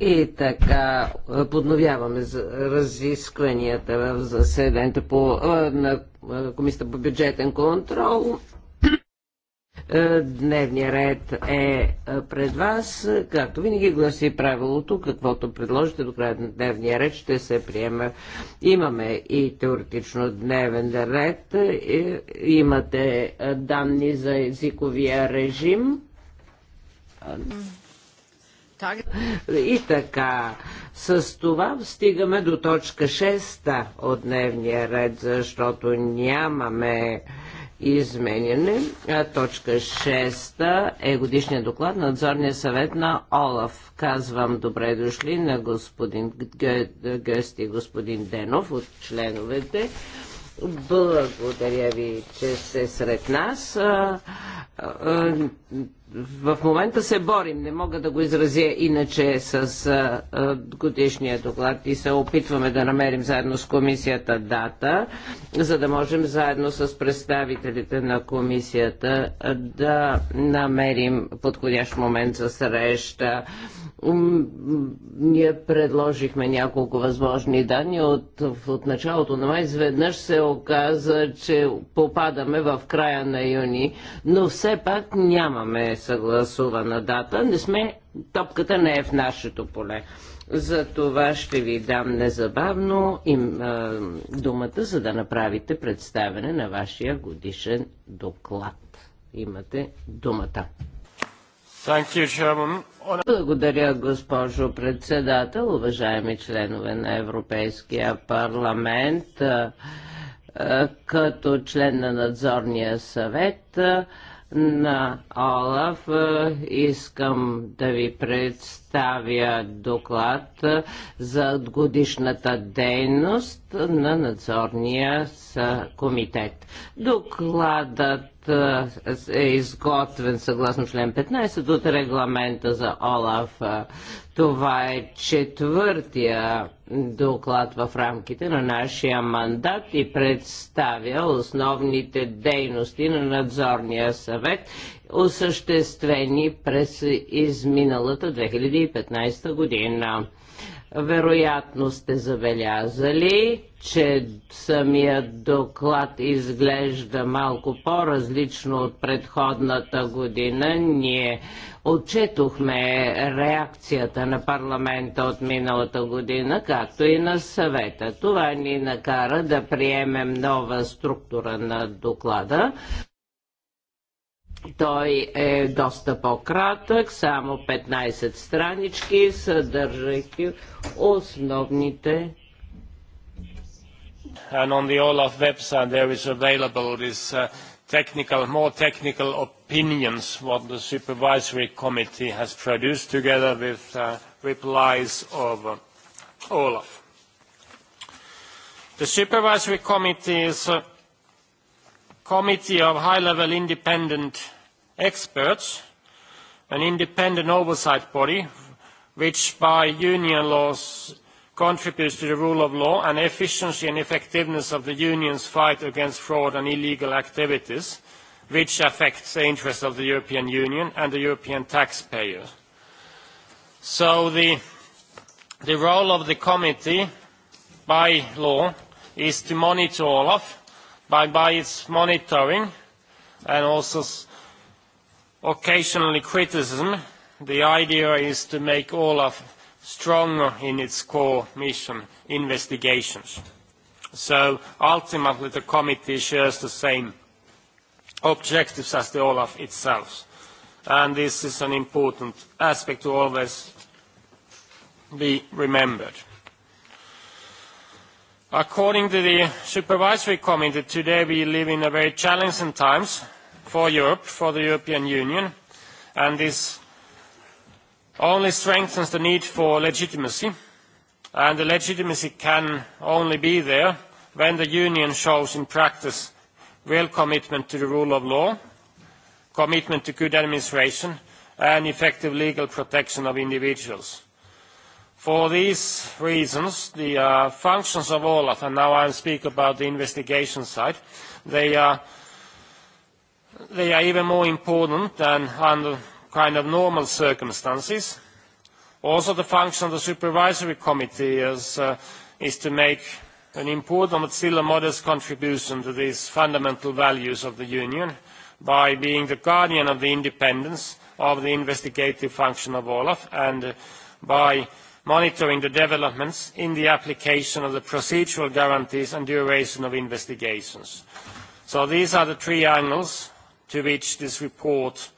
И така, е, подновяваме разискванията в заседанието по, е, на е, Комисията по бюджетен контрол. Дневният ред е пред вас. Както винаги гласи правилото, каквото предложите до края на дневния ред ще се приеме. Имаме и теоретично дневен ред. Имате данни за езиковия режим и така, с това стигаме до точка 6 от дневния ред, защото нямаме изменяне. Точка 6 е годишния доклад на надзорния съвет на ОЛАФ. Казвам добре дошли на господин Гъст и господин Денов от членовете. Благодаря ви, че сте сред нас в момента се борим, не мога да го изразя иначе с а, а, годишния доклад и се опитваме да намерим заедно с комисията дата, за да можем заедно с представителите на комисията да намерим подходящ момент за среща. Ние предложихме няколко възможни данни от, от началото на май. Изведнъж се оказа, че попадаме в края на юни, но все пак нямаме съгласувана дата, не сме, топката не е в нашето поле. За това ще ви дам незабавно им, а, думата, за да направите представене на вашия годишен доклад. Имате думата. You, Благодаря, госпожо председател, уважаеми членове на Европейския парламент. Като член на надзорния съвет, на Олаф. Е, искам да ви представя доклад за годишната дейност на надзорния комитет. Докладът е изготвен съгласно член 15 от регламента за ОЛАФ. Това е четвъртия доклад в рамките на нашия мандат и представя основните дейности на надзорния съвет, осъществени през изминалата 2015 година. Вероятно сте забелязали, че самият доклад изглежда малко по-различно от предходната година. Ние отчетохме реакцията на парламента от миналата година, както и на съвета. Това ни накара да приемем нова структура на доклада той е доста по-кратък, само 15 странички, съдържайки основните and on the Olaf website there is available this technical, more technical opinions what the supervisory committee has produced together with replies of Olaf. The supervisory committee is a committee of high-level independent experts, an independent oversight body, which by union laws contributes to the rule of law and efficiency and effectiveness of the union's fight against fraud and illegal activities, which affects the interests of the European Union and the European taxpayer. So the, the role of the committee by law is to monitor Olaf by, by its monitoring and also occasionally criticism. The idea is to make Olaf stronger in its core mission, investigations. So ultimately the committee shares the same objectives as the Olaf itself. And this is an important aspect to always be remembered. According to the Supervisory Committee, today we live in a very challenging times for Europe, for the European Union, and this only strengthens the need for legitimacy, and the legitimacy can only be there when the Union shows in practice real commitment to the rule of law, commitment to good administration, and effective legal protection of individuals. For these reasons, the functions of OLAF, and now I speak about the investigation side, they are they are even more important than under kind of normal circumstances. Also, the function of the supervisory committee is, uh, is to make an important but still a modest contribution to these fundamental values of the Union by being the guardian of the independence of the investigative function of Olaf and by monitoring the developments in the application of the procedural guarantees and duration of investigations. So these are the three angles to which this report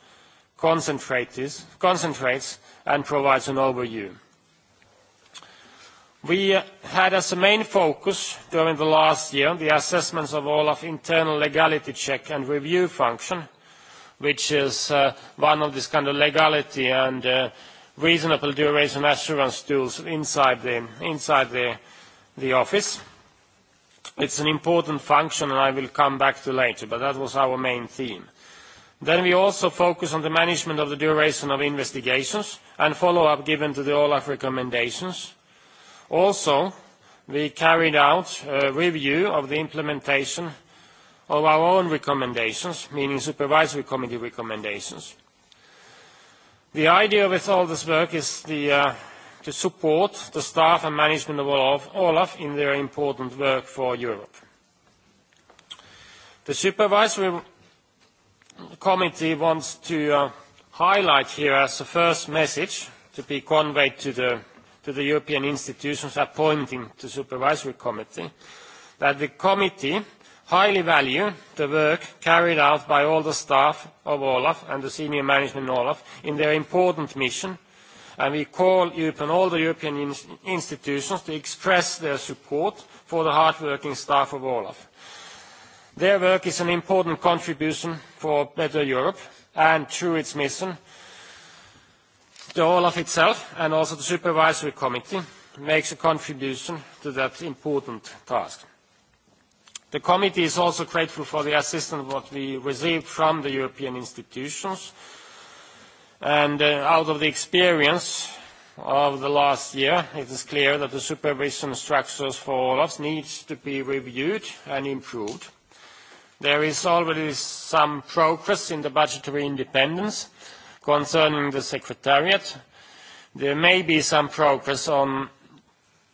concentrates and provides an overview. We had as a main focus during the last year the assessments of OLAF's internal legality check and review function, which is one of this kind of legality and reasonable duration assurance tools inside the office. It's an important function, and I will come back to later, but that was our main theme. Then we also focus on the management of the duration of investigations and follow-up given to the OLAF recommendations. Also, we carried out a review of the implementation of our own recommendations, meaning supervisory committee recommendations. The idea with all this work is the to support the staff and management of OLAF in their important work for Europe. The supervisory committee wants to highlight here as a first message to be conveyed to the, to the European institutions appointing the supervisory committee that the committee highly value the work carried out by all the staff of Olaf and the senior management Olaf in their important mission, and we call upon all the European institutions to express their support for the hard-working staff of Olaf. Their work is an important contribution for better Europe, and through its mission, the Olaf itself and also the Supervisory Committee makes a contribution to that important task. The committee is also grateful for the assistance that we received from the European institutions. and Out of the experience of the last year, it is clear that the supervision structures for Olaf needs to be reviewed and improved. There is already some progress in the budgetary independence concerning the Secretariat. There may be some progress on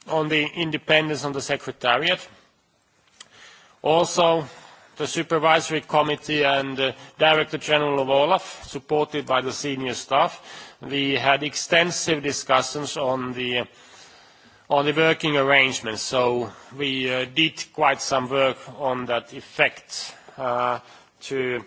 the independence of the Secretariat. Also, the Supervisory Committee and the Director General of Olaf, supported by the senior staff, we had extensive discussions on the on the working arrangements. So we uh, did quite some work on that effect uh, to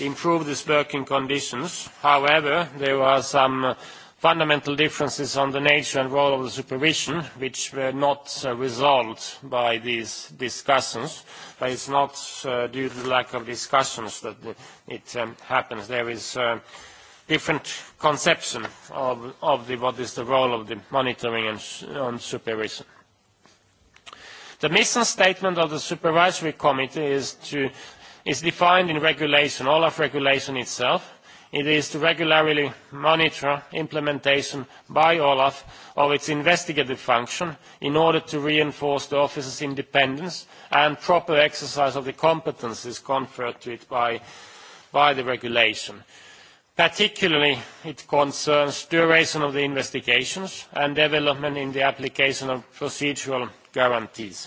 improve these working conditions. However, there are some fundamental differences on the nature and role of the supervision, which were not uh, resolved by these discussions. But it's not uh, due to the lack of discussions that it um, happens. There is uh, different conception of, of the, what is the role of the monitoring and, and supervision. The mission statement of the Supervisory Committee is, to, is defined in regulation, all of regulation itself. It is to regularly monitor implementation by OLAF of its investigative function in order to reinforce the office's independence and proper exercise of the competences conferred to it by, by the regulation. Particularly, it concerns duration of the investigations and development in the application of procedural guarantees.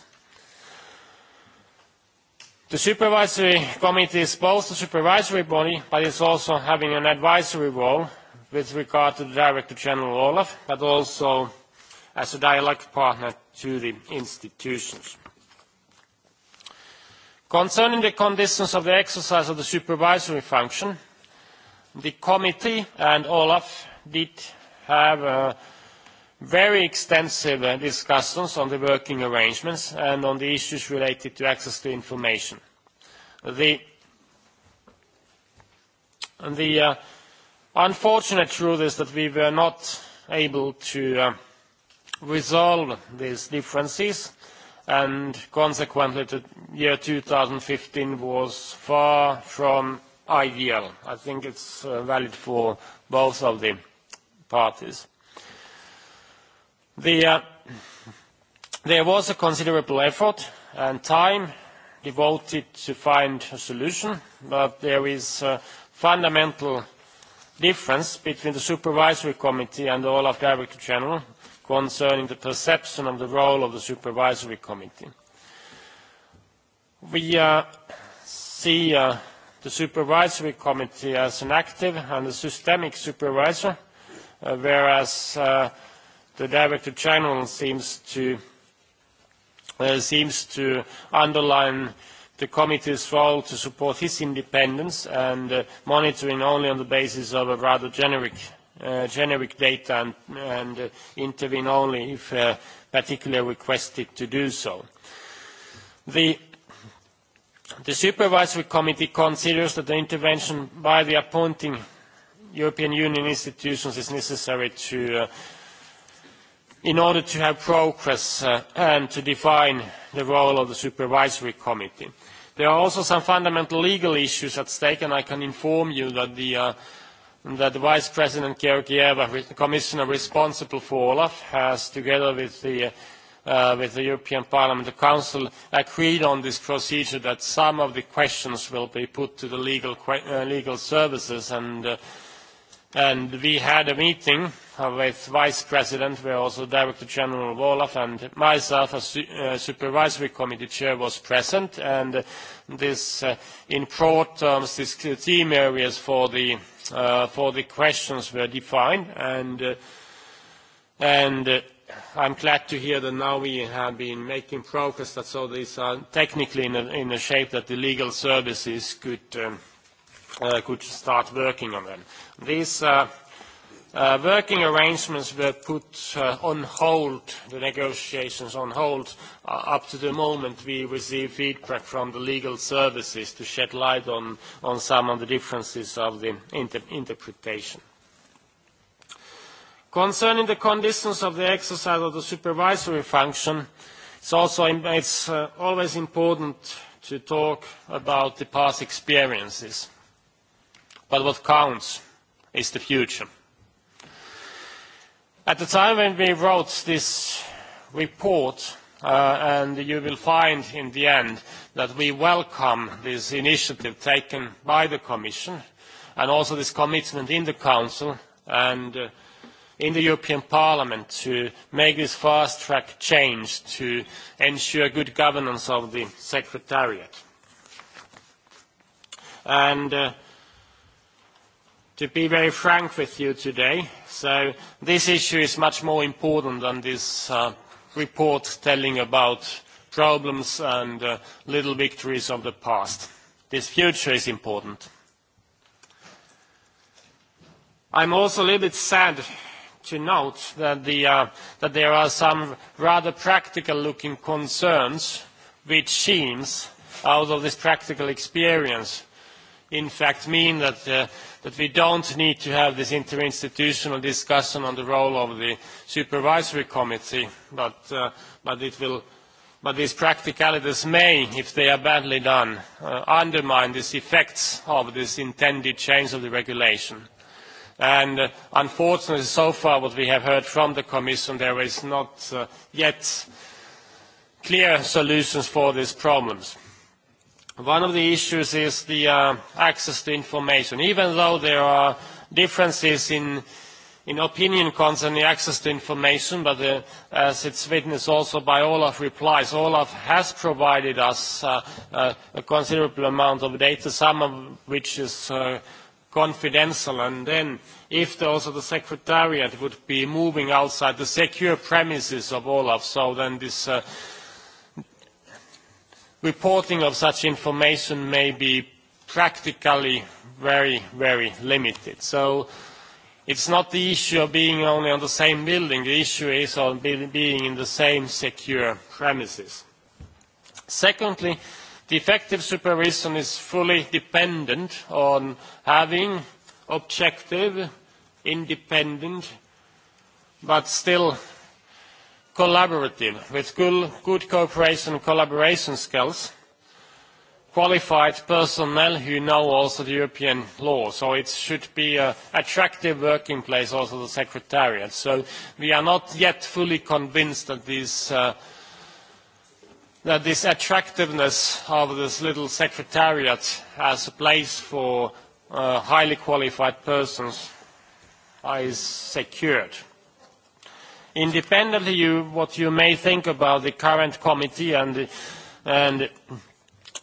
The Supervisory Committee is both a supervisory body, but is also having an advisory role with regard to the Director General Olaf, but also as a dialogue partner to the institutions. Concerning the conditions of the exercise of the supervisory function, The committee and Olaf did have very extensive discussions on the working arrangements and on the issues related to access to information. The, the uh, unfortunate truth is that we were not able to uh, resolve these differences and consequently the year 2015 was far from ideal. I think it's uh, valid for both of the parties. The, uh, there was a considerable effort and time devoted to find a solution, but there is a fundamental difference between the Supervisory Committee and the Olaf Director General concerning the perception of the role of the Supervisory Committee. We uh, see uh, The Supervisory Committee as an active and a systemic supervisor, whereas the Director General seems to underline the committee's role to support his independence and monitoring only on the basis of a rather generic generic data and intervene only if particularly requested to do so. The The Supervisory Committee considers that the intervention by the appointing European Union institutions is necessary to, in order to have progress and to define the role of the Supervisory Committee. There are also some fundamental legal issues at stake, and I can inform you that the, that the Vice President Georgieva, the Commissioner responsible for Olaf, has, together with the uh, with the European Parliament the Council agreed on this procedure that some of the questions will be put to the legal, legal services and and we had a meeting with Vice President, where also Director General OLAF and myself as Supervisory Committee Chair was present, and this, in broad terms, these theme areas for the, uh, for the questions were defined, and, and I'm glad to hear that now we have been making progress, that so these are technically in a, in a shape that the legal services could, um, uh, could start working on them. These uh, uh, working arrangements were put uh, on hold, the negotiations on hold, uh, up to the moment we received feedback from the legal services to shed light on, on some of the differences of the inter interpretation. Concerning the conditions of the exercise of the supervisory function, it's also always important to talk about the past experiences. But what counts is the future. At the time when we wrote this report, and you will find in the end that we welcome this initiative taken by the Commission and also this commitment in the Council and in the European Parliament to make this fast-track change to ensure good governance of the Secretariat. And uh, to be very frank with you today, so this issue is much more important than this uh, report telling about problems and uh, little victories of the past. This future is important. I'm also a little bit sad to note that there are some rather practical-looking concerns which seems, out of this practical experience, in fact mean that we don't need to have this interinstitutional discussion on the role of the supervisory committee, but it will but these practicalities may, if they are badly done, undermine these effects of this intended change of the regulation. And Unfortunately, so far, what we have heard from the Commission, there is not yet clear solutions for these problems. One of the issues is the access to information. Even though there are differences in opinion concerning access to information, but as it's witnessed also by Olaf replies, Olaf has provided us a considerable amount of data, some of which is confidential. And then if the, also the secretariat would be moving outside the secure premises of Olaf, so then this uh, reporting of such information may be practically very, very limited. So it's not the issue of being only on the same building. The issue is on being in the same secure premises. Secondly, uh, The effective supervision is fully dependent on having objective, independent, but still collaborative, with good cooperation and collaboration skills, qualified personnel who know also the European law. So it should be an attractive working place also the Secretariat. So we are not yet fully convinced that these that this attractiveness of this little secretariat as a place for uh, highly qualified persons is secured. Independently of what you may think about the current committee and, and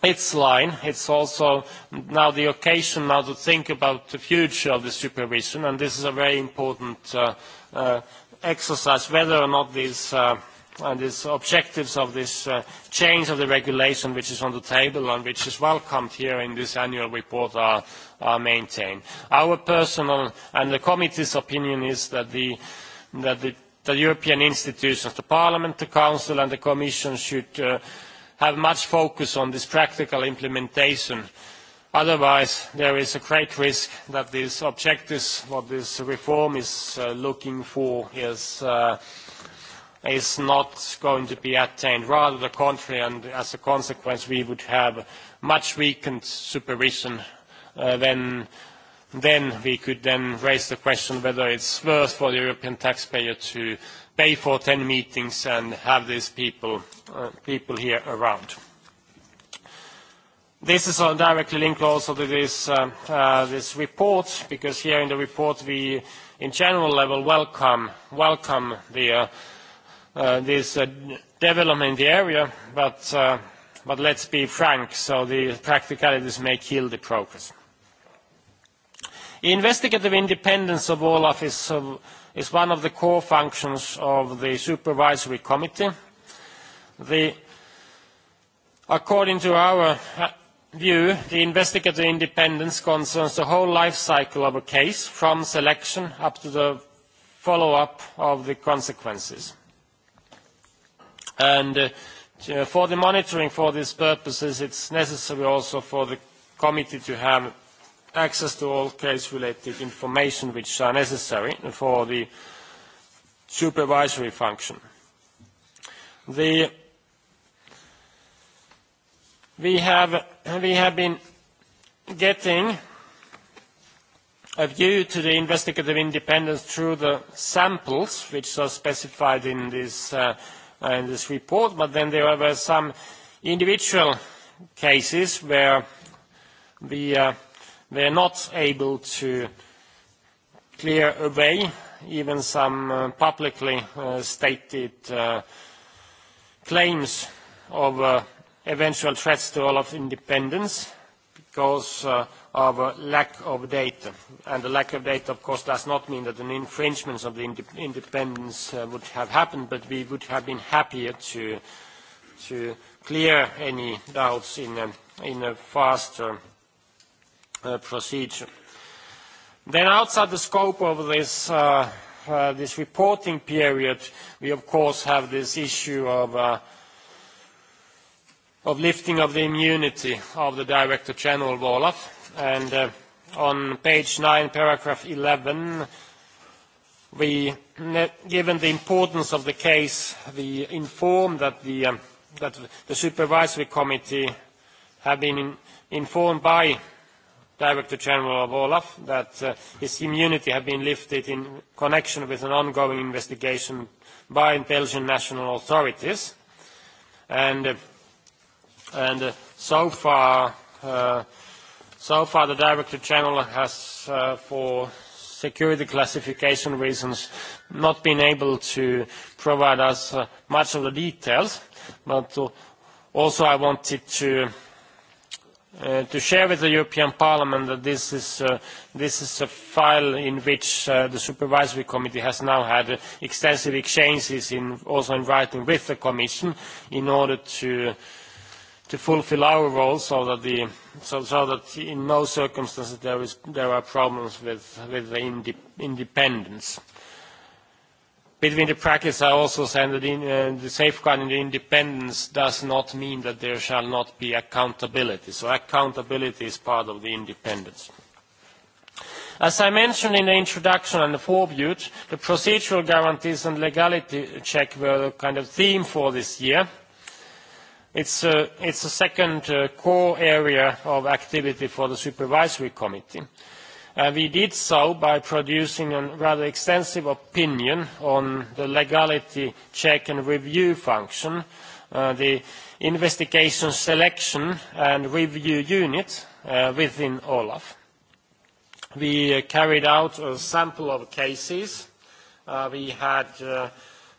its line, it's also now the occasion now to think about the future of the supervision, and this is a very important uh, uh, exercise, whether or not these uh, and these objectives of this change of the regulation which is on the table and which is welcomed here in this annual report are, are maintained. Our personal and the committee's opinion is that the, that the, the European institutions, the Parliament, the Council and the Commission should uh, have much focus on this practical implementation Otherwise, there is a great risk that these objectives, what this reform is looking for, is is not going to be attained. Rather the contrary, and as a consequence, we would have much weakened supervision than then we could then raise the question whether it's worth for the European taxpayer to pay for 10 meetings and have these people here around. This is directly linked also to this report, because here in the report we, in general level, welcome the this development in the area, but let's be frank, so the practicalities may kill the progress. Investigative independence of Olaf is one of the core functions of the Supervisory Committee. According to our view, the investigative independence concerns the whole life cycle of a case, from selection up to the follow-up of the consequences And for the monitoring for these purposes, it's necessary also for the committee to have access to all case-related information which are necessary for the supervisory function. The We have we have been getting a view to the investigative independence through the samples which are specified in this in this report, but then there were some individual cases where we were not able to clear away even some publicly stated claims of eventual threats to Olaf independence because of lack of data. And the lack of data, of course, does not mean that an infringement of the independence would have happened, but we would have been happier to clear any doubts in a faster procedure. Then outside the scope of this reporting period, we of course have this issue of of lifting of the immunity of the Director General of Olaf And uh, on page 9, paragraph 11, we, given the importance of the case, we inform that the, that the Supervisory Committee have been in, informed by Director General of Olaf that uh, his immunity had been lifted in connection with an ongoing investigation by Belgian national authorities. And, uh, and uh, so far, uh, So far, the Director General has, uh, for security classification reasons, not been able to provide us uh, much of the details, but uh, also I wanted to to share with the European Parliament that this is, uh, this is a file in which uh, the Supervisory Committee has now had extensive exchanges in, also in writing with the Commission in order to, to fulfill our role so that the so that in no circumstances there is there are problems with with the independence. Between the practice, I also said that the safeguarding the independence does not mean that there shall not be accountability. So accountability is part of the independence. As I mentioned in the introduction and the forebute, the procedural guarantees and legality check were the kind of theme for this year It's a, it's a second uh, core area of activity for the Supervisory Committee. Uh, we did so by producing a rather extensive opinion on the legality check and review function, uh, the investigation selection and review unit uh, within OLAF. We uh, carried out a sample of cases. Uh, we had uh,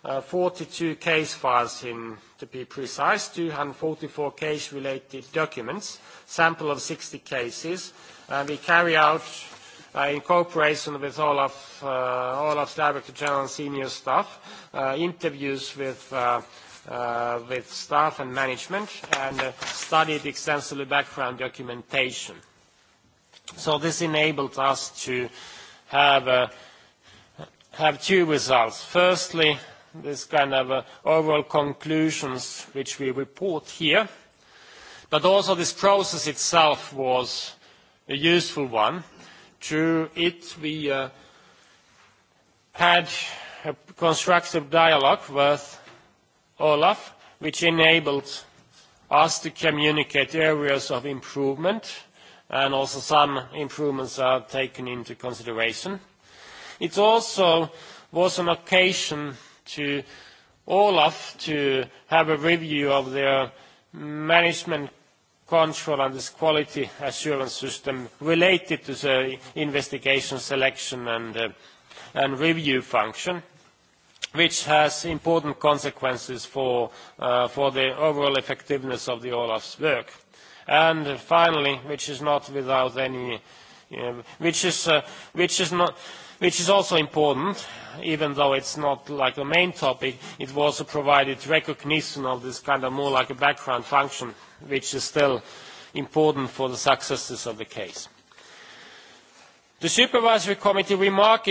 uh, 42 case files in to be precise, 244 case-related documents, sample of 60 cases. and We carry out in cooperation with Olaf's Director General and senior staff, interviews with staff and management and studied extensively background documentation. So This enabled us to have two results. Firstly, this kind of overall conclusions which we report here. But also this process itself was a useful one. Through it, we had a constructive dialogue with Olaf, which enabled us to communicate areas of improvement, and also some improvements are taken into consideration. It also was an occasion to Olaf to have a review of their management control and this quality assurance system related to the investigation, selection, and review function, which has important consequences for the overall effectiveness of the Olaf's work. And finally, which is not without any, which is not which is also important, even though it's not like the main topic, it also provided recognition of this kind of more like a background function, which is still important for the successes of the case. The Supervisory Committee remarked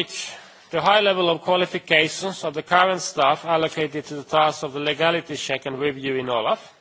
the high level of qualifications of the current staff allocated to the task of the legality check and review in Olaf.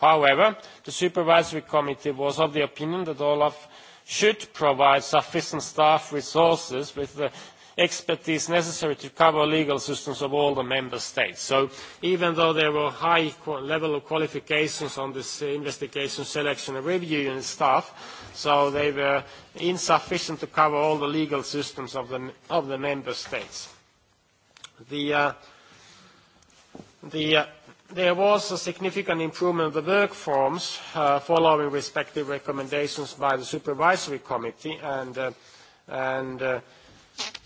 However, the Supervisory Committee was of the opinion that Olaf should provide sufficient staff resources with the expertise necessary to cover legal systems of all the member states. So even though there were high level of qualifications on this investigation, selection and review and staff, so they were insufficient to cover all the legal systems of the, of the member states. The, uh, the uh, There was a significant improvement of the work forms following respective recommendations by the Supervisory Committee, and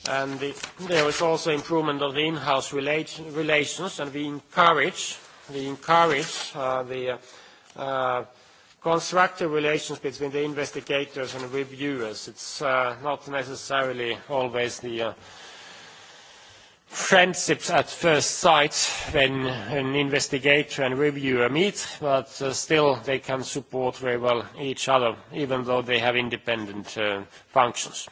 there was also improvement of the in-house relations, and we encourage we encourage the constructive relations between the investigators and reviewers. It's not necessarily always the uh friendships at first sight when an investigator and reviewer meet, but still they can support very well each other, even though they have independent functions.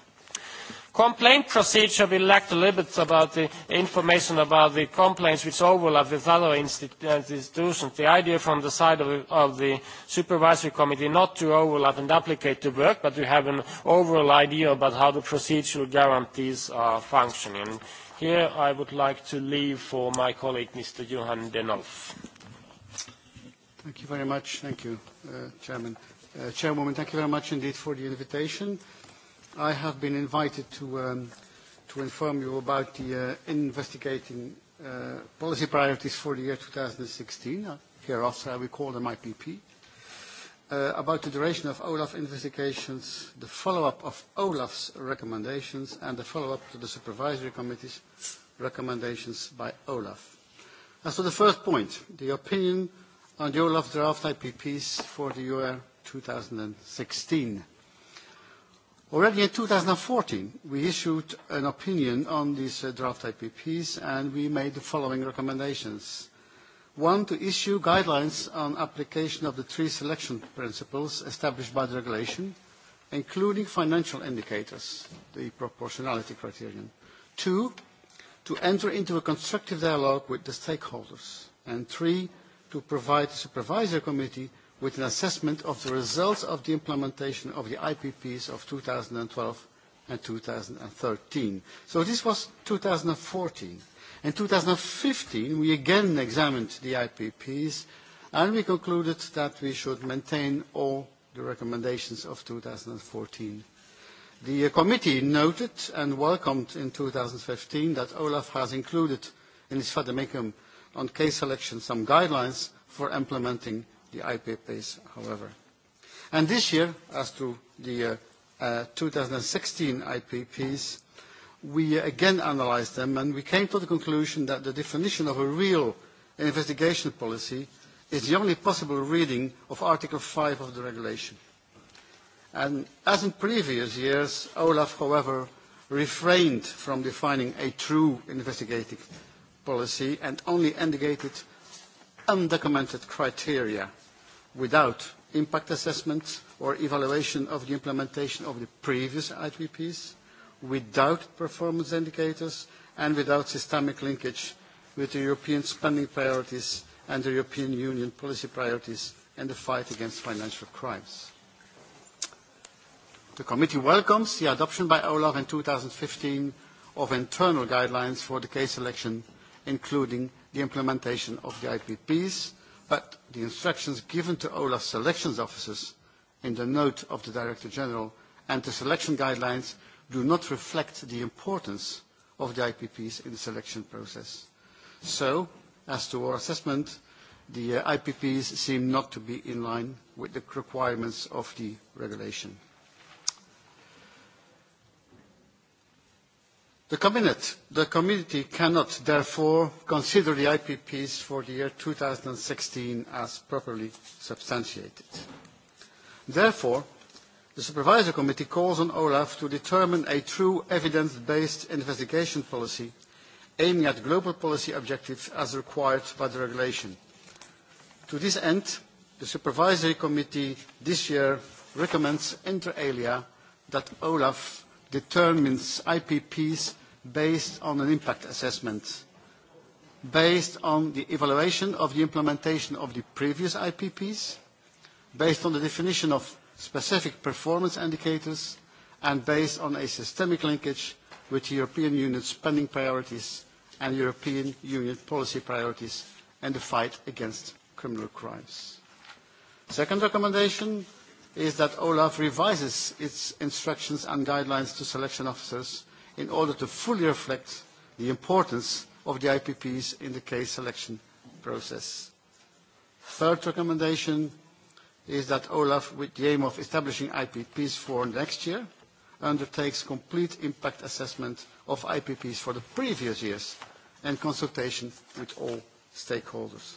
Complaint procedure, we lacked a little bit about the information about the complaints which overlap with other institutions. The idea from the side of the supervisory committee not to overlap and duplicate the work, but to have an overall idea about how the procedural guarantees are functioning Here I would like to leave for my colleague, Mr. Johan Denolf. Thank you very much. Thank you, Chairman. Chairwoman, thank you very much indeed for the invitation. I have been invited to inform you about the investigating policy priorities for the year 2016. Hereafter, I will call them IPP about the duration of OLAF investigations, the follow-up of OLAF's recommendations, and the follow-up to the Supervisory Committee's recommendations by OLAF. As for the first point, the opinion on the OLAF draft IPPs for the year 2016. Already in 2014, we issued an opinion on these draft IPPs, and we made the following recommendations. One, to issue guidelines on application of the three selection principles established by the regulation, including financial indicators, the proportionality criterion. Two, to enter into a constructive dialogue with the stakeholders. And three, to provide the Supervisory Committee with an assessment of the results of the implementation of the IPPs of 2012 and 2013. So this was 2014. In 2015, we again examined the IPPs, and we concluded that we should maintain all the recommendations of 2014. The committee noted and welcomed in 2015 that Olaf has included in his vademecum on case selection some guidelines for implementing the IPPs, however. And this year, as to the 2016 IPPs, we again analysed them and we came to the conclusion that the definition of a real investigation policy is the only possible reading of Article 5 of the regulation. And as in previous years, Olaf, however, refrained from defining a true investigative policy and only indicated undocumented criteria without impact assessments or evaluation of the implementation of the previous ITPs without performance indicators and without systemic linkage with the European spending priorities and the European Union policy priorities in the fight against financial crimes. The committee welcomes the adoption by OLAF in 2015 of internal guidelines for the case selection, including the implementation of the IPPs, but the instructions given to OLAF selections officers in the note of the Director General and the selection guidelines do not reflect the importance of the IPPs in the selection process. So, as to our assessment, the IPPs seem not to be in line with the requirements of the regulation. The, cabinet, the community cannot therefore consider the IPPs for the year 2016 as properly substantiated. Therefore, The Supervisory Committee calls on OLAF to determine a true evidence-based investigation policy aiming at global policy objectives as required by the regulation. To this end, the Supervisory Committee this year recommends inter alia that OLAF determines IPPs based on an impact assessment, based on the evaluation of the implementation of the previous IPPs, based on the definition of specific performance indicators, and based on a systemic linkage with the European Union spending priorities and European Union policy priorities in the fight against criminal crimes. Second recommendation is that Olaf revises its instructions and guidelines to selection officers in order to fully reflect the importance of the IPPs in the case selection process. Third recommendation is that Olaf, with the aim of establishing IPPs for next year, undertakes complete impact assessment of IPPs for the previous years and consultation with all stakeholders.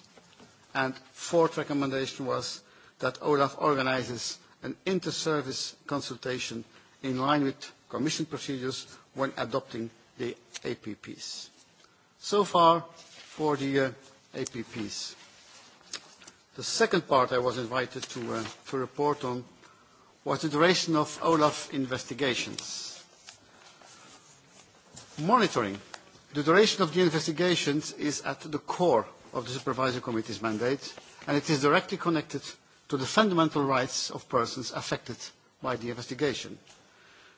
And fourth recommendation was that Olaf organises an inter-service consultation in line with Commission procedures when adopting the APPs. So far for the APPs. The second part I was invited to, uh, to report on was the duration of OLAF investigations. Monitoring. The duration of the investigations is at the core of the Supervisory Committee's mandate, and it is directly connected to the fundamental rights of persons affected by the investigation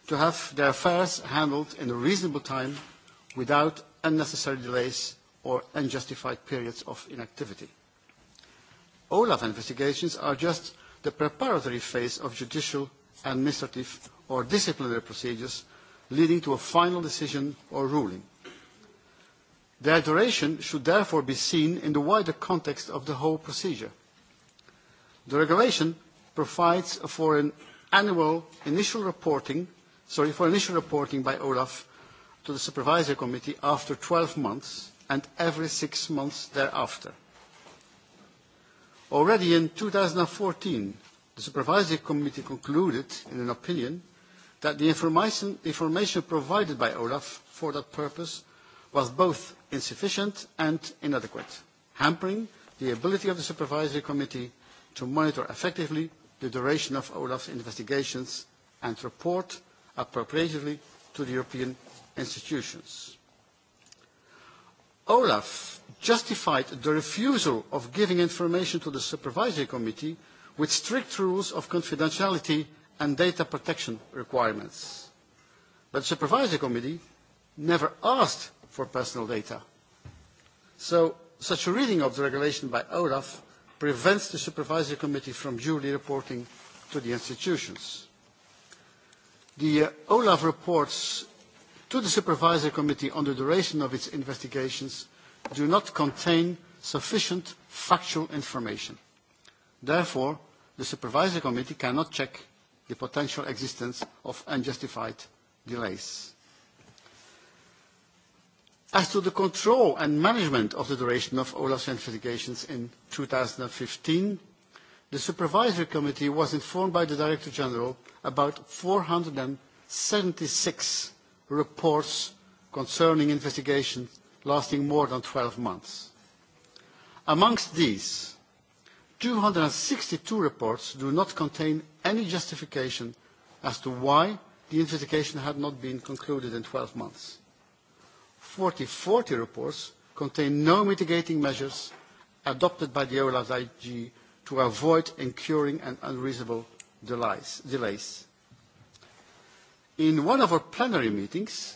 to have their affairs handled in a reasonable time without unnecessary delays or unjustified periods of inactivity. OLAF investigations are just the preparatory phase of judicial, administrative, or disciplinary procedures leading to a final decision or ruling. Their duration should therefore be seen in the wider context of the whole procedure. The regulation provides for an annual initial reporting, sorry, for initial reporting by Olaf to the Supervisory Committee after 12 months and every six months thereafter. Already in 2014, the Supervisory Committee concluded in an opinion that the information, information provided by Olaf for that purpose was both insufficient and inadequate, hampering the ability of the Supervisory Committee to monitor effectively the duration of Olaf's investigations and report appropriately to the European institutions. Olaf justified the refusal of giving information to the Supervisory Committee with strict rules of confidentiality and data protection requirements. But the Supervisory Committee never asked for personal data. So such a reading of the regulation by Olaf prevents the Supervisory Committee from duly reporting to the institutions. The Olaf reports to the Supervisory Committee on the duration of its investigations do not contain sufficient factual information. Therefore, the Supervisory Committee cannot check the potential existence of unjustified delays. As to the control and management of the duration of Olaf's investigations in fifteen, the Supervisory Committee was informed by the Director General about four hundred and seventy six reports concerning investigations lasting more than 12 months. Amongst these, 262 reports do not contain any justification as to why the investigation had not been concluded in 12 months. 4040 reports contain no mitigating measures adopted by the OLA's IG to avoid incurring unreasonable delays. In one of our plenary meetings,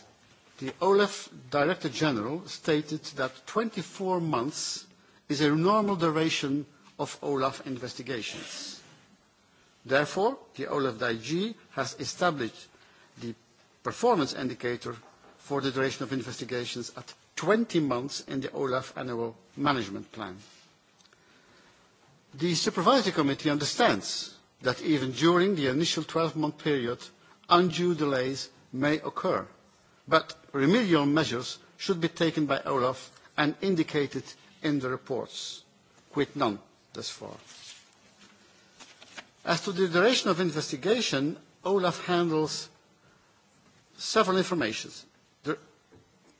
the OLAF Director General stated that 24 months is a normal duration of OLAF investigations. Therefore, the OLAF DIG has established the performance indicator for the duration of investigations at 20 months in the OLAF Annual Management Plan. The Supervisory Committee understands that even during the initial 12-month period, undue delays may occur, but remedial measures should be taken by Olaf and indicated in the reports. Quit none thus far. As to the duration of investigation, Olaf handles several information. The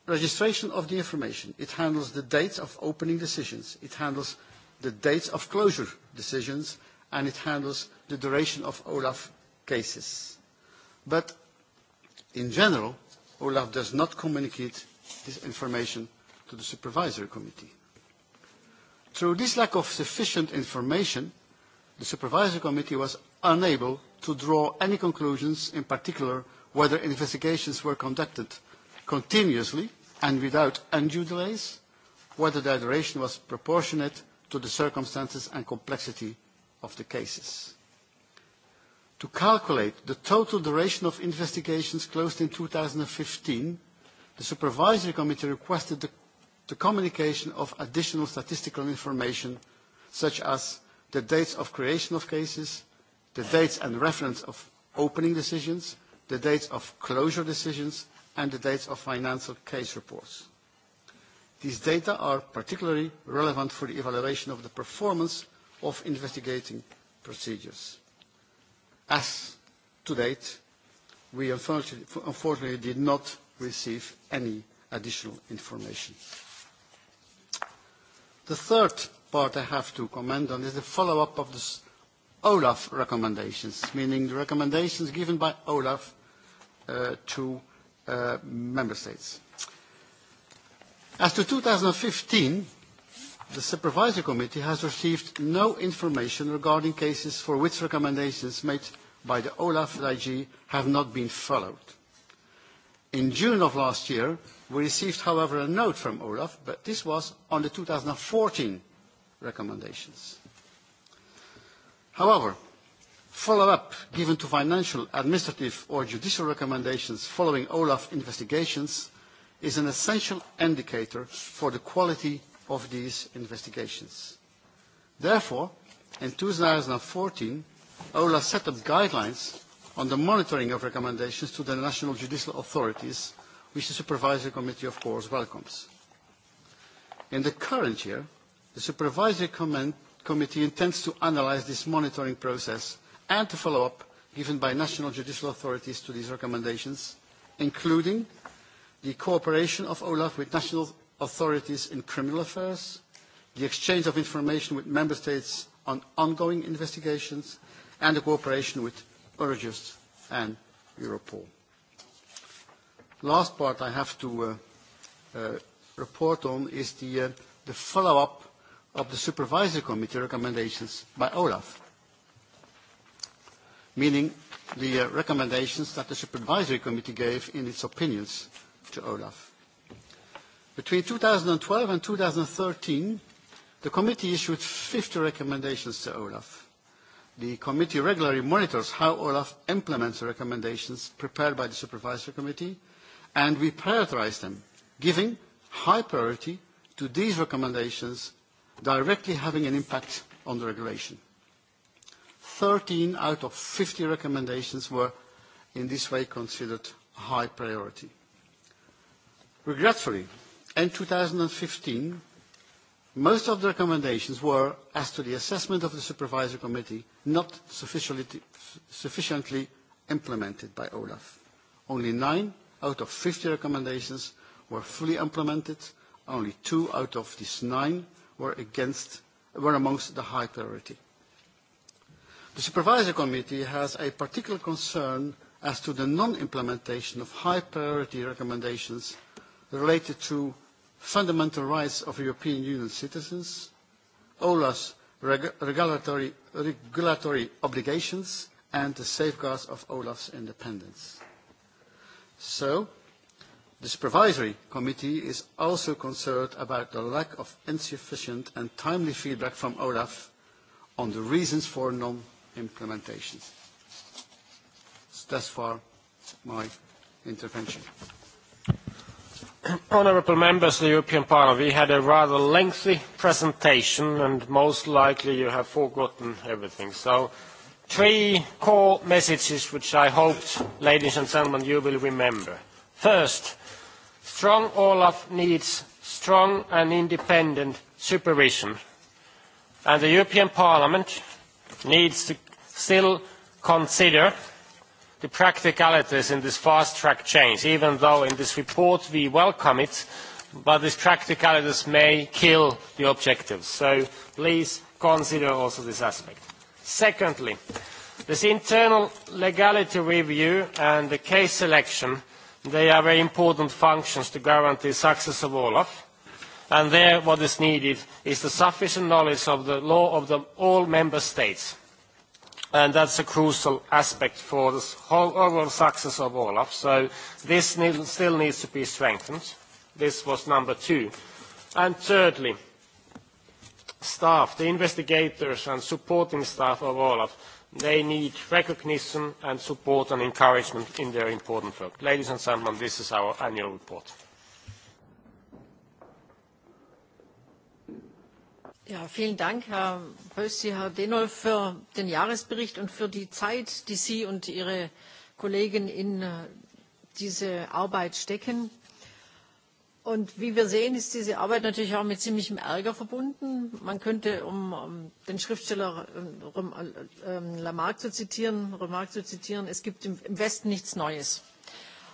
registration of the information, it handles the dates of opening decisions, it handles the dates of closure decisions, and it handles the duration of Olaf cases. But in general, Olaf does not communicate this information to the supervisory committee. Through this lack of sufficient information, the supervisory committee was unable to draw any conclusions, in particular whether investigations were conducted continuously and without undue delays, whether their duration was proportionate to the circumstances and complexity of the cases to calculate the total duration of investigations closed in 2015, the Supervisory Committee requested the, the communication of additional statistical information such as the dates of creation of cases, the dates and reference of opening decisions, the dates of closure decisions, and the dates of financial case reports. These data are particularly relevant for the evaluation of the performance of investigating procedures. As to date, we unfortunately did not receive any additional information. The third part I have to comment on is the follow-up of the Olaf recommendations, meaning the recommendations given by Olaf to member states. As to 2015, the Supervisory Committee has received no information regarding cases for which recommendations made by the Olaf IG have not been followed. In June of last year, we received, however, a note from Olaf, but this was on the 2014 recommendations. However, follow-up given to financial, administrative or judicial recommendations following Olaf investigations is an essential indicator for the quality of these investigations. Therefore, in 2014, OLAF set up guidelines on the monitoring of recommendations to the national judicial authorities, which the Supervisory Committee, of course, welcomes. In the current year, the Supervisory Committee intends to analyse this monitoring process and to follow-up given by national judicial authorities to these recommendations, including the cooperation of OLAF with national authorities in criminal affairs, the exchange of information with member states on ongoing investigations, and the cooperation with Eurojust and Europol. Last part I have to report on is the follow-up of the Supervisory Committee recommendations by Olaf, meaning the recommendations that the Supervisory Committee gave in its opinions to Olaf. Between 2012 and 2013, the committee issued 50 recommendations to Olaf. The committee regularly monitors how Olaf implements the recommendations prepared by the supervisory committee, and we prioritize them, giving high priority to these recommendations directly having an impact on the regulation. 13 out of 50 recommendations were in this way considered high priority. Regretfully, and 2015, most of the recommendations were, as to the assessment of the supervisory committee, not sufficiently, sufficiently implemented by Olaf. Only nine out of 50 recommendations were fully implemented. Only two out of these nine were, against, were amongst the high priority. The Supervisory Committee has a particular concern as to the non-implementation of high priority recommendations related to fundamental rights of European Union citizens, OLAF's regulatory obligations, and the safeguards of Olaf's independence. So, the Supervisory Committee is also concerned about the lack of insufficient and timely feedback from Olaf on the reasons for non-implementation. That's far my intervention. Honourable members of the European Parliament, we had a rather lengthy presentation and most likely you have forgotten everything. So three core messages which I hoped, ladies and gentlemen, you will remember. First, strong Olaf needs strong and independent supervision. And the European Parliament needs to still consider the practicalities in this fast-track change, even though in this report we welcome it, but these practicalities may kill the objectives. So please consider also this aspect. Secondly, this internal legality review and the case selection, they are very important functions to guarantee success of Olaf. And there what is needed is the sufficient knowledge of the law of the, all member states and that's a crucial aspect for the overall success of Olaf. So this still needs to be strengthened. This was number two. And thirdly, staff, the investigators and supporting staff of Olaf, they need recognition and support and encouragement in their important work. Ladies and gentlemen, this is our annual report. Ja, vielen Dank, Herr Bössi, Herr Denolf, für den Jahresbericht und für die Zeit, die Sie und Ihre Kollegen in diese Arbeit stecken. Und wie wir sehen, ist diese Arbeit natürlich auch mit ziemlichem Ärger verbunden. Man könnte, um den Schriftsteller Lamarck zu zitieren, Remarque zu zitieren, es gibt im Westen nichts Neues.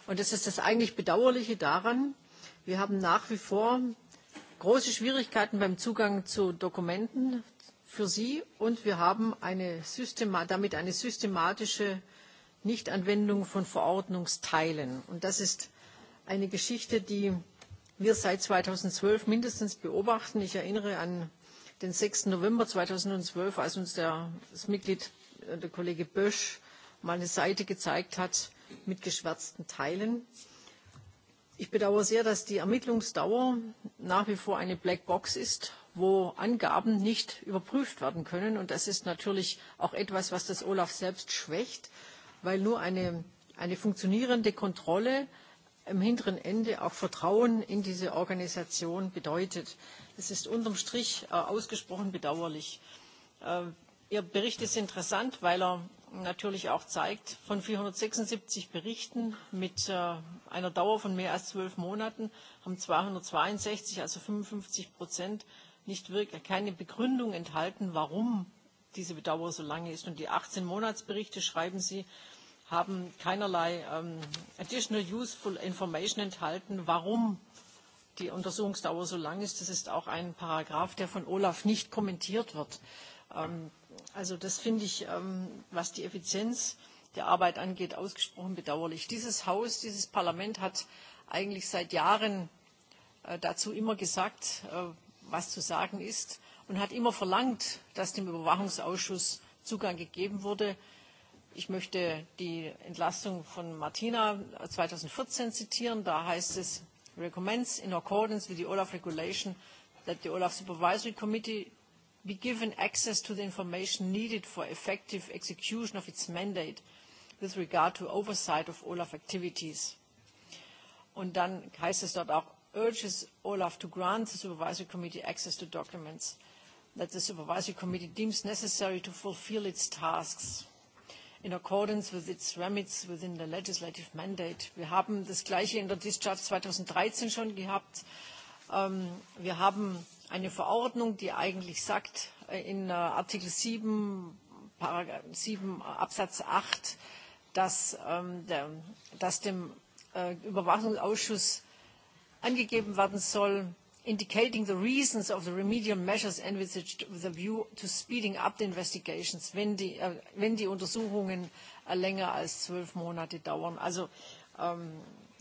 Und das ist das eigentlich Bedauerliche daran. Wir haben nach wie vor große Schwierigkeiten beim Zugang zu Dokumenten für Sie und wir haben damit eine systematische Nichtanwendung von Verordnungsteilen. Und das ist eine Geschichte, die wir seit 2012 mindestens beobachten. Ich erinnere an den 6. November 2012, als uns das Mitglied, der Kollege Bösch, mal eine Seite gezeigt hat mit geschwärzten Teilen. Ich bedauere sehr, dass die Ermittlungsdauer nach wie vor eine Blackbox ist, wo Angaben nicht überprüft werden können. Und das ist natürlich auch etwas, was das Olaf selbst schwächt, weil nur eine, eine funktionierende Kontrolle am hinteren Ende auch Vertrauen in diese Organisation bedeutet. Das ist unterm Strich ausgesprochen bedauerlich. Ihr Bericht ist interessant, weil er natürlich auch zeigt, von 476 Berichten mit einer Dauer von mehr als zwölf Monaten haben 262, also 55 Prozent, nicht wirklich, keine Begründung enthalten, warum diese Dauer so lange ist. Und die 18 Monatsberichte, schreiben Sie, haben keinerlei additional useful information enthalten, warum die Untersuchungsdauer so lang ist. Das ist auch ein Paragraph, der von Olaf nicht kommentiert wird. Also das finde ich, was die Effizienz der Arbeit angeht, ausgesprochen bedauerlich. Dieses Haus, dieses Parlament hat eigentlich seit Jahren dazu immer gesagt, was zu sagen ist und hat immer verlangt, dass dem Überwachungsausschuss Zugang gegeben wurde. Ich möchte die Entlastung von Martina 2014 zitieren. Da heißt es, recommends in accordance with the Olaf regulation that the Olaf Supervisory Committee be given access to the information needed for effective execution of its mandate with regard to oversight of Olaf activities. Und dann heißt es dort auch, urges Olaf to grant the Supervisory Committee access to documents that the Supervisory Committee deems necessary to fulfill its tasks in accordance with its remits within the legislative mandate. Wir haben das Gleiche in der Discharge 2013 schon gehabt. Wir haben eine Verordnung, die eigentlich sagt, in Artikel 7, Absatz 8, dass, dem Überwachungsausschuss angegeben werden soll, indicating the reasons of the remedial measures envisaged with a view to speeding up the investigations, wenn die, äh, wenn die Untersuchungen länger als zwölf Monate dauern. Also ähm,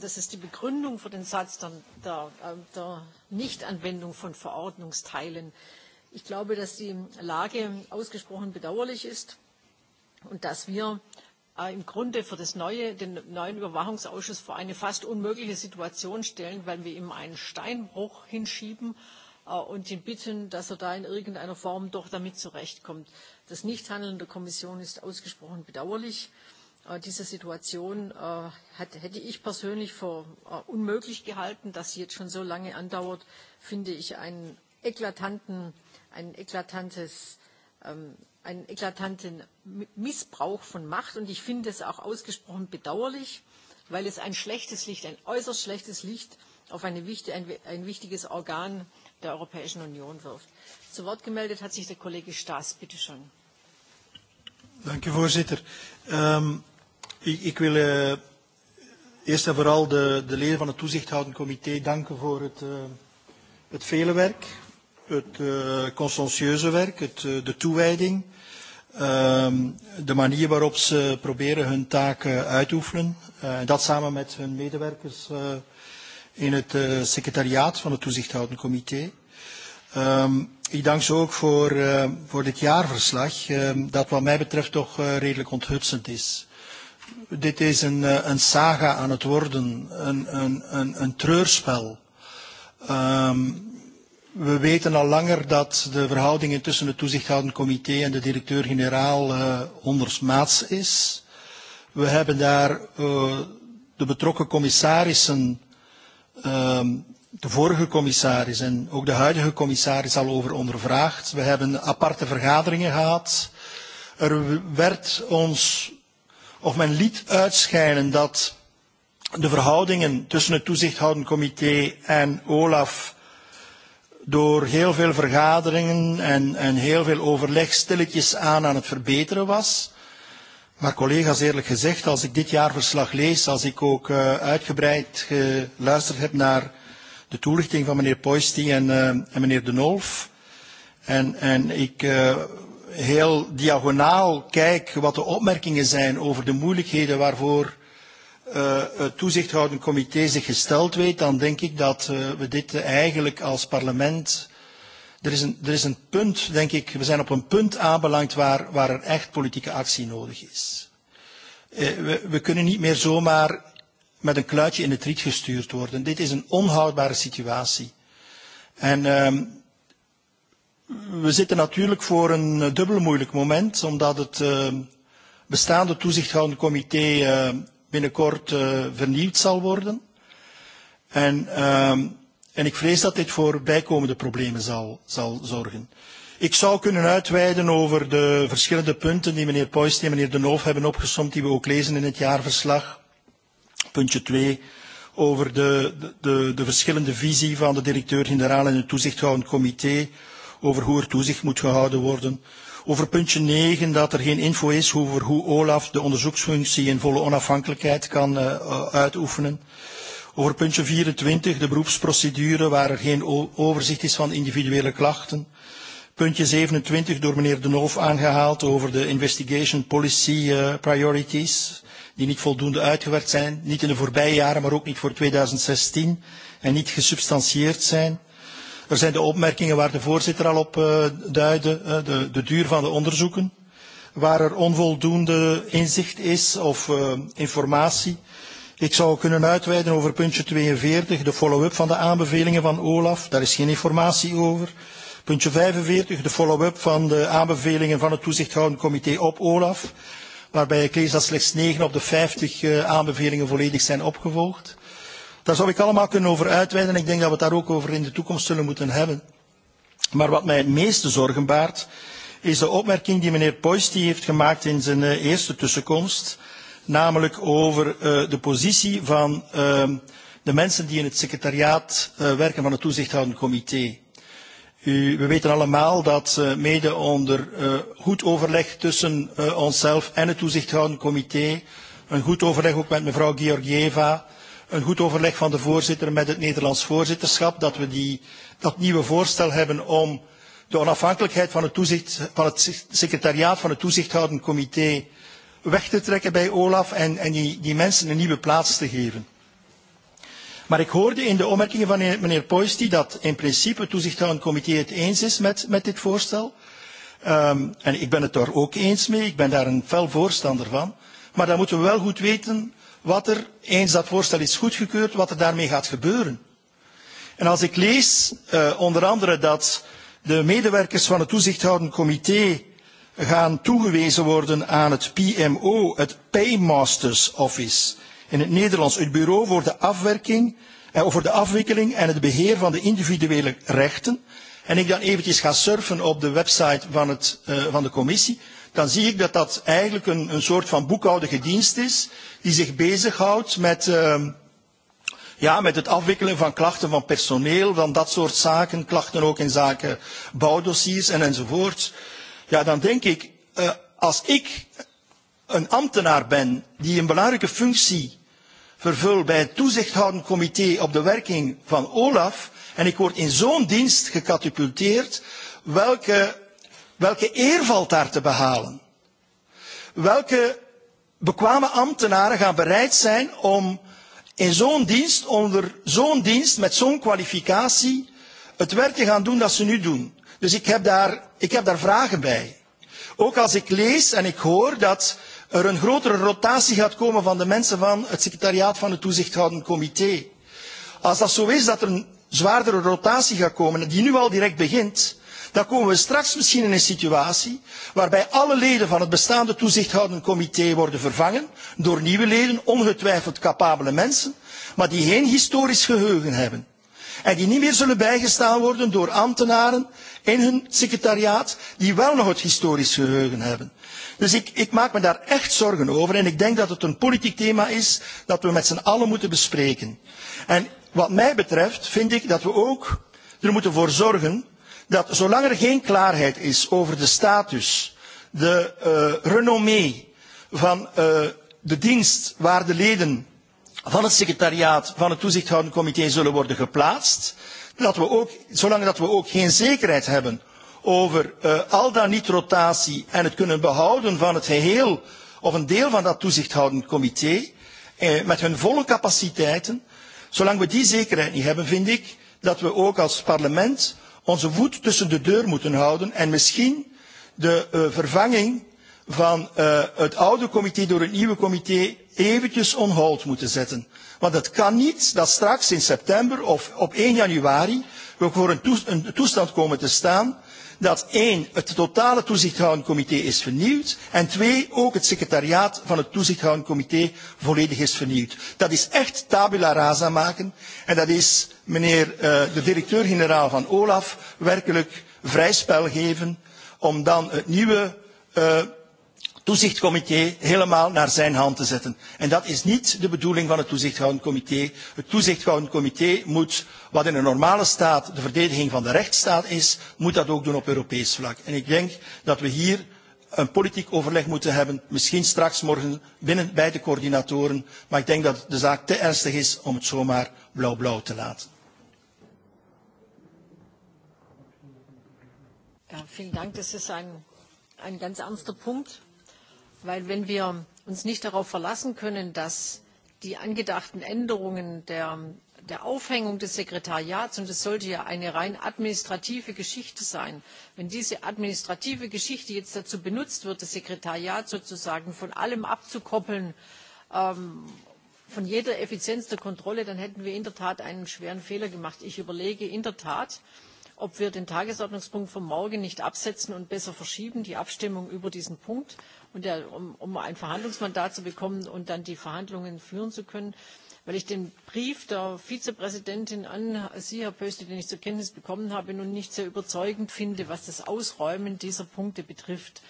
das ist die Begründung für den Satz der, der, der Nichtanwendung von Verordnungsteilen. Ich glaube, dass die Lage ausgesprochen bedauerlich ist und dass wir im Grunde für das neue, den neuen Überwachungsausschuss vor eine fast unmögliche Situation stellen, weil wir ihm einen Steinbruch hinschieben und ihn bitten, dass er da in irgendeiner Form doch damit zurechtkommt. Das Nichthandeln der Kommission ist ausgesprochen bedauerlich diese Situation hätte ich persönlich für unmöglich gehalten, dass sie jetzt schon so lange andauert, finde ich einen eklatanten, ein eklatantes einen eklatanten Missbrauch von Macht. Und ich finde es auch ausgesprochen bedauerlich, weil es ein schlechtes Licht, ein äußerst schlechtes Licht auf eine, ein wichtiges Organ der Europäischen Union wirft. Zu Wort gemeldet hat sich der Kollege Staes. Bitte schön. Dank u, Ik, ik wil uh, eerst en vooral de, de leden van het toezichthoudend comité danken voor het, uh, het vele werk, het uh, consensueuze werk, het, uh, de toewijding, uh, de manier waarop ze proberen hun taak uh, uit te oefenen. Uh, dat samen met hun medewerkers uh, in het uh, secretariaat van het toezichthoudend comité. Um, ik dank ze ook voor, uh, voor dit jaarverslag, uh, dat wat mij betreft toch uh, redelijk onthutsend is. Dit is een, een saga aan het worden, een, een, een, een treurspel. Um, we weten al langer dat de verhoudingen tussen het toezichthoudend comité en de directeur-generaal uh, ondersmaats is. We hebben daar uh, de betrokken commissarissen, um, de vorige commissaris en ook de huidige commissaris al over ondervraagd. We hebben aparte vergaderingen gehad. Er werd ons of men liet uitschijnen dat de verhoudingen tussen het toezichthoudend comité en OLAF door heel veel vergaderingen en, en heel veel overleg stilletjes aan aan het verbeteren was. Maar collega's, eerlijk gezegd, als ik dit jaarverslag lees, als ik ook uh, uitgebreid geluisterd heb naar de toelichting van meneer Poisty en, uh, en meneer De Nolf, en, en ik uh, heel diagonaal kijk wat de opmerkingen zijn over de moeilijkheden waarvoor uh, het toezichthoudend comité zich gesteld weet, dan denk ik dat uh, we dit eigenlijk als parlement. Er is, een, er is een punt, denk ik, we zijn op een punt aanbelangd waar, waar er echt politieke actie nodig is. Uh, we, we kunnen niet meer zomaar met een kluitje in het riet gestuurd worden. Dit is een onhoudbare situatie. En we zitten natuurlijk voor een dubbel moeilijk moment, omdat het bestaande toezichthoudend comité binnenkort vernieuwd zal worden. En, en ik vrees dat dit voor bijkomende problemen zal, zal zorgen. Ik zou kunnen uitweiden over de verschillende punten die meneer Poist en meneer De Noof hebben opgesomd, die we ook lezen in het jaarverslag. Puntje 2 over de, de, de verschillende visie van de directeur-generaal en het toezichthoudend comité over hoe er toezicht moet gehouden worden. Over puntje 9 dat er geen info is over hoe OLAF de onderzoeksfunctie in volle onafhankelijkheid kan uh, uitoefenen. Over puntje 24 de beroepsprocedure waar er geen overzicht is van individuele klachten. Puntje 27 door meneer De Noof aangehaald over de investigation policy uh, priorities die niet voldoende uitgewerkt zijn, niet in de voorbije jaren, maar ook niet voor 2016 en niet gesubstantieerd zijn. Er zijn de opmerkingen waar de voorzitter al op duidde, de, de duur van de onderzoeken, waar er onvoldoende inzicht is of informatie. Ik zou kunnen uitweiden over puntje 42, de follow-up van de aanbevelingen van OLAF. Daar is geen informatie over. Puntje 45, de follow-up van de aanbevelingen van het toezichthoudend comité op OLAF, waarbij ik lees dat slechts 9 op de 50 aanbevelingen volledig zijn opgevolgd. Daar zou ik allemaal kunnen over uitweiden. Ik denk dat we het daar ook over in de toekomst zullen moeten hebben. Maar wat mij het meeste zorgen baart, is de opmerking die meneer Poisty heeft gemaakt in zijn eerste tussenkomst, namelijk over de positie van de mensen die in het secretariaat werken van het toezichthoudend comité. we weten allemaal dat mede onder goed overleg tussen onszelf en het toezichthoudend comité, een goed overleg ook met mevrouw Georgieva, een goed overleg van de voorzitter met het Nederlands voorzitterschap, dat we die, dat nieuwe voorstel hebben om de onafhankelijkheid van het, toezicht, van het secretariaat van het toezichthoudend comité weg te trekken bij Olaf en, en die, die mensen een nieuwe plaats te geven. Maar ik hoorde in de opmerkingen van meneer Poisty dat in principe het toezichthoudend comité het eens is met, met dit voorstel. Um, en ik ben het daar ook eens mee, ik ben daar een fel voorstander van. Maar dan moeten we wel goed weten wat er, eens dat voorstel is goedgekeurd, wat er daarmee gaat gebeuren. En als ik lees onder andere dat de medewerkers van het toezichthoudend comité gaan toegewezen worden aan het PMO, het Paymasters Office, in het Nederlands het Bureau voor de Afwerking, eh, voor de Afwikkeling en het Beheer van de Individuele Rechten. En ik dan eventjes ga surfen op de website van, het, van de commissie, dan zie ik dat dat eigenlijk een, een soort van boekhoudige dienst is die zich bezighoudt met, uh, ja, met het afwikkelen van klachten van personeel, van dat soort zaken, klachten ook in zaken bouwdossiers en enzovoort. Ja, dan denk ik, uh, als ik een ambtenaar ben die een belangrijke functie vervul bij het toezichthoudend comité op de werking van Olaf en ik word in zo'n dienst gecatapulteerd, welke Welke eer valt daar te behalen? Welke bekwame ambtenaren gaan bereid zijn om in zo'n dienst, onder zo'n dienst, met zo'n kwalificatie, het werk te gaan doen dat ze nu doen. Dus ik heb daar, ik heb daar vragen bij. Ook als ik lees en ik hoor dat er een grotere rotatie gaat komen van de mensen van het secretariaat van het toezichthoudend comité. Als dat zo is dat er een zwaardere rotatie gaat komen, die nu al direct begint, dan komen we straks misschien in een situatie waarbij alle leden van het bestaande toezichthoudend comité worden vervangen door nieuwe leden, ongetwijfeld capabele mensen, maar die geen historisch geheugen hebben. En die niet meer zullen bijgestaan worden door ambtenaren in hun secretariaat die wel nog het historisch geheugen hebben. Dus ik, maak me daar echt zorgen over en ik denk dat het een politiek thema is dat we met z'n allen moeten bespreken. En wat mij betreft vind ik dat we ook er moeten voor zorgen dat zolang er geen klaarheid is over de status, de uh, renommee van uh, de dienst waar de leden van het secretariaat van het toezichthoudend comité zullen worden geplaatst, dat we ook, zolang dat we ook geen zekerheid hebben over uh, al dan niet rotatie en het kunnen behouden van het geheel of een deel van dat toezichthoudend comité, eh, met hun volle capaciteiten, zolang we die zekerheid niet hebben, vind ik dat we ook als parlement onze voet tussen de deur moeten houden en misschien de vervanging van het oude comité door het nieuwe comité eventjes on hold moeten zetten. Want het kan niet dat straks in september of op 1 januari we voor een toestand komen te staan dat één het totale toezichthoudend comité is vernieuwd en twee ook het secretariaat van het toezichthoudend comité volledig is vernieuwd. Dat is echt tabula rasa maken en dat is meneer de directeur-generaal van Olaf werkelijk vrij spel geven om dan het nieuwe toezichtcomité helemaal naar zijn hand te zetten. En dat is niet de bedoeling van het toezichthoudend comité. Het toezichthoudend comité moet, wat in een normale staat de verdediging van de rechtsstaat is, moet dat ook doen op Europees vlak. En ik denk dat we hier een politiek overleg moeten hebben, misschien straks morgen binnen bij de coördinatoren. Maar ik denk dat de zaak te ernstig is om het zomaar blauw-blauw te laten. Ja, vielen Dank. Das ist ein, ein ganz ernster Punkt, weil wenn wir uns nicht darauf verlassen können, dass die angedachten Änderungen der, der Aufhängung des Sekretariats, und das sollte ja eine rein administrative Geschichte sein, wenn diese administrative Geschichte jetzt dazu benutzt wird, das Sekretariat sozusagen von allem abzukoppeln, ähm, von jeder Effizienz der Kontrolle, dann hätten wir in der Tat einen schweren Fehler gemacht. Ich überlege in der Tat, ob wir den Tagesordnungspunkt von morgen nicht absetzen und besser verschieben, die Abstimmung über diesen Punkt, um, ein Verhandlungsmandat zu bekommen und dann die Verhandlungen führen zu können. Weil ich den Brief der Vizepräsidentin an Sie, Herr Pöste, den ich zur Kenntnis bekommen habe, nun nicht sehr überzeugend finde, was das Ausräumen dieser Punkte betrifft.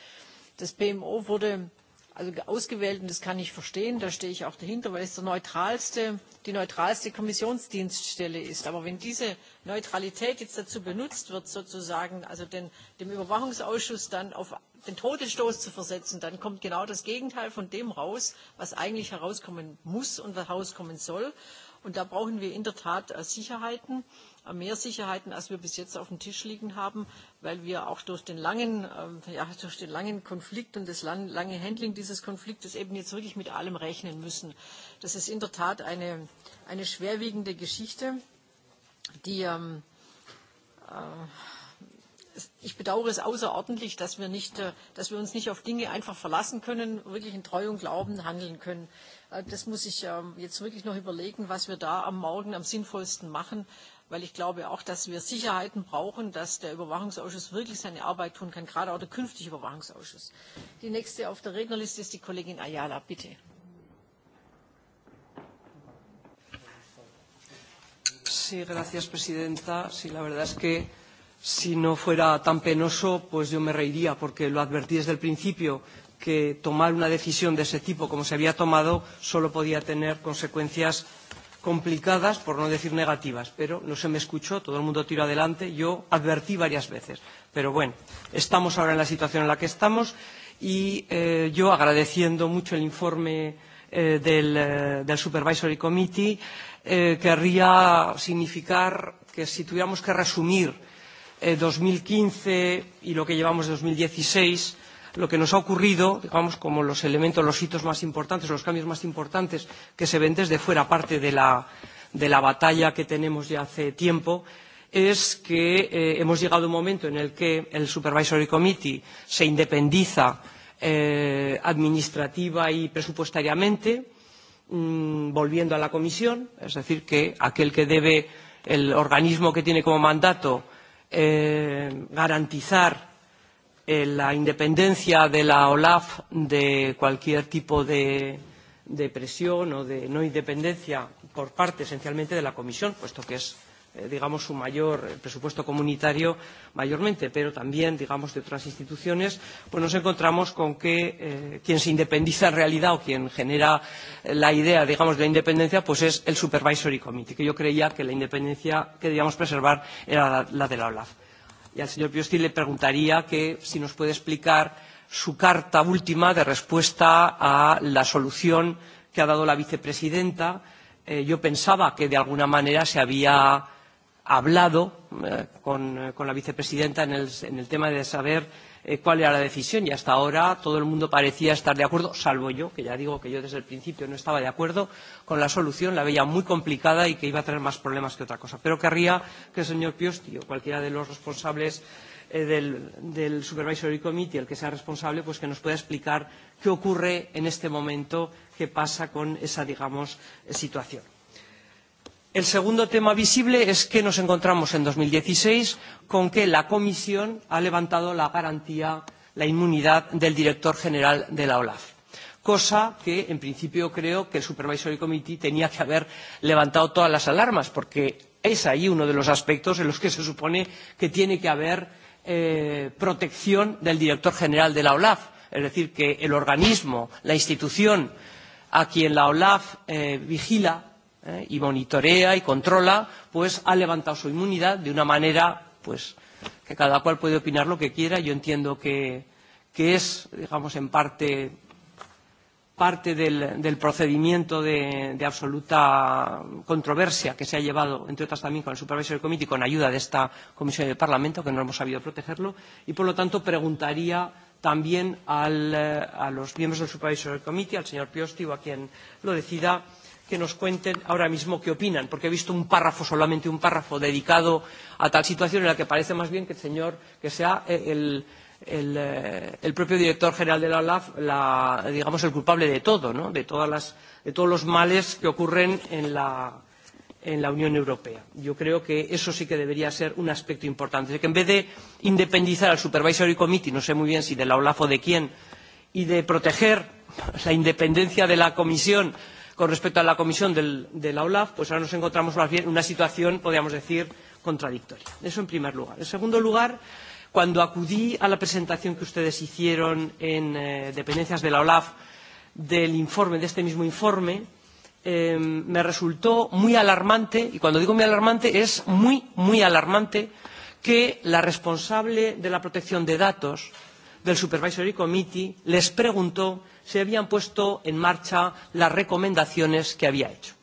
Das PMO wurde also ausgewählt und das kann ich verstehen, da stehe ich auch dahinter, weil es die neutralste Kommissionsdienststelle ist. Aber wenn diese Neutralität jetzt dazu benutzt wird, sozusagen, also den, dem Überwachungsausschuss dann auf den Todesstoß zu versetzen, dann kommt genau das Gegenteil von dem raus, was eigentlich herauskommen muss und herauskommen soll. Und da brauchen wir in der Tat Sicherheiten, mehr Sicherheiten, als wir bis jetzt auf dem Tisch liegen haben, weil wir auch durch den langen, ja, durch den langen Konflikt und das lange Handling dieses Konfliktes eben jetzt wirklich mit allem rechnen müssen. Das ist in der Tat eine, eine schwerwiegende Geschichte ich bedauere es außerordentlich, dass wir, nicht, dass wir uns nicht auf Dinge einfach verlassen können, wirklich in Treu und Glauben handeln können. Das muss ich jetzt wirklich noch überlegen, was wir da am Morgen am sinnvollsten machen, weil ich glaube auch, dass wir Sicherheiten brauchen, dass der Überwachungsausschuss wirklich seine Arbeit tun kann, gerade auch der künftige Überwachungsausschuss. Die nächste auf der Rednerliste ist die Kollegin Ayala, bitte. Sí, gracias, presidenta. Sí, la verdad es que si no fuera tan penoso, pues yo me reiría, porque lo advertí desde el principio que tomar una decisión de ese tipo, como se había tomado, solo podía tener consecuencias complicadas, por no decir negativas, pero no se me escuchó, todo el mundo tiró adelante, yo advertí varias veces. Pero bueno, estamos ahora en la situación en la que estamos y eh, yo agradeciendo mucho el informe eh, del, del Supervisory Committee, eh, querría significar que si tuviéramos que resumir eh, 2015 y lo que llevamos de 2016, lo que nos ha ocurrido, digamos, como los elementos, los hitos más importantes, los cambios más importantes que se ven desde fuera, aparte de la, de la batalla que tenemos ya hace tiempo, es que eh, hemos llegado a un momento en el que el Supervisory Committee se independiza eh, administrativa y presupuestariamente, mmm, volviendo a la comisión, es decir, que aquel que debe, el organismo que tiene como mandato eh, garantizar eh, la independencia de la OLAF de cualquier tipo de, de presión o de no independencia por parte esencialmente de la comisión, puesto que es digamos, su mayor presupuesto comunitario mayormente, pero también, digamos, de otras instituciones, pues nos encontramos con que eh, quien se independiza en realidad o quien genera la idea, digamos, de la independencia, pues es el Supervisory Committee, que yo creía que la independencia que debíamos preservar era la, la de la OLAF. Y al señor Piosti le preguntaría que si nos puede explicar su carta última de respuesta a la solución que ha dado la vicepresidenta. Eh, yo pensaba que de alguna manera se había hablado con, con la vicepresidenta en el, en el tema de saber eh, cuál era la decisión y hasta ahora todo el mundo parecía estar de acuerdo, salvo yo, que ya digo que yo desde el principio no estaba de acuerdo con la solución, la veía muy complicada y que iba a tener más problemas que otra cosa. Pero querría que el señor Piosti o cualquiera de los responsables eh, del, del Supervisory Committee, el que sea responsable, pues que nos pueda explicar qué ocurre en este momento, qué pasa con esa, digamos, situación. El segundo tema visible es que nos encontramos en dos mil dieciseis con que la Comisión ha levantado la garantía, la inmunidad del director general de la OLAF, cosa que en principio creo que el Supervisory Committee tenía que haber levantado todas las alarmas, porque es ahí uno de los aspectos en los que se supone que tiene que haber protección del director general de la OLAF, es decir, que el organismo, la institución a quien la OLAF vigila, eh, y monitorea y controla, pues ha levantado su inmunidad de una manera pues que cada cual puede opinar lo que quiera. Yo entiendo que, que es, digamos, en parte parte del, del procedimiento de, de absoluta controversia que se ha llevado, entre otras también con el supervisor Committee, con ayuda de esta Comisión del Parlamento, que no hemos sabido protegerlo, y por lo tanto preguntaría también al, a los miembros del supervisor Committee, al señor Piosti o a quien lo decida, que nos cuenten ahora mismo qué opinan, porque he visto un párrafo, solamente un párrafo, dedicado a tal situación en la que parece más bien que el señor, que sea el, el, el propio director general de la OLAF, la, digamos, el culpable de todo, ¿no? de, todas las, de todos los males que ocurren en la, en la Unión Europea. Yo creo que eso sí que debería ser un aspecto importante, que en vez de independizar al Supervisory Committee, no sé muy bien si de la OLAF o de quién, y de proteger la independencia de la Comisión, con respecto a la comisión del, de la OLAF, pues ahora nos encontramos más bien en una situación, podríamos decir, contradictoria. Eso en primer lugar. En segundo lugar, cuando acudí a la presentación que ustedes hicieron en eh, dependencias de la OLAF del informe, de este mismo informe, eh, me resultó muy alarmante, y cuando digo muy alarmante es muy, muy alarmante, que la responsable de la protección de datos del Supervisory Committee les preguntó si habían puesto en marcha las recomendaciones que había hecho.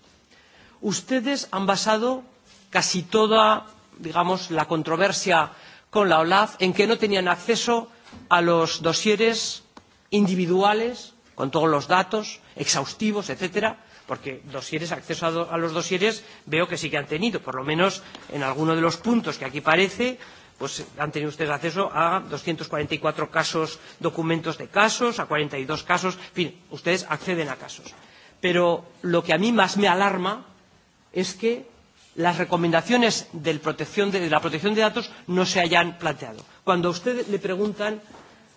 Ustedes han basado casi toda, digamos, la controversia con la OLAF en que no tenían acceso a los dosieres individuales con todos los datos exhaustivos, etcétera, porque dosieres, acceso a, los dosieres veo que sí que han tenido, por lo menos en alguno de los puntos que aquí parece, pues han tenido ustedes acceso a 244 casos, documentos de casos, a 42 casos, en fin, ustedes acceden a casos. Pero lo que a mí más me alarma es que las recomendaciones de la protección de datos no se hayan planteado. Cuando a usted le preguntan,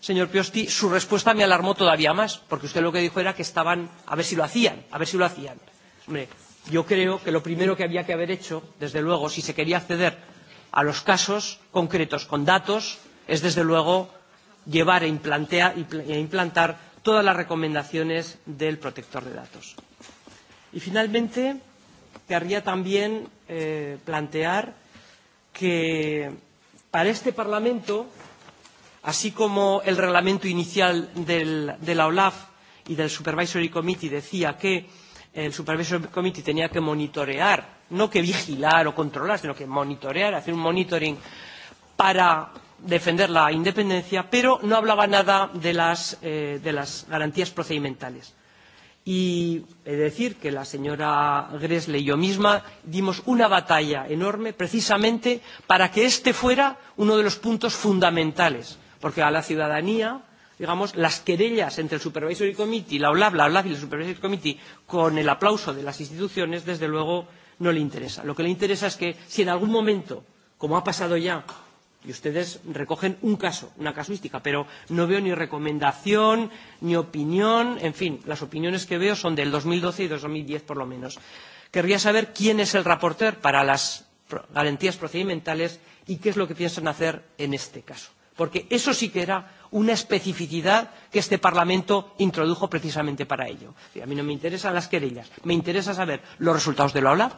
señor Piosti, su respuesta me alarmó todavía más, porque usted lo que dijo era que estaban a ver si lo hacían, a ver si lo hacían. Hombre, yo creo que lo primero que había que haber hecho, desde luego, si se quería acceder a los casos concretos con datos es, desde luego, llevar e implantar todas las recomendaciones del protector de datos. Y, finalmente, querría también eh, plantear que para este Parlamento, así como el reglamento inicial del, de la OLAF y del Supervisory Committee decía que el Supervisory Committee tenía que monitorear, no que vigilar o controlar, sino que monitorear, hacer un monitoring para defender la independencia, pero no hablaba nada de las, eh, de las garantías procedimentales. Y he de decir que la señora Gresle y yo misma dimos una batalla enorme precisamente para que este fuera uno de los puntos fundamentales, porque a la ciudadanía digamos, las querellas entre el Supervisory Committee, la OLAB, la OLAB y el Supervisory Committee, con el aplauso de las instituciones, desde luego no le interesa. Lo que le interesa es que si en algún momento, como ha pasado ya, y ustedes recogen un caso, una casuística, pero no veo ni recomendación, ni opinión, en fin, las opiniones que veo son del 2012 y 2010 por lo menos. Querría saber quién es el reporter para las garantías procedimentales y qué es lo que piensan hacer en este caso. Porque eso sí que era una especificidad que este Parlamento introdujo precisamente para ello. A mí no me interesan las querellas, me interesa saber los resultados de la OLAF.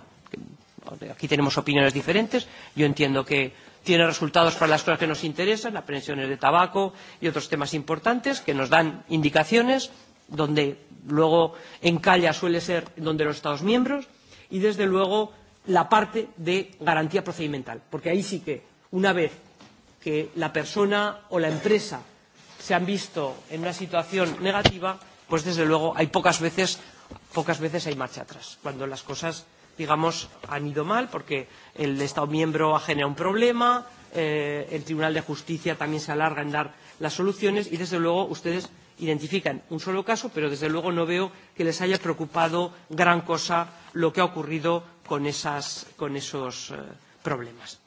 Aquí tenemos opiniones diferentes. Yo entiendo que tiene resultados para las cosas que nos interesan, las pensiones de tabaco y otros temas importantes que nos dan indicaciones donde luego en calla suele ser donde los Estados miembros y desde luego la parte de garantía procedimental, porque ahí sí que una vez que la persona o la empresa se han visto en una situación negativa, pues desde luego hay pocas veces, pocas veces hay marcha atrás. Cuando las cosas, digamos, han ido mal, porque el Estado miembro ha generado un problema, eh, el Tribunal de Justicia también se alarga en dar las soluciones y desde luego ustedes identifican un solo caso, pero desde luego no veo que les haya preocupado gran cosa lo que ha ocurrido con, esas, con esos eh, problemas.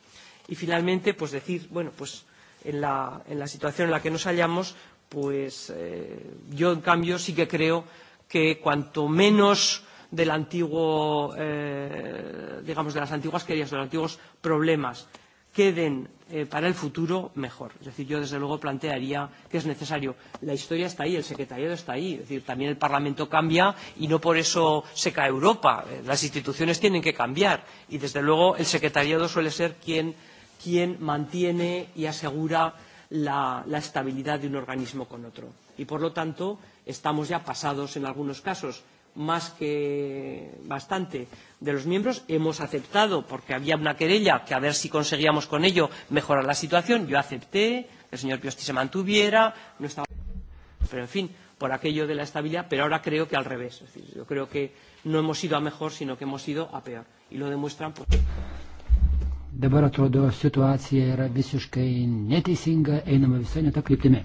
Y finalmente, pues decir, bueno, pues en la, en la situación en la que nos hallamos, pues eh, yo, en cambio, sí que creo que cuanto menos del antiguo, eh, digamos, de las antiguas querías, de los antiguos problemas queden eh, para el futuro, mejor. Es decir, yo desde luego plantearía que es necesario. La historia está ahí, el secretariado está ahí. Es decir, también el Parlamento cambia y no por eso se cae Europa. Las instituciones tienen que cambiar y desde luego el secretariado suele ser quien quien mantiene y asegura la, la estabilidad de un organismo con otro. Y, por lo tanto, estamos ya pasados en algunos casos más que bastante de los miembros. Hemos aceptado, porque había una querella, que a ver si conseguíamos con ello mejorar la situación. Yo acepté, el señor Piosti se mantuviera, no estaba. Pero, en fin, por aquello de la estabilidad, pero ahora creo que al revés. Es decir, yo creo que no hemos ido a mejor, sino que hemos ido a peor. Y lo demuestran pues, Dabar atrodo situacija yra visiškai neteisinga, einama visai netą kryptimį.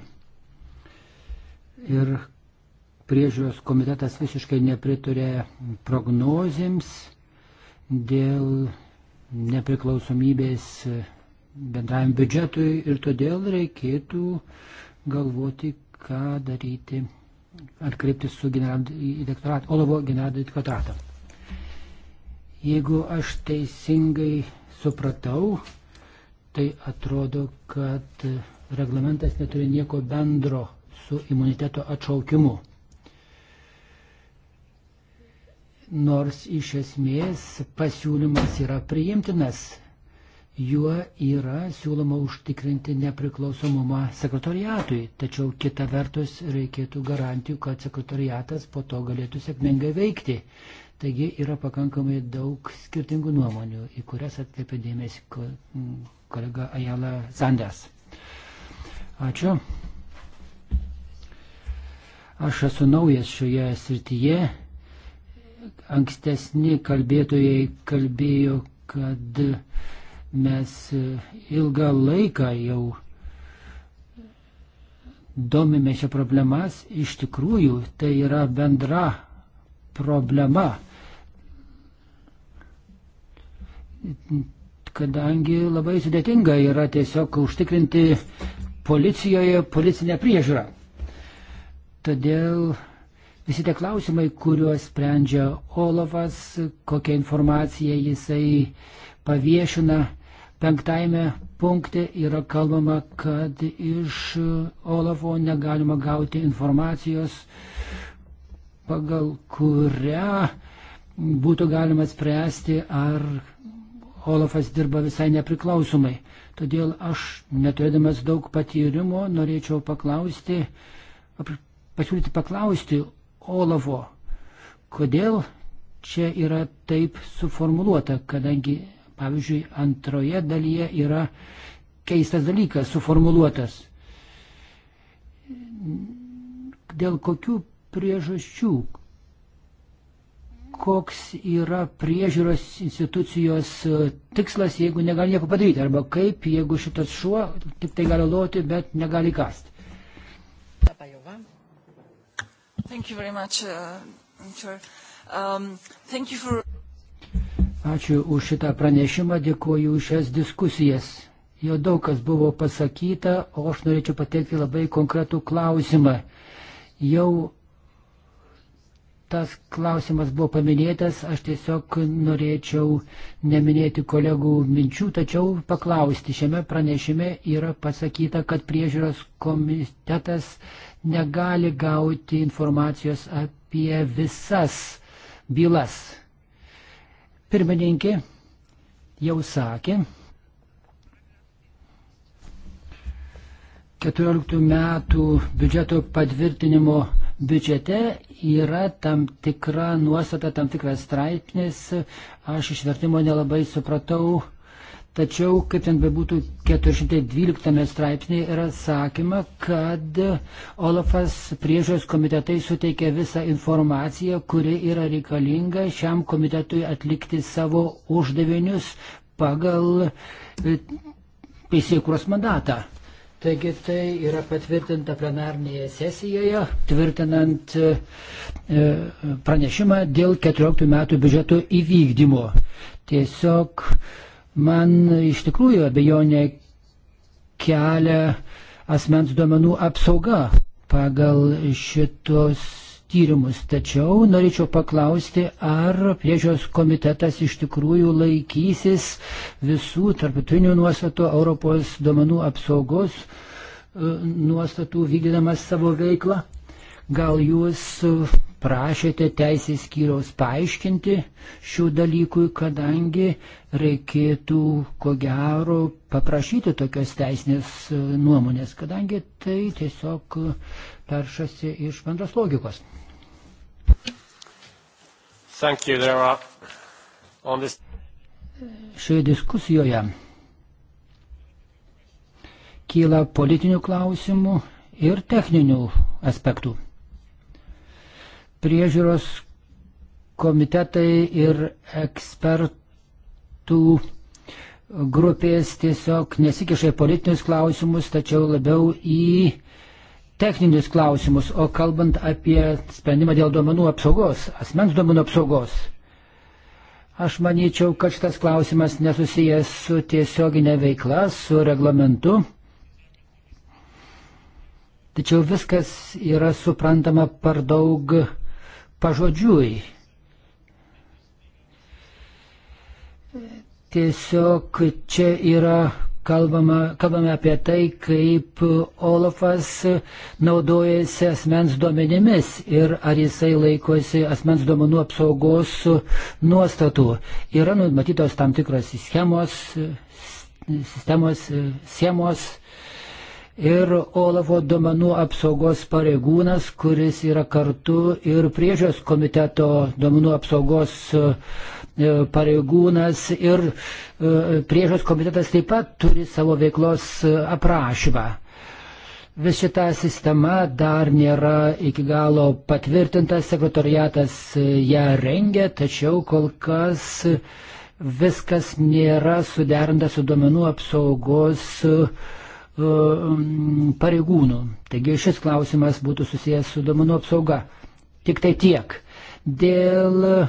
Ir priežiūros komitetas visiškai nepriturė prognozėms dėl nepriklausomybės bendravim biudžetui ir todėl reikėtų galvoti, ką daryti, atkreipti su Olavo generalinį Jeigu aš teisingai supratau, tai atrodo, kad reglamentas neturi nieko bendro su imuniteto atšaukimu. Nors iš esmės pasiūlymas yra priimtinas, juo yra siūloma užtikrinti nepriklausomumą sekretoriatui, tačiau kita vertus reikėtų garantijų, kad sekretoriatas po to galėtų sėkmingai veikti. Taigi yra pakankamai daug skirtingų nuomonių, į kurias atkreipė dėmesį kolega Ajala Zandas. Ačiū. Aš esu naujas šioje srityje. Ankstesni kalbėtojai kalbėjo, kad mes ilgą laiką jau domime šią problemas. Iš tikrųjų, tai yra bendra problema kadangi labai sudėtinga yra tiesiog užtikrinti policijoje policinę priežiūrą. Todėl visi tie klausimai, kuriuos sprendžia Olovas, kokią informaciją jisai paviešina, penktajame punkte yra kalbama, kad iš Olovo negalima gauti informacijos, pagal kurią būtų galima spręsti, ar Olafas dirba visai nepriklausomai. Todėl aš, neturėdamas daug patyrimo, norėčiau paklausti, pasiūlyti paklausti Olavo, kodėl čia yra taip suformuluota, kadangi, pavyzdžiui, antroje dalyje yra keistas dalykas suformuoluotas. Dėl kokių priežasčių koks yra priežiūros institucijos tikslas, jeigu negali nieko padaryti, arba kaip, jeigu šitas šuo tik tai gali loti, bet negali kasti. Ačiū už šitą pranešimą, dėkuoju už šias diskusijas. Jo daug kas buvo pasakyta, o aš norėčiau pateikti labai konkretų klausimą. Jau tas klausimas buvo paminėtas, aš tiesiog norėčiau neminėti kolegų minčių, tačiau paklausti. Šiame pranešime yra pasakyta, kad priežiūros komitetas negali gauti informacijos apie visas bylas. Pirmininkė jau sakė, 14 metų biudžeto patvirtinimo biudžete yra tam tikra nuostata, tam tikras straipsnis. Aš išvertimo nelabai supratau. Tačiau, kaip ten bebūtų, 412 straipsnėje yra sakoma, kad Olafas priežos komitetai suteikia visą informaciją, kuri yra reikalinga šiam komitetui atlikti savo uždavinius pagal teisėkuros mandatą. Taigi tai yra patvirtinta plenarnėje sesijoje, tvirtinant pranešimą dėl 14 metų biudžeto įvykdymo. Tiesiog man iš tikrųjų abejonė kelia asmens duomenų apsauga pagal šitos tyrimus. Tačiau norėčiau paklausti, ar priežios komitetas iš tikrųjų laikysis visų tarptautinių nuostatų Europos duomenų apsaugos nuostatų vykdydamas savo veiklą. Gal jūs prašėte teisės skyriaus paaiškinti šių dalykų, kadangi reikėtų ko gero paprašyti tokios teisinės nuomonės, kadangi tai tiesiog peršasi iš bendros logikos. This... Šioje diskusijoje kyla politinių klausimų ir techninių aspektų. Priežiūros komitetai ir ekspertų grupės tiesiog nesikiša į politinius klausimus, tačiau labiau į techninius klausimus, o kalbant apie sprendimą dėl duomenų apsaugos, asmens duomenų apsaugos. Aš manyčiau, kad šitas klausimas nesusijęs su tiesioginė veikla, su reglamentu. Tačiau viskas yra suprantama per daug pažodžiui. Tiesiog čia yra kalbama, kalbame apie tai, kaip Olafas naudojasi asmens duomenimis ir ar jisai laikosi asmens duomenų apsaugos nuostatų. Yra numatytos tam tikros schemos, sistemos, schemos ir Olafo duomenų apsaugos pareigūnas, kuris yra kartu ir priežios komiteto duomenų apsaugos pareigūnas ir priežios komitetas taip pat turi savo veiklos aprašymą. Vis šita sistema dar nėra iki galo patvirtinta, sekretariatas ją rengia, tačiau kol kas viskas nėra suderinta su duomenų apsaugos pareigūnas pareigūnų. Taigi šis klausimas būtų susijęs su domenų apsauga. Tik tai tiek. Dėl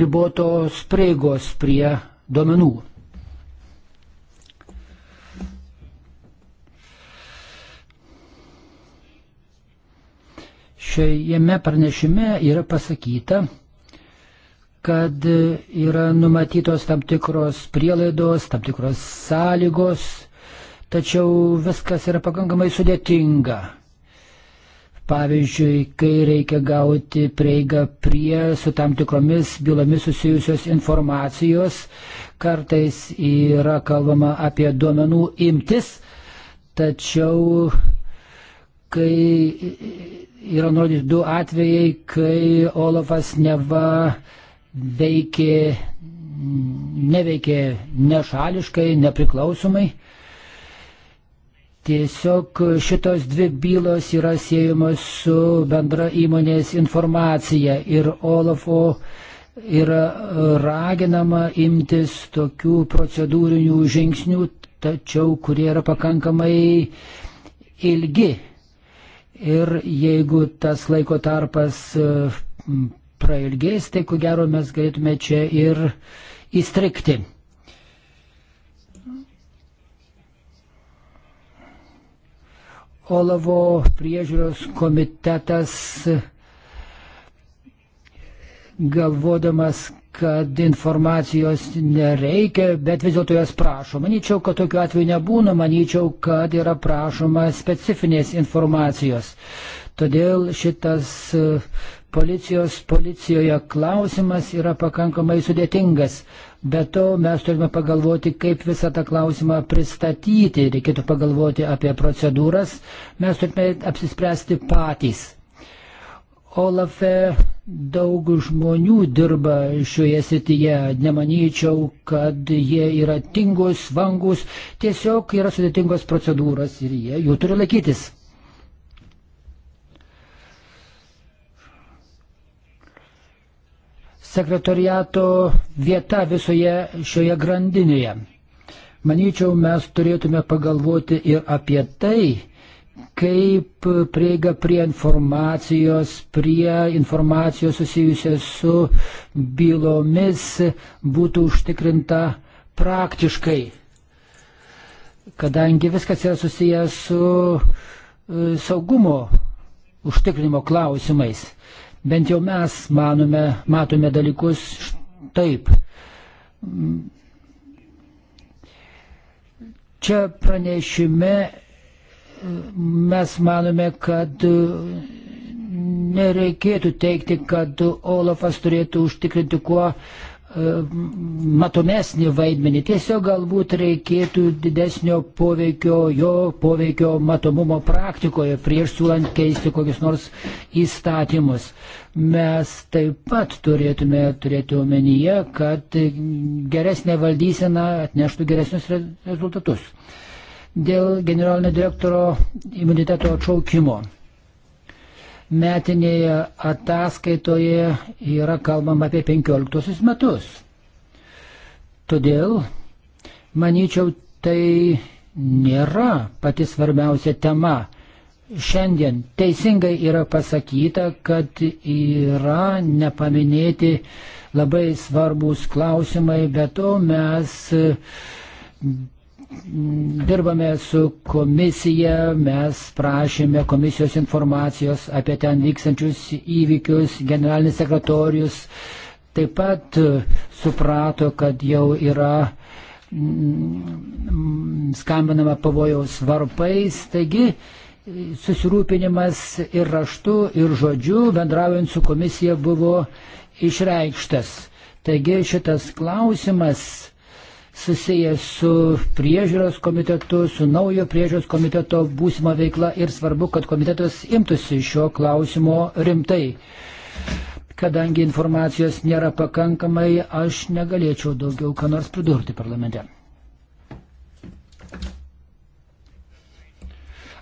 ribotos prieigos prie domenų. Šiame pranešime yra pasakyta, kad yra numatytos tam tikros prielaidos, tam tikros sąlygos, tačiau viskas yra pakankamai sudėtinga. Pavyzdžiui, kai reikia gauti prieigą prie su tam tikromis bylomis susijusios informacijos, kartais yra kalbama apie duomenų imtis, tačiau kai yra nurodyti du atvejai, kai Olafas neva veikė, neveikė nešališkai, nepriklausomai. Tiesiog šitos dvi bylos yra siejamos su bendra įmonės informacija ir Olafo yra raginama imtis tokių procedūrinių žingsnių, tačiau kurie yra pakankamai ilgi. Ir jeigu tas laiko tarpas prailgės, tai ko gero mes galėtume čia ir įstrikti. Olavo priežiūros komitetas galvodamas, kad informacijos nereikia, bet vis dėlto jos prašo. Manyčiau, kad tokiu atveju nebūna, manyčiau, kad yra prašoma specifinės informacijos. Todėl šitas policijos policijoje klausimas yra pakankamai sudėtingas. Be to mes turime pagalvoti, kaip visą tą klausimą pristatyti. Reikėtų pagalvoti apie procedūras. Mes turime apsispręsti patys. Olafe daug žmonių dirba šioje srityje. Nemanyčiau, kad jie yra tingus, vangus. Tiesiog yra sudėtingos procedūros ir jie jų turi laikytis. sekretariato vieta visoje šioje grandinėje. Manyčiau, mes turėtume pagalvoti ir apie tai, kaip prieiga prie informacijos, prie informacijos susijusios su bylomis būtų užtikrinta praktiškai. Kadangi viskas yra susijęs su saugumo užtikrinimo klausimais. Bent jau mes manome, matome dalykus taip. Čia pranešime mes manome, kad nereikėtų teikti, kad Olafas turėtų užtikrinti kuo matomesnį vaidmenį. Tiesiog galbūt reikėtų didesnio poveikio, jo poveikio matomumo praktikoje prieš siūlant keisti kokius nors įstatymus. Mes taip pat turėtume turėti omenyje, kad geresnė valdysena atneštų geresnius rezultatus. Dėl generalinio direktoro imuniteto atšaukimo metinėje ataskaitoje yra kalbama apie 15 metus. Todėl, manyčiau, tai nėra pati svarbiausia tema. Šiandien teisingai yra pasakyta, kad yra nepaminėti labai svarbus klausimai, bet to mes dirbame su komisija, mes prašėme komisijos informacijos apie ten vykstančius įvykius, generalinis sekretorius taip pat suprato, kad jau yra skambinama pavojaus varpais, taigi susirūpinimas ir raštu, ir žodžiu bendraujant su komisija buvo išreikštas. Taigi šitas klausimas susijęs su priežiūros komitetu, su naujo priežiūros komiteto būsima veikla ir svarbu, kad komitetas imtųsi šio klausimo rimtai. Kadangi informacijos nėra pakankamai, aš negalėčiau daugiau ką nors pridurti parlamente.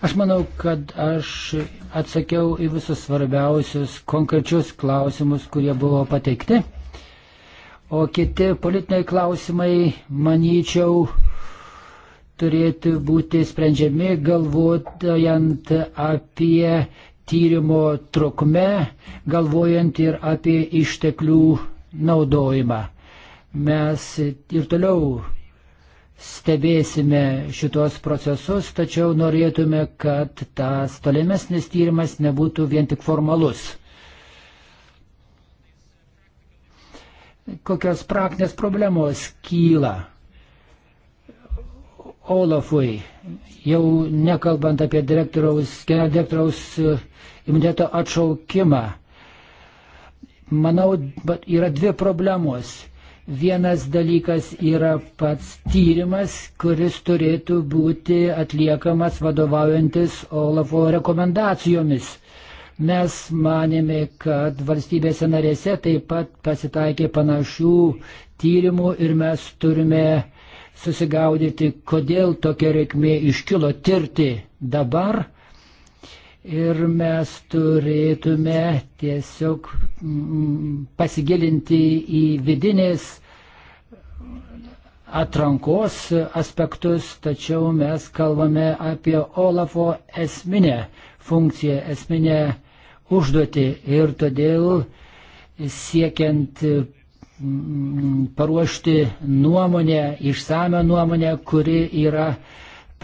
Aš manau, kad aš atsakiau į visus svarbiausius konkrečius klausimus, kurie buvo pateikti. O kiti politiniai klausimai, manyčiau, turėtų būti sprendžiami galvojant apie tyrimo trukmę, galvojant ir apie išteklių naudojimą. Mes ir toliau stebėsime šitos procesus, tačiau norėtume, kad tas tolimesnis tyrimas nebūtų vien tik formalus. kokios praktinės problemos kyla Olafui, jau nekalbant apie direktoriaus, direktoriaus imuniteto atšaukimą. Manau, yra dvi problemos. Vienas dalykas yra pats tyrimas, kuris turėtų būti atliekamas vadovaujantis Olafo rekomendacijomis. Mes manėme, kad valstybėse narėse taip pat pasitaikė panašių tyrimų ir mes turime susigaudyti, kodėl tokia reikmė iškilo tirti dabar. Ir mes turėtume tiesiog pasigilinti į vidinės atrankos aspektus, tačiau mes kalbame apie Olafo esminę funkciją, esminę užduotį ir todėl siekiant paruošti nuomonę, išsame nuomonę, kuri yra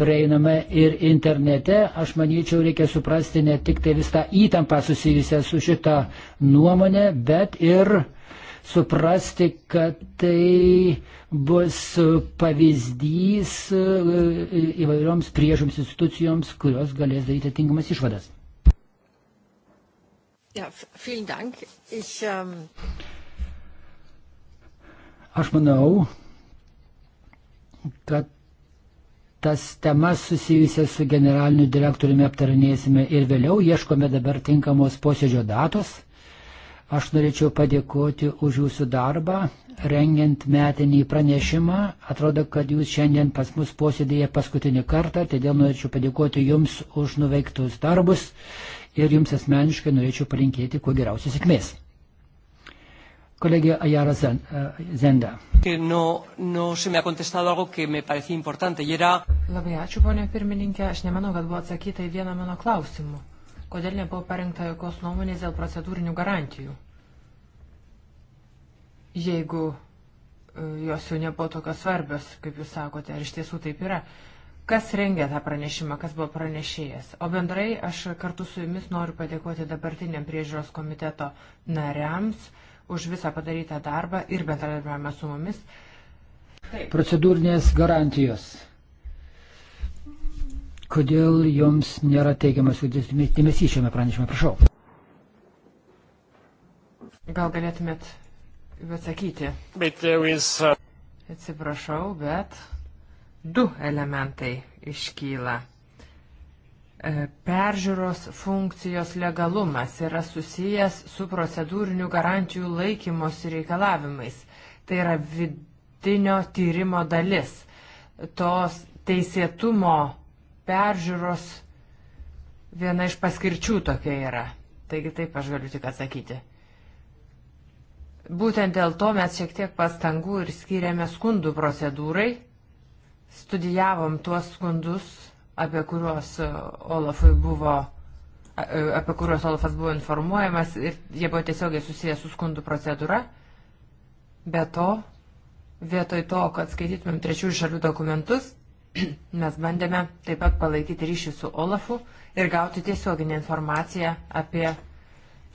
prieinama ir internete, aš manyčiau, reikia suprasti ne tik tai visą įtampą susijusią su šita nuomonė, bet ir suprasti, kad tai bus pavyzdys įvairioms priežoms institucijoms, kurios galės daryti tinkamas išvadas. Ja, vielen Dank. Ich, ähm... manau, kad tas temas susijusias su generaliniu direktoriumi aptarinėsime ir vėliau, ieškome dabar tinkamos posėdžio datos. Aš norėčiau padėkoti už jūsų darbą, rengiant metinį pranešimą. Atrodo, kad jūs šiandien pas mus posėdėje paskutinį kartą, todėl norėčiau padėkoti jums už nuveiktus darbus ir jums asmeniškai norėčiau palinkėti kuo geriausios sėkmės. Kolegė Ayara Zenda. No, no era... Labai ačiū, ponė pirmininkė. Aš nemanau, kad buvo atsakyta į vieną mano klausimą. Kodėl nebuvo parengta jokios nuomonės dėl procedūrinių garantijų? Jeigu jos jau nebuvo tokios svarbios, kaip jūs sakote, ar iš tiesų taip yra kas rengė tą pranešimą, kas buvo pranešėjęs. O bendrai aš kartu su jumis noriu padėkoti dabartiniam priežiūros komiteto nariams už visą padarytą darbą ir bendradarbiavimą su mumis. Taip. Procedūrinės garantijos. Kodėl joms nėra teigiamas dėmesys šiame pranešime? Prašau. Gal galėtumėt atsakyti? is, uh... Atsiprašau, bet du elementai iškyla. Peržiūros funkcijos legalumas yra susijęs su procedūrinių garantijų laikymos reikalavimais. Tai yra vidinio tyrimo dalis. Tos teisėtumo peržiūros viena iš paskirčių tokia yra. Taigi taip aš galiu tik atsakyti. Būtent dėl to mes šiek tiek pastangų ir skiriame skundų procedūrai Studijavom tuos skundus, apie kuriuos Olafui buvo apie kuriuos Olafas buvo informuojamas ir jie buvo tiesiogiai susijęs su skundų procedūra. Be to, vietoj to, kad skaitytumėm trečiųjų šalių dokumentus, mes bandėme taip pat palaikyti ryšį su Olafu ir gauti tiesioginę informaciją apie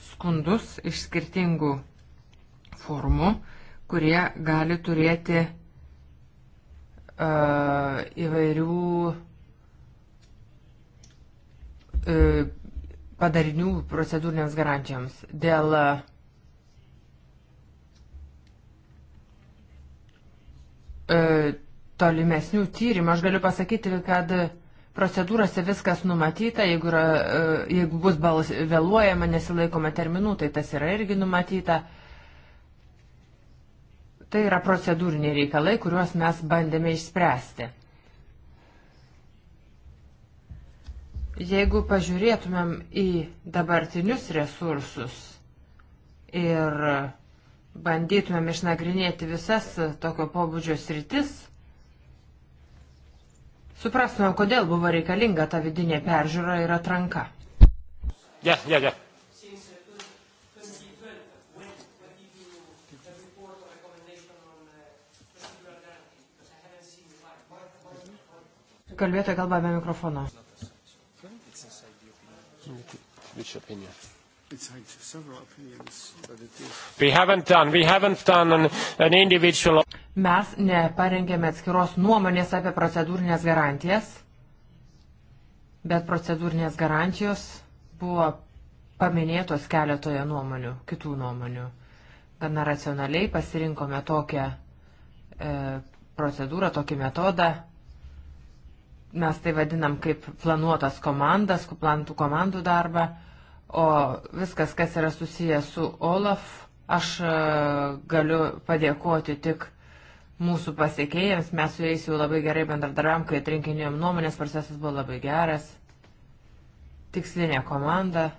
skundus iš skirtingų formų, kurie gali turėti įvairių padarinių procedūrinėms garantijoms. Dėl tolimesnių tyrimų aš galiu pasakyti, kad procedūrose viskas numatyta, jeigu, yra, jeigu bus vėluojama, nesilaikoma terminų, tai tas yra irgi numatyta. Tai yra procedūriniai reikalai, kuriuos mes bandėme išspręsti. Jeigu pažiūrėtumėm į dabartinius resursus ir bandytumėm išnagrinėti visas tokio pobūdžio sritis, suprastumėm, kodėl buvo reikalinga ta vidinė peržiūra ir atranka. Yeah, yeah, yeah. kalbėtoja kalba be mikrofono. Mes neparengėme atskiros nuomonės apie procedūrinės garantijas, bet procedūrinės garantijos buvo paminėtos keletoje nuomonių, kitų nuomonių. Gana racionaliai pasirinkome tokią e, procedūrą, tokį metodą, mes tai vadinam kaip planuotas komandas, kuplantų komandų darbą, o viskas, kas yra susijęs su Olaf, aš galiu padėkoti tik mūsų pasiekėjams, mes su jais jau labai gerai bendradarbiavom, kai atrinkinėjom nuomonės, procesas buvo labai geras, tikslinė komanda.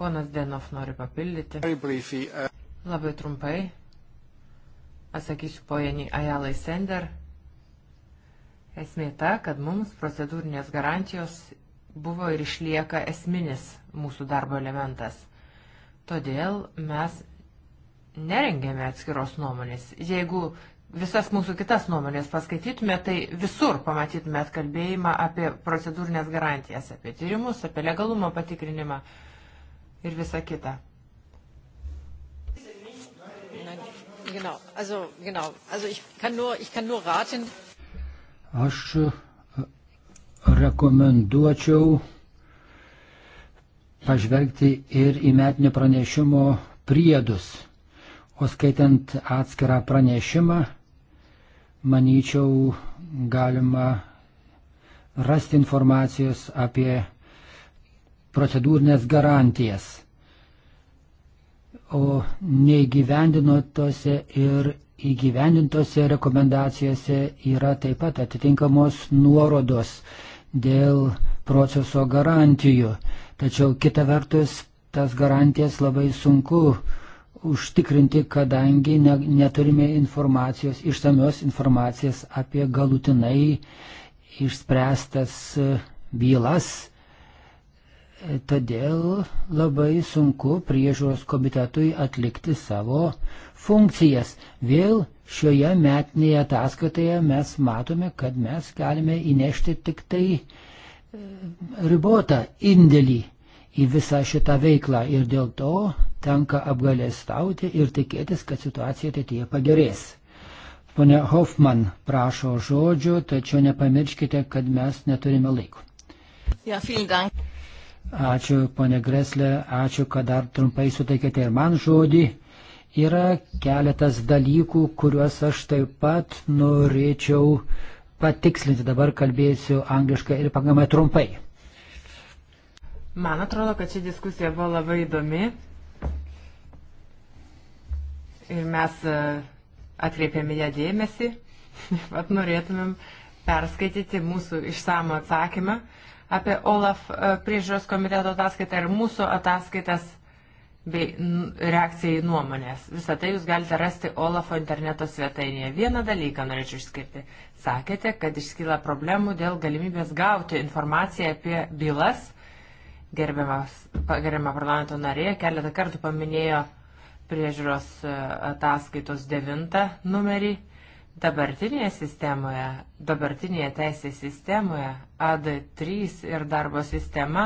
Ponas Denov nori papildyti. Labai trumpai. Atsakysiu pojenį Ajalai Sender Esmė ta, kad mums procedūrinės garantijos buvo ir išlieka esminis mūsų darbo elementas. Todėl mes nerengėme atskiros nuomonės. Jeigu visas mūsų kitas nuomonės paskaitytume, tai visur pamatytume atkalbėjimą apie procedūrinės garantijas, apie tyrimus, apie legalumo patikrinimą ir visą kitą. Genau, also, genau. Also ich kann nur, ich kann nur raten, Aš rekomenduočiau pažvelgti ir į metinio pranešimo priedus. O skaitant atskirą pranešimą, manyčiau, galima rasti informacijos apie procedūrinės garantijas. O neįgyvendinotose ir įgyvendintose rekomendacijose yra taip pat atitinkamos nuorodos dėl proceso garantijų. Tačiau kita vertus, tas garantijas labai sunku užtikrinti, kadangi ne, neturime informacijos, išsamios informacijos apie galutinai išspręstas bylas Todėl labai sunku priežiūros komitetui atlikti savo funkcijas. Vėl šioje metinėje ataskaitoje mes matome, kad mes galime įnešti tik tai ribotą indėlį į visą šitą veiklą ir dėl to tenka apgalėstauti ir tikėtis, kad situacija ateityje pagerės. Pone Hoffman prašo žodžių, tačiau nepamirškite, kad mes neturime laiko. Ja, Ačiū, ponė Greslė, ačiū, kad dar trumpai suteikėte ir man žodį. Yra keletas dalykų, kuriuos aš taip pat norėčiau patikslinti. Dabar kalbėsiu angliškai ir pagamai trumpai. Man atrodo, kad ši diskusija buvo labai įdomi. Ir mes atkreipėme ją dėmesį. Vat norėtumėm perskaityti mūsų išsamų atsakymą apie OLAF priežiūros komiteto ataskaitą ir mūsų ataskaitas bei reakcijai nuomonės. Visą tai jūs galite rasti OLAFO interneto svetainėje. Vieną dalyką norėčiau išskirti. Sakėte, kad iškyla problemų dėl galimybės gauti informaciją apie bylas. Gerbiamas, gerbiamą parlamento narė keletą kartų paminėjo priežiūros ataskaitos devintą numerį Dabartinėje sistemoje, dabartinėje teisės sistemoje AD3 ir darbo sistema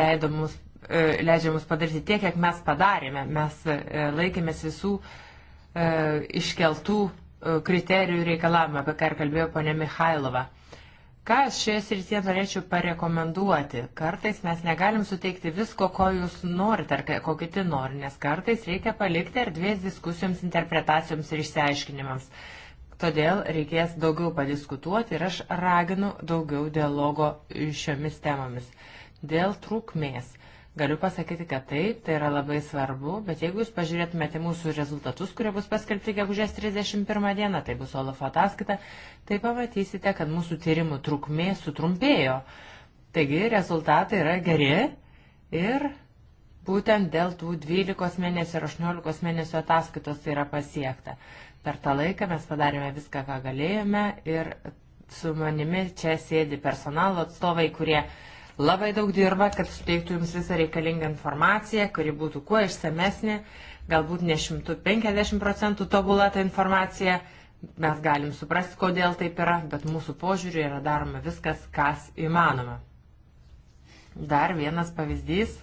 leido mus, leidžia mus padaryti tiek, kiek mes padarėme. Mes laikėmės visų iškeltų kriterijų reikalavimą, apie ką ir kalbėjo ponė Mihailova. Ką aš šioje srityje norėčiau parekomenduoti? Kartais mes negalim suteikti visko, ko jūs norite ar ko kiti nori, nes kartais reikia palikti erdvės diskusijoms, interpretacijoms ir išsiaiškinimams. Todėl reikės daugiau padiskutuoti ir aš raginu daugiau dialogo šiomis temomis. Dėl trūkmės. Galiu pasakyti, kad taip, tai yra labai svarbu, bet jeigu jūs pažiūrėtumėte mūsų rezultatus, kurie bus paskelbti gegužės 31 dieną, tai bus Olafo ataskaita, tai pamatysite, kad mūsų tyrimų trukmė sutrumpėjo. Taigi rezultatai yra geri ir būtent dėl tų 12 mėnesių ir 18 mėnesių ataskaitos tai yra pasiekta. Per tą laiką mes padarėme viską, ką galėjome ir su manimi čia sėdi personalo atstovai, kurie labai daug dirba, kad suteiktų jums visą reikalingą informaciją, kuri būtų kuo išsamesnė, galbūt ne 150 procentų tobulą tą informaciją. Mes galim suprasti, kodėl taip yra, bet mūsų požiūriu yra daroma viskas, kas įmanoma. Dar vienas pavyzdys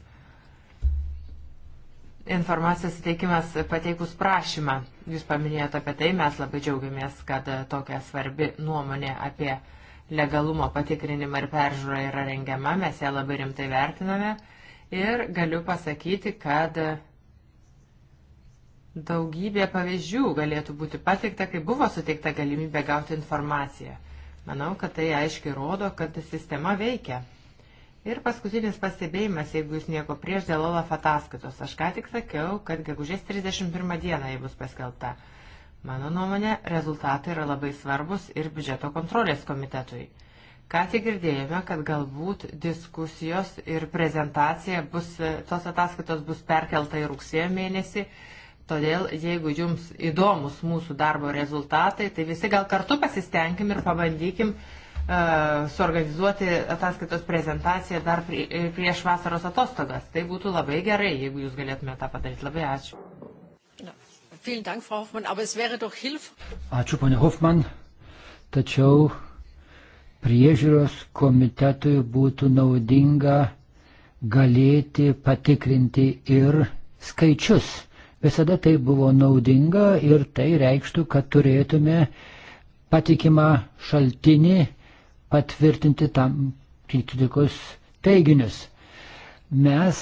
informacijos suteikimas pateikus prašymą. Jūs paminėjote apie tai, mes labai džiaugiamės, kad tokia svarbi nuomonė apie legalumo patikrinimą ir peržiūrą yra rengiama, mes ją labai rimtai vertiname ir galiu pasakyti, kad daugybė pavyzdžių galėtų būti pateikta, kai buvo suteikta galimybė gauti informaciją. Manau, kad tai aiškiai rodo, kad sistema veikia. Ir paskutinis pastebėjimas, jeigu jūs nieko prieš dėl OLAF ataskaitos. Aš ką tik sakiau, kad gegužės 31 dieną jį bus paskelbta. Mano nuomonė, rezultatai yra labai svarbus ir biudžeto kontrolės komitetui. Ką tik girdėjome, kad galbūt diskusijos ir prezentacija bus, tos ataskaitos bus perkelta į rugsėjo mėnesį. Todėl, jeigu jums įdomus mūsų darbo rezultatai, tai visi gal kartu pasistengim ir pabandykim suorganizuoti ataskaitos prezentaciją dar prieš vasaros atostogas. Tai būtų labai gerai, jeigu jūs galėtumėte tą padaryti. Labai ačiū. Ačiū, ponė Hoffman. Tačiau priežiūros komitetui būtų naudinga galėti patikrinti ir skaičius. Visada tai buvo naudinga ir tai reikštų, kad turėtume patikimą šaltinį patvirtinti tam kritikus teiginius. Mes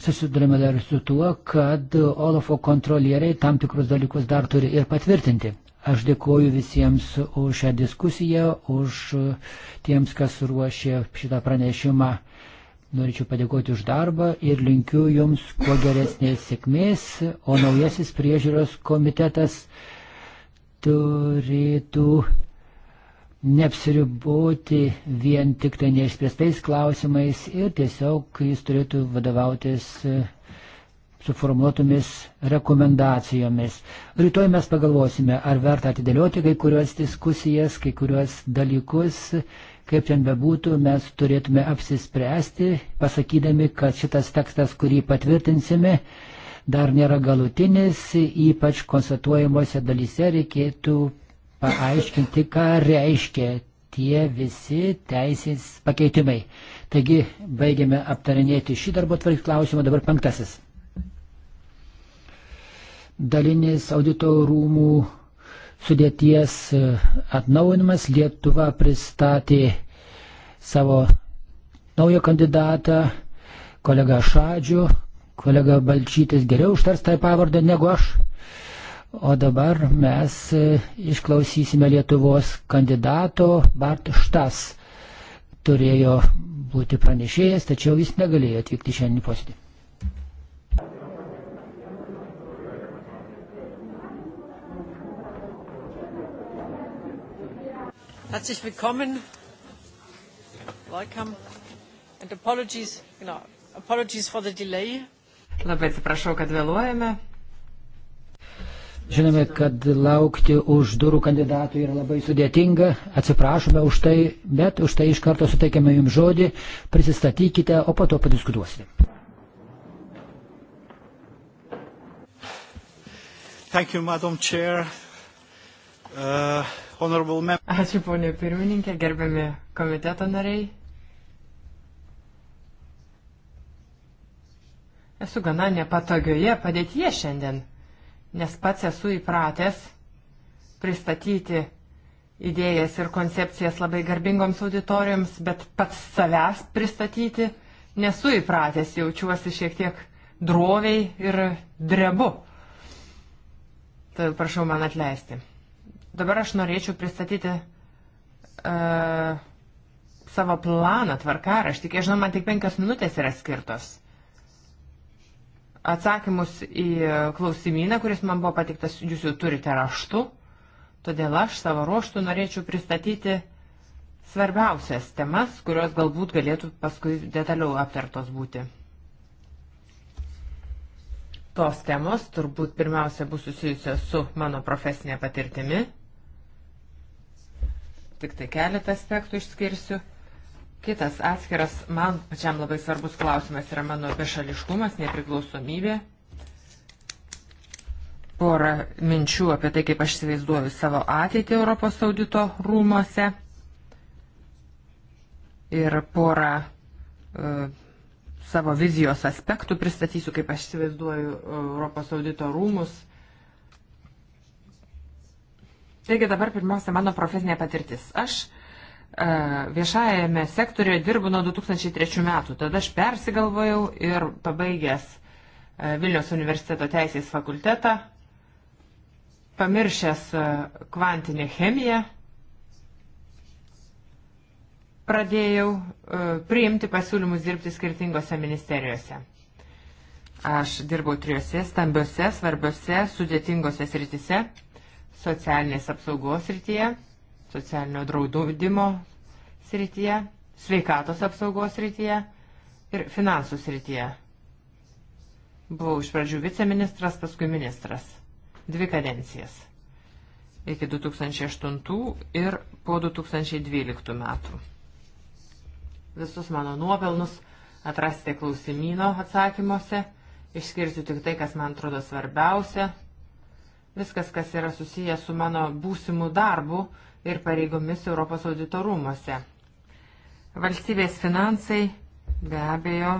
susidurime dar su tuo, kad Olofo kontrolieriai tam tikrus dalykus dar turi ir patvirtinti. Aš dėkoju visiems už šią diskusiją, už tiems, kas ruošė šitą pranešimą. Norėčiau padėkoti už darbą ir linkiu Jums kuo geresnės sėkmės, o naujasis priežiūros komitetas turėtų neapsiriboti vien tik tai neišspręstais klausimais ir tiesiog jis turėtų vadovautis suformuotomis rekomendacijomis. Rytoj mes pagalvosime, ar verta atidėlioti kai kurios diskusijas, kai kurios dalykus, kaip ten bebūtų, mes turėtume apsispręsti, pasakydami, kad šitas tekstas, kurį patvirtinsime, dar nėra galutinis, ypač konstatuojamosi dalyse reikėtų paaiškinti, ką reiškia tie visi teisės pakeitimai. Taigi, baigiame aptarinėti šį darbo tvarkį klausimą, dabar penktasis. Dalinis audito rūmų sudėties atnaujinimas Lietuva pristatė savo naują kandidatą, kolega Šadžių, kolega Balčytis geriau ištars tą pavardę negu aš. O dabar mes išklausysime Lietuvos kandidato Bart Štas. Turėjo būti pranešėjęs, tačiau jis negalėjo atvykti šiandien posėdį. Herzlich willkommen. Welcome. And apologies, apologies for the delay. Labai atsiprašau, kad vėluojame. Žinome, kad laukti už durų kandidatų yra labai sudėtinga, atsiprašome už tai, bet už tai iš karto suteikiame jums žodį, prisistatykite, o po to padiskutuosime. Ačiū, ponė pirmininkė, gerbiami komiteto nariai, Esu gana nepatogioje padėtyje šiandien, nes pats esu įpratęs pristatyti idėjas ir koncepcijas labai garbingoms auditorijoms, bet pats savęs pristatyti nesu įpratęs, jaučiuosi šiek tiek droviai ir drebu. Tai prašau man atleisti. Dabar aš norėčiau pristatyti uh, savo planą, tvarkaraštį. Kiek žinau, man tik penkias minutės yra skirtos. Atsakymus į klausimyną, kuris man buvo patiktas, jūs jau turite raštu, todėl aš savo ruoštų norėčiau pristatyti svarbiausias temas, kurios galbūt galėtų paskui detaliau aptartos būti. Tos temos turbūt pirmiausia bus susijusios su mano profesinė patirtimi. Tik tai keletą aspektų išskirsiu. Kitas atskiras, man pačiam labai svarbus klausimas yra mano bešališkumas, nepriklausomybė. Porą minčių apie tai, kaip aš įsivaizduoju savo ateitį Europos audito rūmose. Ir porą savo vizijos aspektų pristatysiu, kaip aš įsivaizduoju Europos audito rūmus. Taigi dabar pirmiausia mano profesinė patirtis. Aš viešajame sektoriuje dirbu nuo 2003 metų. Tada aš persigalvojau ir pabaigęs Vilniaus universiteto teisės fakultetą, pamiršęs kvantinę chemiją, pradėjau priimti pasiūlymus dirbti skirtingose ministerijose. Aš dirbau trijose stambiose, svarbiose, sudėtingose srityse socialinės apsaugos srityje socialinio draudimo srityje, sveikatos apsaugos srityje ir finansų srityje. Buvau iš pradžių viceministras, paskui ministras. Dvi kadencijas. Iki 2008 ir po 2012 metų. Visus mano nuopelnus atrasite klausimyno atsakymuose. Išskirsiu tik tai, kas man atrodo svarbiausia. Viskas, kas yra susijęs su mano būsimu darbu, ir pareigomis Europos audito rūmose. Valstybės finansai be abejo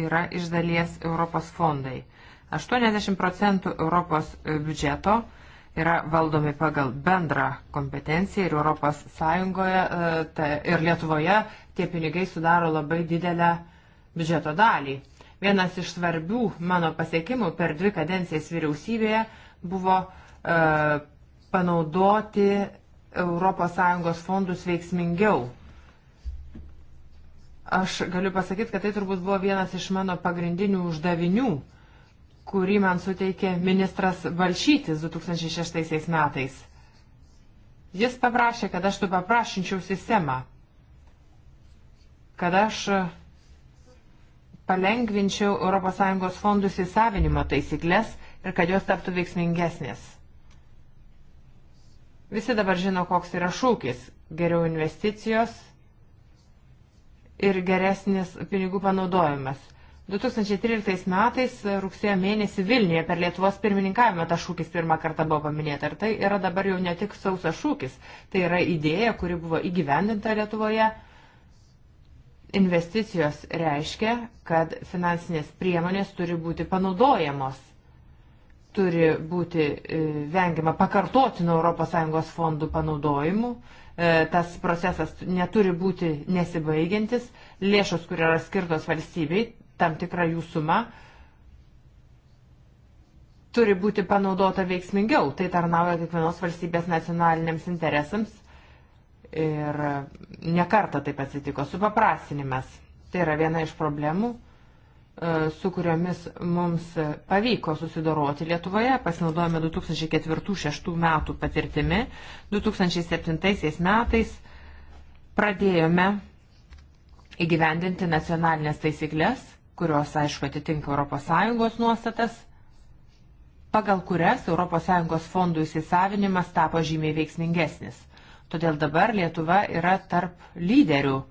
yra iš dalies Europos fondai. 80 procentų Europos biudžeto yra valdomi pagal bendrą kompetenciją ir Europos Sąjungoje tai, ir Lietuvoje tie pinigai sudaro labai didelę biudžeto dalį. Vienas iš svarbių mano pasiekimų per dvi kadencijas vyriausybėje buvo e, panaudoti ES fondus veiksmingiau. Aš galiu pasakyti, kad tai turbūt buvo vienas iš mano pagrindinių uždavinių, kurį man suteikė ministras valšytis 2006 metais. Jis paprašė, kad aš tu paprašinčiau sistemą, kad aš palengvinčiau ES fondus įsavinimo taisyklės ir kad jos taptų veiksmingesnės. Visi dabar žino, koks yra šūkis geriau investicijos ir geresnis pinigų panaudojimas. 2013 metais rugsėjo mėnesį Vilniuje per Lietuvos pirmininkavimą tas šūkis pirmą kartą buvo paminėta. Ir tai yra dabar jau ne tik sausas šūkis, tai yra idėja, kuri buvo įgyvendinta Lietuvoje. Investicijos reiškia, kad finansinės priemonės turi būti panaudojamos turi būti vengiama pakartotino ES fondų panaudojimų. Tas procesas neturi būti nesibaigiantis. Lėšos, kur yra skirtos valstybei, tam tikra jų suma, turi būti panaudota veiksmingiau. Tai tarnauja kiekvienos valstybės nacionaliniams interesams. Ir nekarta taip atsitiko. Supaprastinimas. Tai yra viena iš problemų su kuriomis mums pavyko susidoroti Lietuvoje, pasinaudojame 2004-2006 metų patirtimi. 2007 metais pradėjome įgyvendinti nacionalinės taisyklės, kurios, aišku, atitinka ES nuostatas, pagal kurias ES fondų įsisavinimas tapo žymiai veiksmingesnis. Todėl dabar Lietuva yra tarp lyderių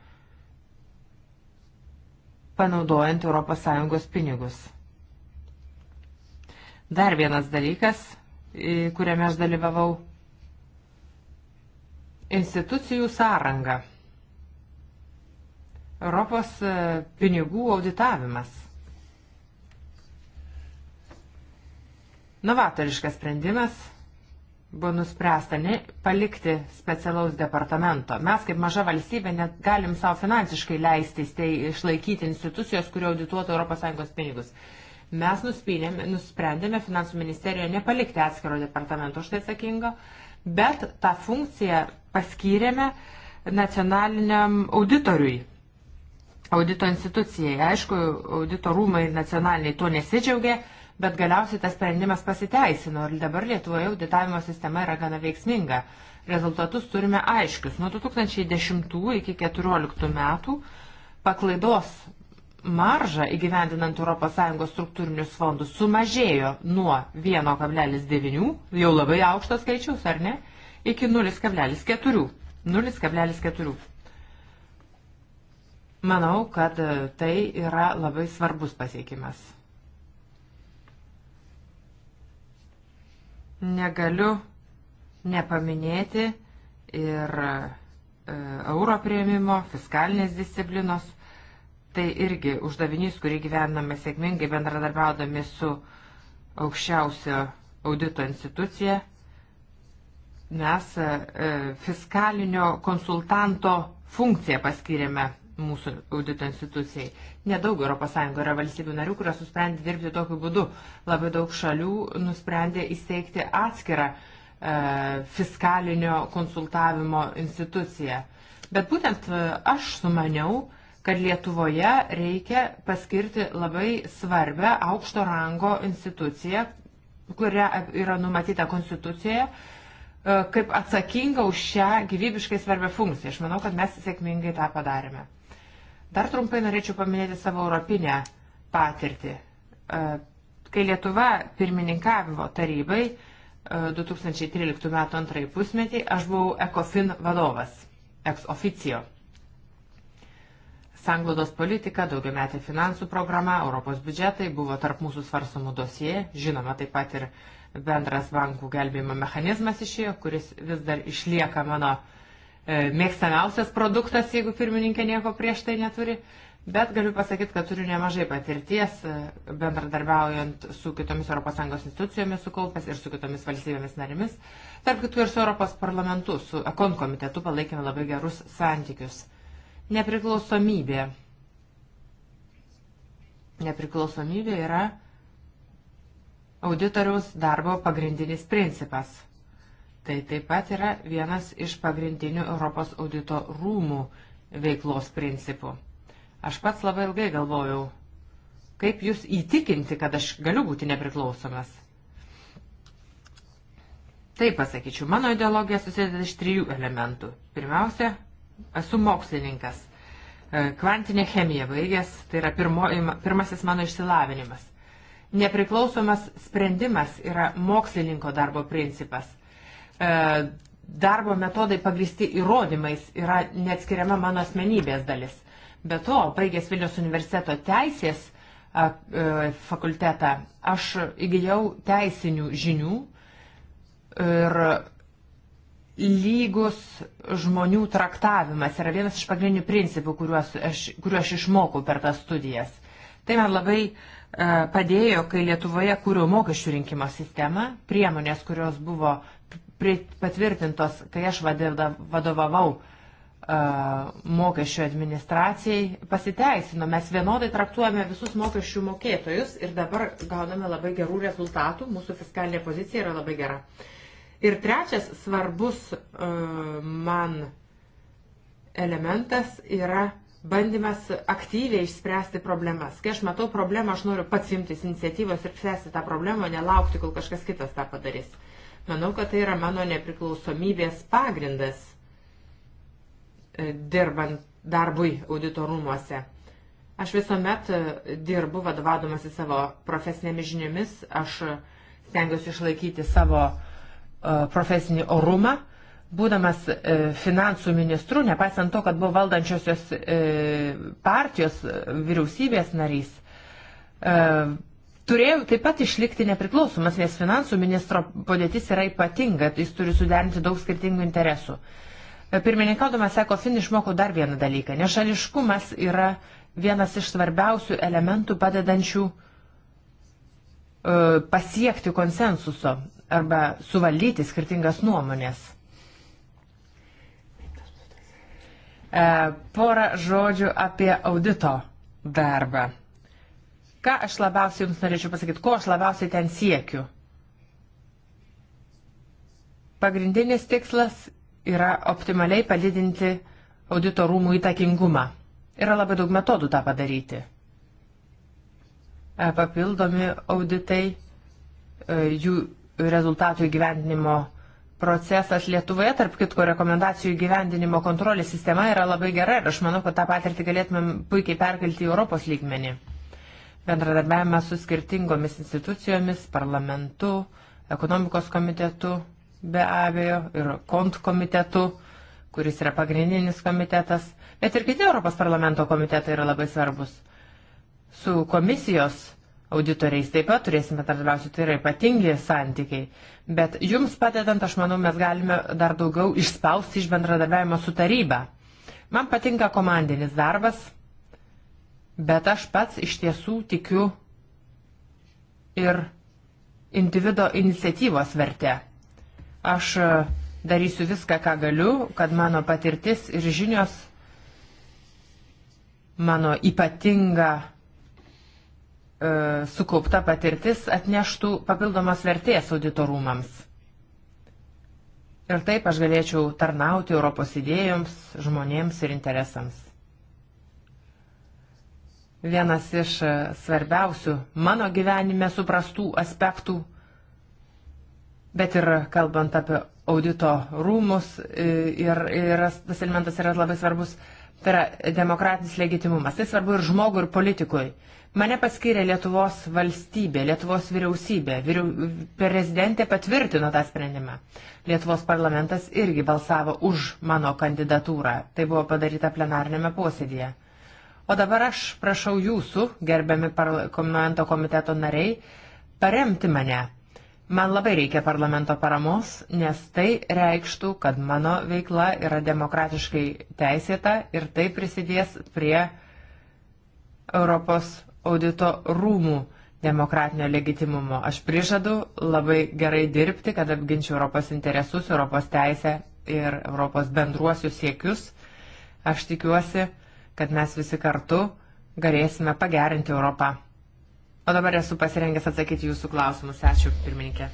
panaudojant ES pinigus. Dar vienas dalykas, kuriame aš dalyvavau institucijų sąranga. Europos pinigų auditavimas. Novatoriškas sprendimas buvo nuspręsta ne, palikti specialaus departamento. Mes kaip maža valstybė net galim savo finansiškai leisti tai išlaikyti institucijos, kurio audituotų ES pinigus. Mes nuspinėm, nusprendėme finansų ministerijoje nepalikti atskiro departamento už tai atsakingo, bet tą funkciją paskyrėme nacionaliniam auditoriui, audito institucijai. Aišku, audito rūmai nacionaliniai tuo nesidžiaugia, bet galiausiai tas sprendimas pasiteisino ir dabar Lietuvoje auditavimo sistema yra gana veiksminga. Rezultatus turime aiškius. Nuo 2010 iki 2014 metų paklaidos marža įgyvendinant ES struktūrinius fondus sumažėjo nuo 1,9, jau labai aukštas skaičius, ar ne, iki 0,4. 0,4. Manau, kad tai yra labai svarbus pasiekimas. negaliu nepaminėti ir euro prieimimo, fiskalinės disciplinos. Tai irgi uždavinys, kurį gyvename sėkmingai bendradarbiaudami su aukščiausio audito institucija. Mes fiskalinio konsultanto funkciją paskyrėme mūsų audito institucijai. Nedaug Sąjungo yra valstybių narių, kurios nusprendė dirbti tokiu būdu. Labai daug šalių nusprendė įsteigti atskirą e, fiskalinio konsultavimo instituciją. Bet būtent aš sumaniau, kad Lietuvoje reikia paskirti labai svarbę aukšto rango instituciją, kuria yra numatyta konstitucijoje, kaip atsakinga už šią gyvybiškai svarbę funkciją. Aš manau, kad mes sėkmingai tą padarėme. Dar trumpai norėčiau paminėti savo europinę patirtį. Kai Lietuva pirmininkavimo tarybai 2013 m. antrąjį pusmetį, aš buvau ECOFIN vadovas, ex officio. Sanglodos politika, daugiametė finansų programa, Europos biudžetai buvo tarp mūsų svarsomų dosie, žinoma, taip pat ir bendras bankų gelbėjimo mechanizmas išėjo, kuris vis dar išlieka mano uh, mėgstamiausias produktas, jeigu pirmininkė nieko prieš tai neturi. Bet galiu pasakyti, kad turiu nemažai patirties bendradarbiaujant su kitomis ES institucijomis sukaupęs ir su kitomis valstybėmis narimis. Tarp kitų ir su Europos parlamentu, su Ekon komitetu palaikėme labai gerus santykius. Nepriklausomybė. Nepriklausomybė yra auditoriaus darbo pagrindinis principas. Tai taip pat yra vienas iš pagrindinių Europos audito rūmų veiklos principų. Aš pats labai ilgai galvojau, kaip jūs įtikinti, kad aš galiu būti nepriklausomas. Taip pasakyčiau, mano ideologija susideda iš trijų elementų. Pirmiausia, esu mokslininkas. Kvantinė chemija baigęs, tai yra pirmo, pirmasis mano išsilavinimas. Nepriklausomas sprendimas yra mokslininko darbo principas – darbo metodai pagristi įrodymais yra neatskiriama mano asmenybės dalis. Be to, baigęs Vilnius universiteto teisės fakultetą, aš įgyjau teisinių žinių ir lygus žmonių traktavimas yra vienas iš pagrindinių principų, kuriuos aš, kuriuos aš išmokau per tas studijas. Tai man labai padėjo, kai Lietuvoje kūriau mokesčių rinkimo sistemą, priemonės, kurios buvo uh, patvirtintos, kai aš vadovavau mokesčių administracijai pasiteisino. Mes vienodai traktuojame visus mokesčių mokėtojus ir dabar gauname labai gerų rezultatų, mūsų fiskalinė pozicija yra labai gera. Ir trečias svarbus man elementas yra bandymas aktyviai išspręsti problemas. Kai aš matau problemą, aš noriu pats imtis iniciatyvos ir spręsti tą problemą, nelaukti, kol kažkas kitas tą padarys. Manau, kad tai yra mano nepriklausomybės pagrindas dirbant darbui auditorumuose. Aš visuomet dirbu į savo profesinėmis žiniomis, aš stengiuosi išlaikyti savo profesinį orumą. Būdamas finansų ministru, nepaisant to, kad buvo valdančiosios partijos vyriausybės narys, Turėjau taip pat išlikti nepriklausomas, nes finansų ministro padėtis yra ypatinga, jis turi suderinti daug skirtingų interesų. Pirmininkaudamas Ekofin išmokau dar vieną dalyką. Nešališkumas yra vienas iš svarbiausių elementų padedančių pasiekti konsensuso arba suvaldyti skirtingas nuomonės. Porą žodžių apie audito darbą. Ką aš labiausiai jums norėčiau pasakyti, ko aš labiausiai ten siekiu? Pagrindinis tikslas yra optimaliai padidinti audito rūmų įtakingumą. Yra labai daug metodų tą padaryti. Papildomi auditai, jų rezultatų įgyvendinimo procesas Lietuvoje, tarp kitko rekomendacijų įgyvendinimo kontrolės sistema yra labai gera ir aš manau, kad tą patirtį galėtumėm puikiai perkelti į Europos lygmenį bendradarbiavimą su skirtingomis institucijomis, parlamentu, ekonomikos komitetu be abejo ir komitetu, kuris yra pagrindinis komitetas, bet ir kiti Europos parlamento komitetai yra labai svarbus. Su komisijos auditoriais taip pat turėsime tarpiausiai, tai yra ypatingi santykiai. Bet jums padedant, aš manau, mes galime dar daugiau išspausti iš bendradarbiavimo su taryba. Man patinka komandinis darbas, Bet aš pats iš tiesų tikiu ir individo iniciatyvos vertę. Aš darysiu viską, ką galiu, kad mano patirtis ir žinios, mano ypatinga e, sukaupta patirtis atneštų papildomas vertės auditorumams. Ir taip aš galėčiau tarnauti Europos idėjoms, žmonėms ir interesams. Vienas iš svarbiausių mano gyvenime suprastų aspektų, bet ir kalbant apie audito rūmus, ir, ir tas elementas yra labai svarbus, tai yra demokratinis legitimumas. Tai svarbu ir žmogui, ir politikui. Mane paskyrė Lietuvos valstybė, Lietuvos vyriausybė. Vyriau, prezidentė patvirtino tą sprendimą. Lietuvos parlamentas irgi balsavo už mano kandidatūrą. Tai buvo padaryta plenarnėme posėdėje. O dabar aš prašau jūsų, gerbiami parlamento komiteto nariai, paremti mane. Man labai reikia parlamento paramos, nes tai reikštų, kad mano veikla yra demokratiškai teisėta ir tai prisidės prie Europos audito rūmų demokratinio legitimumo. Aš prižadu labai gerai dirbti, kad apginčiau Europos interesus, Europos teisę ir Europos bendruosius siekius. Aš tikiuosi, kad mes visi kartu galėsime pagerinti Europą. O dabar esu pasirengęs atsakyti jūsų klausimus. Ačiū, pirmininkė.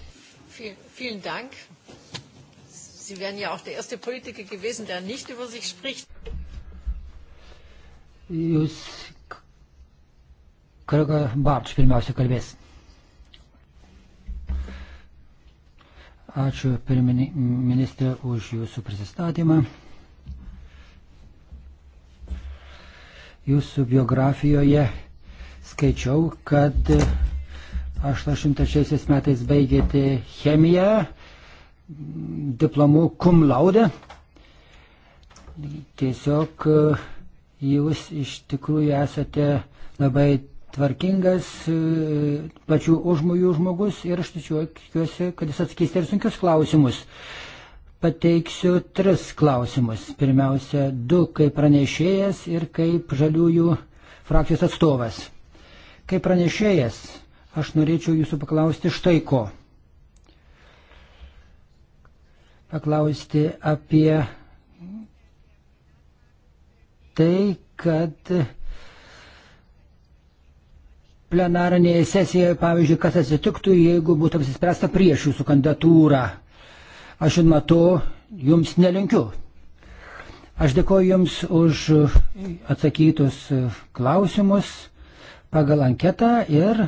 Jūs, kolega Barč, pirmiausia kalbės. Ačiū, pirmininkė, ministrė, už jūsų prisistatymą. Jūsų biografijoje skaičiau, kad 86 metais baigėte chemiją diplomu cum laude. Tiesiog jūs iš tikrųjų esate labai tvarkingas, pačių užmojų žmogus ir aš tikiuosi, kad jis atsakys ir sunkius klausimus pateiksiu tris klausimus. Pirmiausia, du kaip pranešėjas ir kaip žaliųjų frakcijos atstovas. Kaip pranešėjas, aš norėčiau jūsų paklausti štai ko. Paklausti apie tai, kad plenarinėje sesijoje, pavyzdžiui, kas atsitiktų, jeigu būtų apsispręsta prieš jūsų kandidatūrą Aš ir matau, jums nelinkiu. Aš dėkoju Jums už atsakytus klausimus pagal anketą ir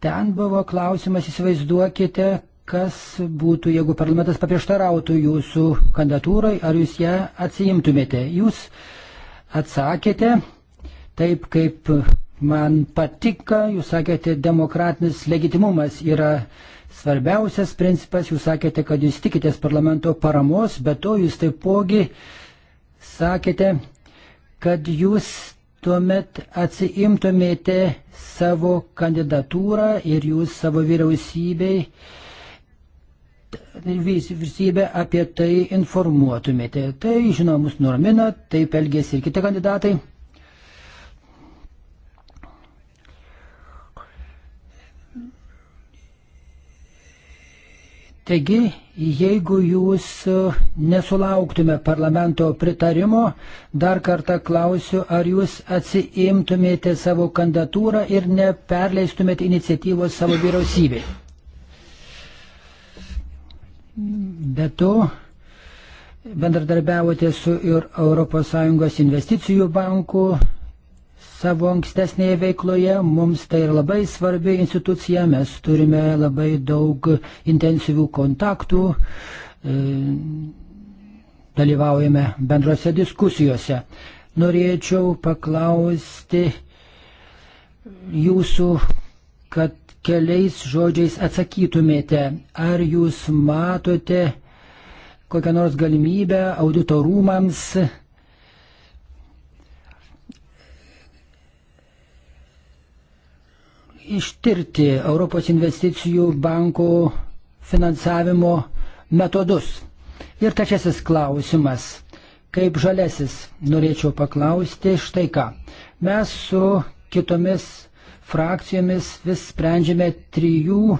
ten buvo klausimas, įsivaizduokite, kas būtų, jeigu parlamentas paprieštarautų Jūsų kandidatūrai, ar Jūs ją atsijimtumėte. Jūs atsakėte taip, kaip man patika, Jūs sakėte, demokratinis legitimumas yra Svarbiausias principas, jūs sakėte, kad jūs tikitės parlamento paramos, bet to jūs taipogi sakėte, kad jūs tuomet atsiimtumėte savo kandidatūrą ir jūs savo vyriausybei vyriausybę apie tai informuotumėte. Tai, žinoma, mus nuramina, taip elgėsi ir kiti kandidatai. Taigi, jeigu jūs nesulauktume parlamento pritarimo, dar kartą klausiu, ar jūs atsiimtumėte savo kandidatūrą ir neperleistumėte iniciatyvos savo vyriausybei. Be to, bendradarbiavote su ir ES investicijų banku, savo ankstesnėje veikloje. Mums tai yra labai svarbi institucija, mes turime labai daug intensyvių kontaktų, dalyvaujame bendrose diskusijose. Norėčiau paklausti jūsų, kad keliais žodžiais atsakytumėte, ar jūs matote kokią nors galimybę auditorumams ištirti Europos investicijų bankų finansavimo metodus. Ir tačiasis klausimas, kaip žalesis, norėčiau paklausti štai ką. Mes su kitomis frakcijomis vis sprendžiame trijų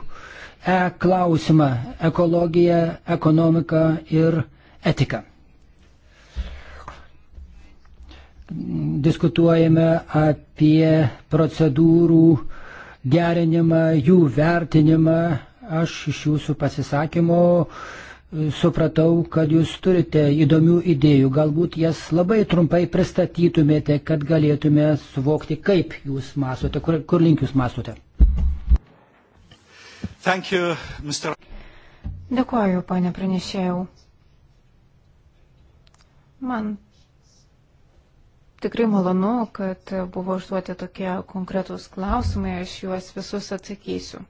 E klausimą ekologija, ekonomika ir etika. diskutuojame apie procedūrų gerinimą, jų vertinimą. Aš iš jūsų pasisakymo supratau, kad jūs turite įdomių idėjų. Galbūt jas labai trumpai pristatytumėte, kad galėtume suvokti, kaip jūs mąstote, kur, kur link jūs mąstote. you, Mr. Dėkuoju, ponė pranešėjau. Man Tikrai malonu, kad buvo užduoti tokie konkretūs klausimai, aš juos visus atsakysiu.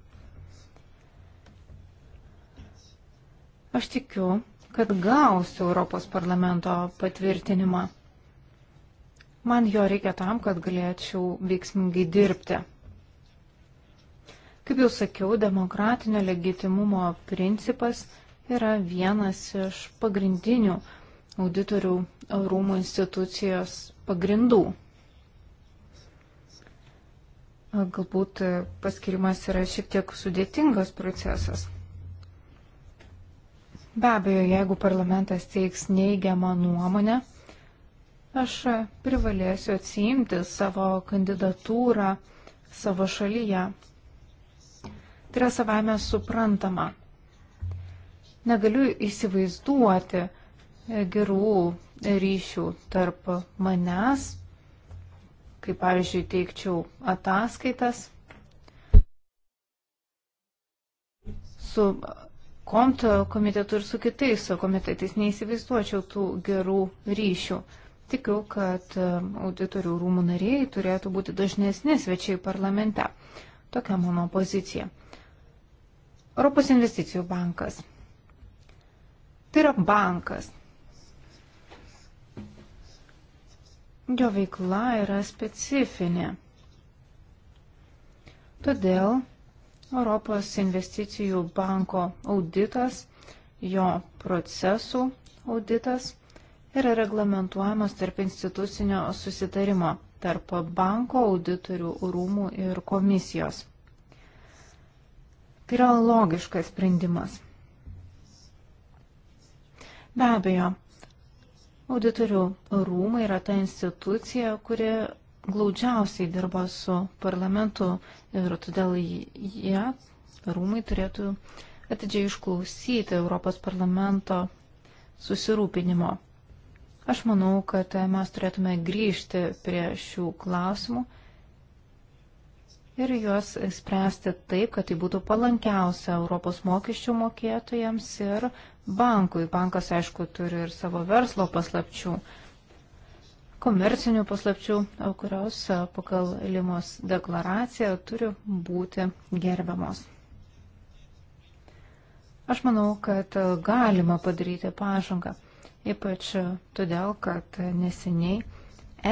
Aš tikiu, kad gausiu Europos parlamento patvirtinimą. Man jo reikia tam, kad galėčiau veiksmingai dirbti. Kaip jau sakiau, demokratinio legitimumo principas yra vienas iš pagrindinių auditorių rūmų institucijos pagrindų. Galbūt paskirimas yra šiek tiek sudėtingas procesas. Be abejo, jeigu parlamentas teiks neigiamą nuomonę, aš privalėsiu atsiimti savo kandidatūrą savo šalyje. Tai yra savame suprantama. Negaliu įsivaizduoti gerų ryšių tarp manęs, kaip pavyzdžiui teikčiau ataskaitas su konto komitetu ir su kitais komitetais. Neįsivaizduočiau tų gerų ryšių. Tikiu, kad auditorių rūmų nariai turėtų būti dažnesni svečiai parlamente. Tokia mano pozicija. Europos investicijų bankas. Tai yra bankas. Jo veikla yra specifinė. Todėl Europos investicijų banko auditas, jo procesų auditas yra reglamentuojamas tarp institucinio susitarimo tarp banko auditorių rūmų ir komisijos. Tai yra logiškas sprendimas. Be abejo, Auditorių rūmai yra ta institucija, kuri glaudžiausiai dirba su parlamentu ir todėl jie, rūmai, turėtų atidžiai išklausyti Europos parlamento susirūpinimo. Aš manau, kad mes turėtume grįžti prie šių klausimų ir juos spręsti taip, kad tai būtų palankiausia Europos mokesčių mokėtojams ir bankui. Bankas, aišku, turi ir savo verslo paslapčių, komercinių paslapčių, kurios pagal Limos deklaraciją turi būti gerbiamos. Aš manau, kad galima padaryti pažangą, ypač todėl, kad neseniai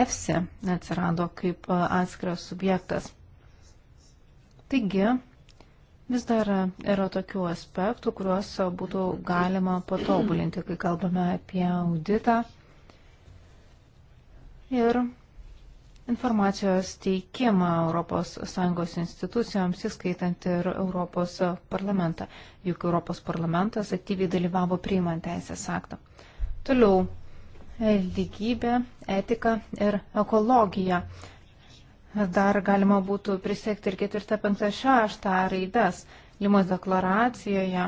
EFSI atsirado kaip atskiras subjektas. Taigi, Vis dar yra tokių aspektų, kuriuos būtų galima patobulinti, kai kalbame apie auditą ir informacijos teikimą ES institucijoms, įskaitant ir Europos parlamentą, juk Europos parlamentas aktyviai dalyvavo priimant teisės aktą. Toliau lygybė, etika ir ekologija Dar galima būtų prisiekti ir 4, 5, 6 raidas Limos deklaracijoje.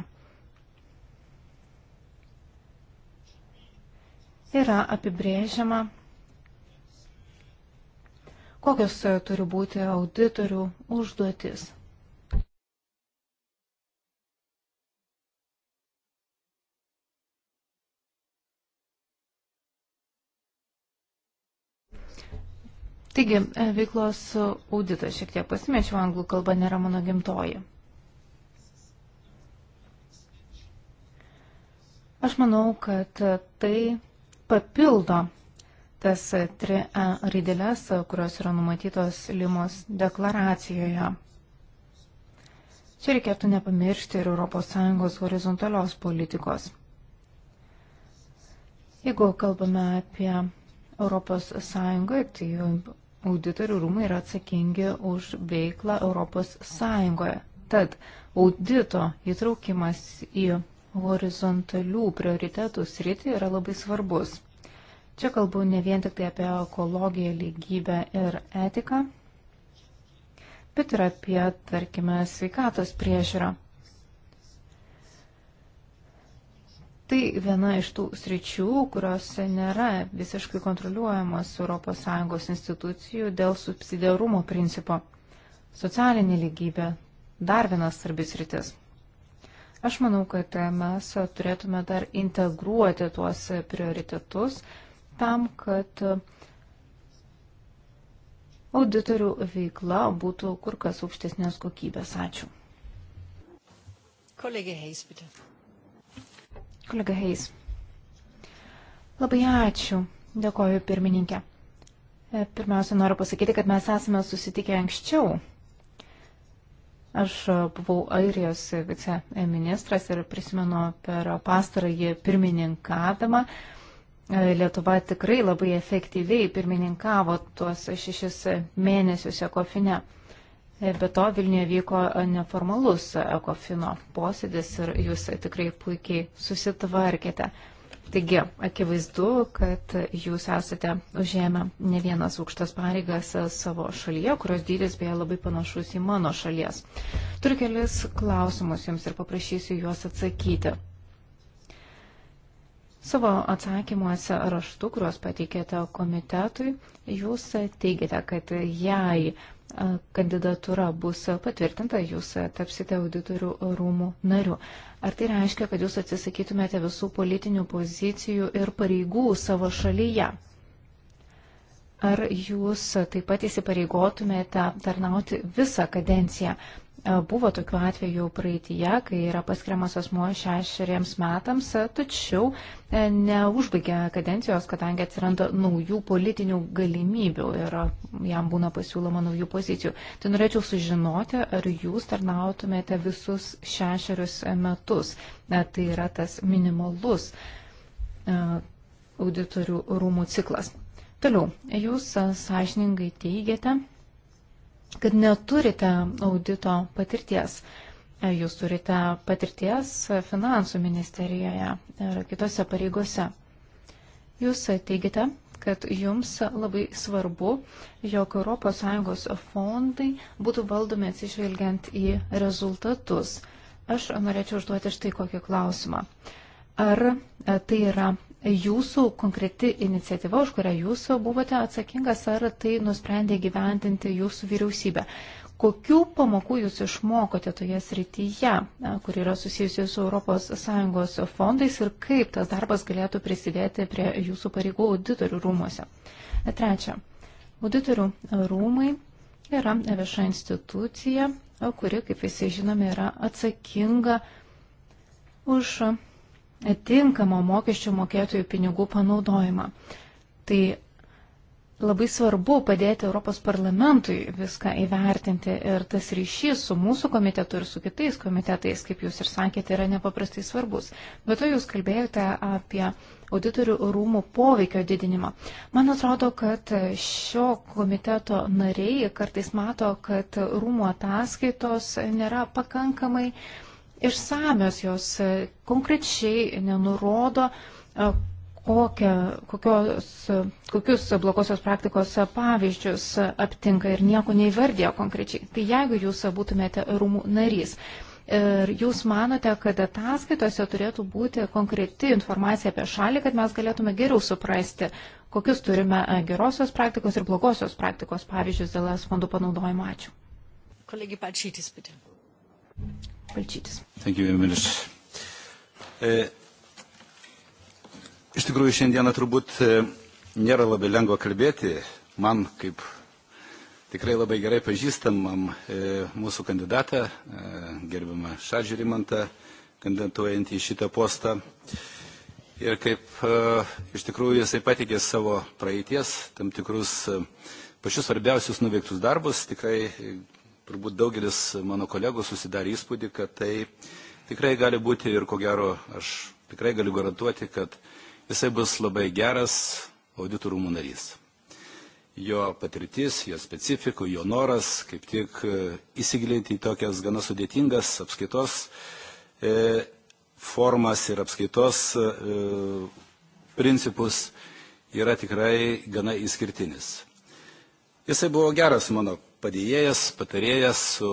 Yra apibrėžiama, kokios turi būti auditorių užduotis. Taigi, veiklos auditas šiek tiek pasimėčiau, anglų kalba nėra mano gimtoji. Aš manau, kad tai papildo tas tri e kurios yra numatytos Limos deklaracijoje. Čia reikėtų nepamiršti ir ES horizontalios politikos. Jeigu kalbame apie Europos Sąjungoje, tai auditorių rūmai yra atsakingi už veiklą Europos Sąjungoje. Tad audito įtraukimas į horizontalių prioritetų sritį yra labai svarbus. Čia kalbu ne vien tik tai apie ekologiją, lygybę ir etiką, bet ir apie, tarkime, sveikatos priežiūrą. Tai viena iš tų sričių, kurios nėra visiškai kontroliuojamos ES institucijų dėl subsidiarumo principo. Socialinė lygybė dar vienas svarbis rytis. Aš manau, kad mes turėtume dar integruoti tuos prioritetus tam, kad auditorių veikla būtų kur kas aukštesnės kokybės. Ačiū. Kolegė Heisbitė. Kolega Heis. Labai ačiū. Dėkoju, pirmininkė. Pirmiausia, noriu pasakyti, kad mes esame susitikę anksčiau. Aš buvau Airijos viceministras ir prisimenu per pastarąjį pirmininkavimą. Lietuva tikrai labai efektyviai pirmininkavo tuos šešis mėnesius ekofine. Be to Vilniuje vyko neformalus ekofino posėdis ir jūs tikrai puikiai susitvarkėte. Taigi, akivaizdu, kad jūs esate užėmę ne vienas aukštas pareigas savo šalyje, kurios dydis beje labai panašus į mano šalies. Turiu kelis klausimus jums ir paprašysiu juos atsakyti. Savo atsakymuose raštu, kuriuos pateikėte komitetui, jūs teigiate, kad jei kandidatūra bus patvirtinta, jūs tapsite auditorių rūmų nariu. Ar tai reiškia, kad jūs atsisakytumėte visų politinių pozicijų ir pareigų savo šalyje? Ar jūs taip pat įsipareigotumėte tarnauti visą kadenciją? Buvo tokių atvejų praeitįje, kai yra paskiriamas asmuo šešeriems metams, tačiau neužbaigia kadencijos, kadangi atsiranda naujų politinių galimybių ir jam būna pasiūloma naujų pozicijų. Tai norėčiau sužinoti, ar jūs tarnautumėte visus šešerius metus. Tai yra tas minimalus auditorių rūmų ciklas. Toliau, jūs sąžiningai teigiate, kad neturite audito patirties. Jūs turite patirties finansų ministerijoje ir kitose pareigose. Jūs teigite, kad jums labai svarbu, jog ES fondai būtų valdomi atsižvelgiant į rezultatus. Aš norėčiau užduoti štai kokį klausimą. Ar tai yra jūsų konkreti iniciatyva, už kurią jūs buvote atsakingas, ar tai nusprendė gyventinti jūsų vyriausybė. Kokių pamokų jūs išmokote toje srityje, kur yra susijusi su ES fondais ir kaip tas darbas galėtų prisidėti prie jūsų pareigų auditorių rūmose? Trečia, auditorių rūmai yra vieša institucija, kuri, kaip visi žinome, yra atsakinga už tinkamą mokesčių mokėtojų pinigų panaudojimą. Tai labai svarbu padėti Europos parlamentui viską įvertinti ir tas ryšys su mūsų komitetu ir su kitais komitetais, kaip jūs ir sakėte, yra nepaprastai svarbus. Bet to jūs kalbėjote apie auditorių rūmų poveikio didinimą. Man atrodo, kad šio komiteto nariai kartais mato, kad rūmų ataskaitos nėra pakankamai uh, išsamios, jos konkrečiai nenurodo, kokia, kokios, kokius blogosios praktikos pavyzdžius aptinka ir nieko neįvardėjo konkrečiai. Tai jeigu jūs būtumėte rūmų narys. Ir jūs manote, kad ataskaitose turėtų būti konkreti informacija apie šalį, kad mes galėtume geriau suprasti, kokius turime gerosios praktikos ir blogosios praktikos pavyzdžius dėl es fondų panaudojimo. Ačiū. Kolegi Palčytis. Thank you, Minister. Iš tikrųjų, šiandieną turbūt nėra labai lengva kalbėti. Man, kaip tikrai labai gerai pažįstamam mūsų kandidatą, gerbiamą Šadžių Rimantą, kandidatuojantį į šitą postą. Ir kaip iš tikrųjų jisai patikė savo praeities, tam tikrus pačius svarbiausius nuveiktus darbus, tikrai turbūt daugelis mano kolegų susidarė įspūdį, kad tai tikrai gali būti ir ko gero, aš tikrai galiu garantuoti, kad jisai bus labai geras auditorumų narys. Jo patirtis, jo specifikų, jo noras kaip tik įsigilinti į tokias gana sudėtingas apskaitos formas ir apskaitos principus yra tikrai gana įskirtinis. Jisai buvo geras mano padėjėjas, patarėjas su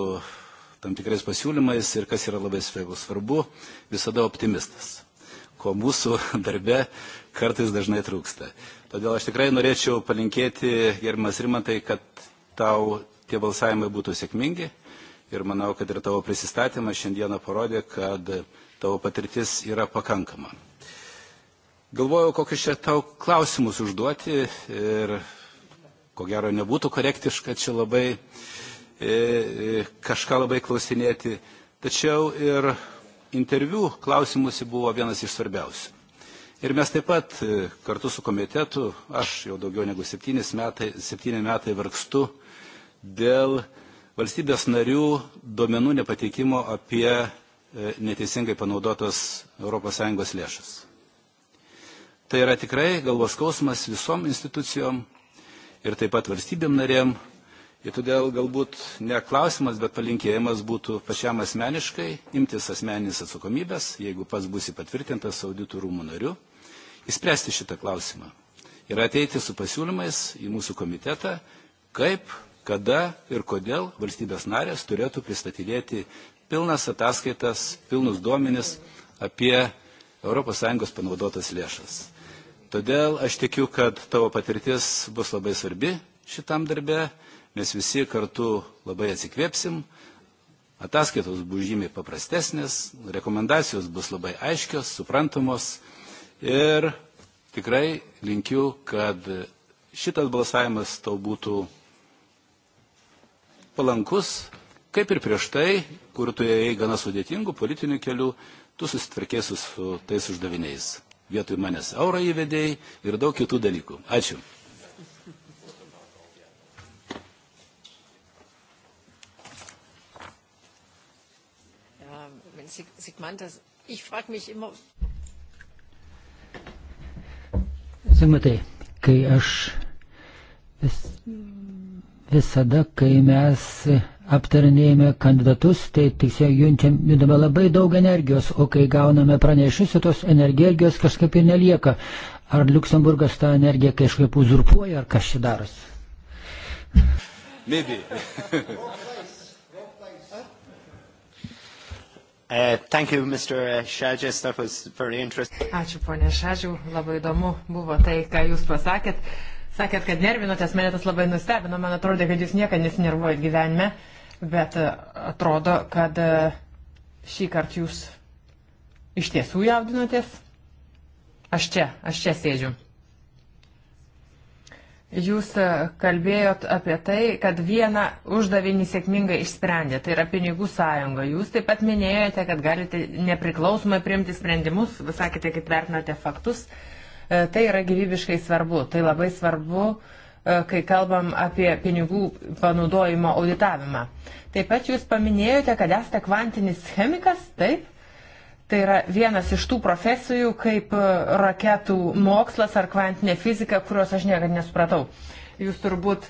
tam tikrais pasiūlymais ir kas yra labai svarbu, visada optimistas, ko mūsų darbe kartais dažnai trūksta. Todėl aš tikrai norėčiau palinkėti, gerimas Rimantai, kad tau tie balsavimai būtų sėkmingi ir manau, kad ir tavo prisistatymas šiandieną parodė, kad tavo patirtis yra pakankama. Galvojau, kokius čia tau klausimus užduoti ir ko gero nebūtų korektiška čia labai kažką labai klausinėti. Tačiau ir interviu klausimus buvo vienas iš svarbiausių. Ir mes taip pat kartu su komitetu, aš jau daugiau negu septynis metai, septyni metai vargstu dėl valstybės narių duomenų nepateikimo apie neteisingai panaudotas ES lėšas. Tai yra tikrai galvos skausmas visom institucijom, ir taip pat valstybėm narėm. Ir todėl galbūt ne klausimas, bet palinkėjimas būtų pačiam asmeniškai imtis asmeninės atsakomybės, jeigu pas būsi patvirtintas auditų rūmų nariu, įspręsti šitą klausimą ir ateiti su pasiūlymais į mūsų komitetą, kaip, kada ir kodėl valstybės narės turėtų pristatydėti pilnas ataskaitas, pilnus duomenis apie ES panaudotas lėšas. Todėl aš tikiu, kad tavo patirtis bus labai svarbi šitam darbe. Mes visi kartu labai atsikvėpsim. Ataskaitos bus žymiai paprastesnės, rekomendacijos bus labai aiškios, suprantamos. Ir tikrai linkiu, kad šitas balsavimas tau būtų palankus, kaip ir prieš tai, kur tu ėjai gana sudėtingų politinių kelių, tu susitvarkėsi su tais uždaviniais. Vietoj manęs eurą įvedėjai ir daug kitų dalykų. Ačiū. Sigmantas, Sigmatai, kai aš visada, kai mes aptarinėjame kandidatus, tai tiksliau judame labai daug energijos, o kai gauname pranešius, tos energijos kažkaip ir nelieka. Ar Luksemburgas tą energiją kažkaip uzurpuoja, ar kas čia daras? Maybe. Ačiū, ponė Šadžiau, labai įdomu buvo tai, ką Jūs pasakėt. Sakėt, kad nervinotės, mane tas labai nustebino, man atrodo, kad jūs niekada nesinervuojat gyvenime, bet atrodo, kad šį kartą jūs iš tiesų jaudinotės. Aš čia, aš čia sėdžiu. Jūs kalbėjot apie tai, kad vieną uždavinį sėkmingai išsprendė, tai yra pinigų sąjunga. Jūs taip pat minėjote, kad galite nepriklausomai priimti sprendimus, sakėte, kaip vertinate faktus. Tai yra gyvybiškai svarbu. Tai labai svarbu, kai kalbam apie pinigų panaudojimo auditavimą. Taip pat jūs paminėjote, kad esate kvantinis chemikas, taip? Tai yra vienas iš tų profesijų, kaip raketų mokslas ar kvantinė fizika, kurios aš niekada nesupratau. Jūs turbūt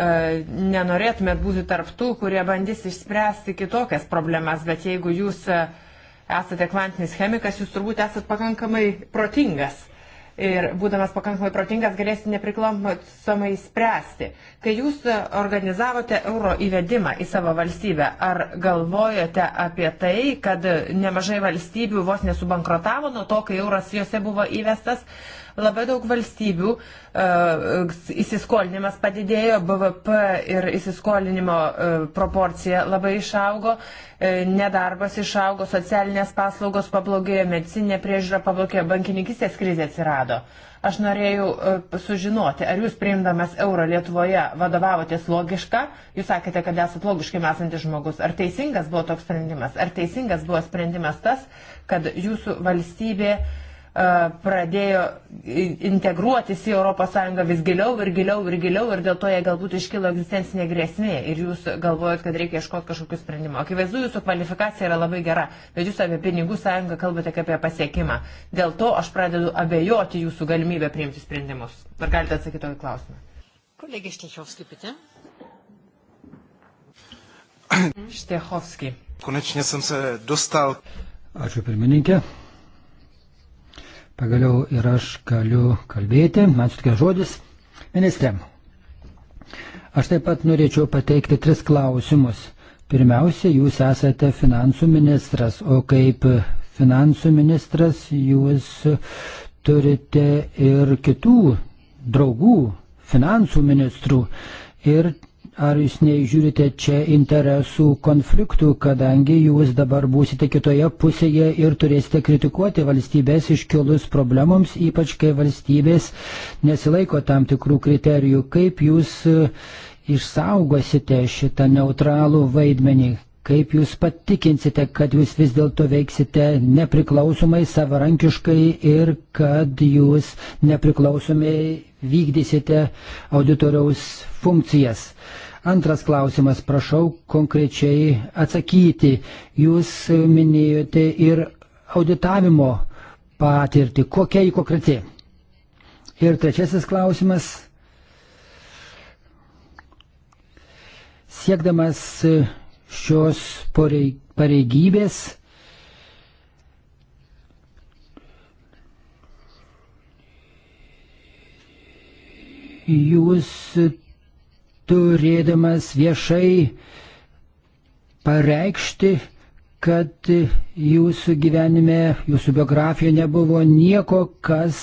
nenorėtumėt būti tarptų, kurie bandys išspręsti kitokias problemas, bet jeigu jūs esate kvantinis chemikas, jūs turbūt esate pakankamai protingas ir būdamas pakankamai protingas galėsite nepriklausomai spręsti. Kai jūs organizavote euro įvedimą į savo valstybę, ar galvojate apie tai, kad nemažai valstybių vos nesubankrotavo nuo to, kai euras jose buvo įvestas, Labai daug valstybių įsiskolinimas padidėjo, BVP ir įsiskolinimo proporcija labai išaugo, nedarbas išaugo, socialinės paslaugos pablogėjo, medicinė priežiūra pablogėjo, bankininkistės krizė atsirado. Aš norėjau sužinoti, ar jūs priimdamas euro Lietuvoje vadovavotės logišką, jūs sakėte, kad esate logiškai mesantis žmogus, ar teisingas buvo toks sprendimas, ar teisingas buvo sprendimas tas, kad jūsų valstybė pradėjo integruotis į ES vis giliau ir giliau ir giliau ir dėl to jie galbūt iškilo egzistencinė grėsmė ir jūs galvojat, kad reikia ieškoti kažkokių sprendimų. Akivaizdu, jūsų kvalifikacija yra labai gera, bet jūs apie pinigų sąjungą kalbate kaip apie pasiekimą. Dėl to aš pradedu abejoti jūsų galimybę priimti sprendimus. Ar galite atsakyti tokį klausimą? Kolegė Štechovski, pite. Štechovski. Konečne jsem se dostal. Ačiū pirmininkė. Pagaliau ir aš galiu kalbėti, man sutikė žodis. Ministrė, aš taip pat norėčiau pateikti tris klausimus. Pirmiausia, jūs esate finansų ministras, o kaip finansų ministras jūs turite ir kitų draugų, finansų ministrų. Ir Ar jūs neižiūrite čia interesų konfliktų, kadangi jūs dabar būsite kitoje pusėje ir turėsite kritikuoti valstybės iškilus problemams, ypač kai valstybės nesilaiko tam tikrų kriterijų. Kaip jūs išsaugosite šitą neutralų vaidmenį? Kaip jūs patikinsite, kad jūs vis dėlto veiksite nepriklausomai, savarankiškai ir kad jūs nepriklausomai vykdysite auditoriaus funkcijas? Antras klausimas, prašau konkrečiai atsakyti. Jūs minėjote ir auditavimo patirtį. Kokia į konkretį? Ir trečiasis klausimas. Siekdamas šios pareigybės, jūs turėdamas viešai pareikšti, kad jūsų gyvenime, jūsų biografijoje nebuvo nieko, kas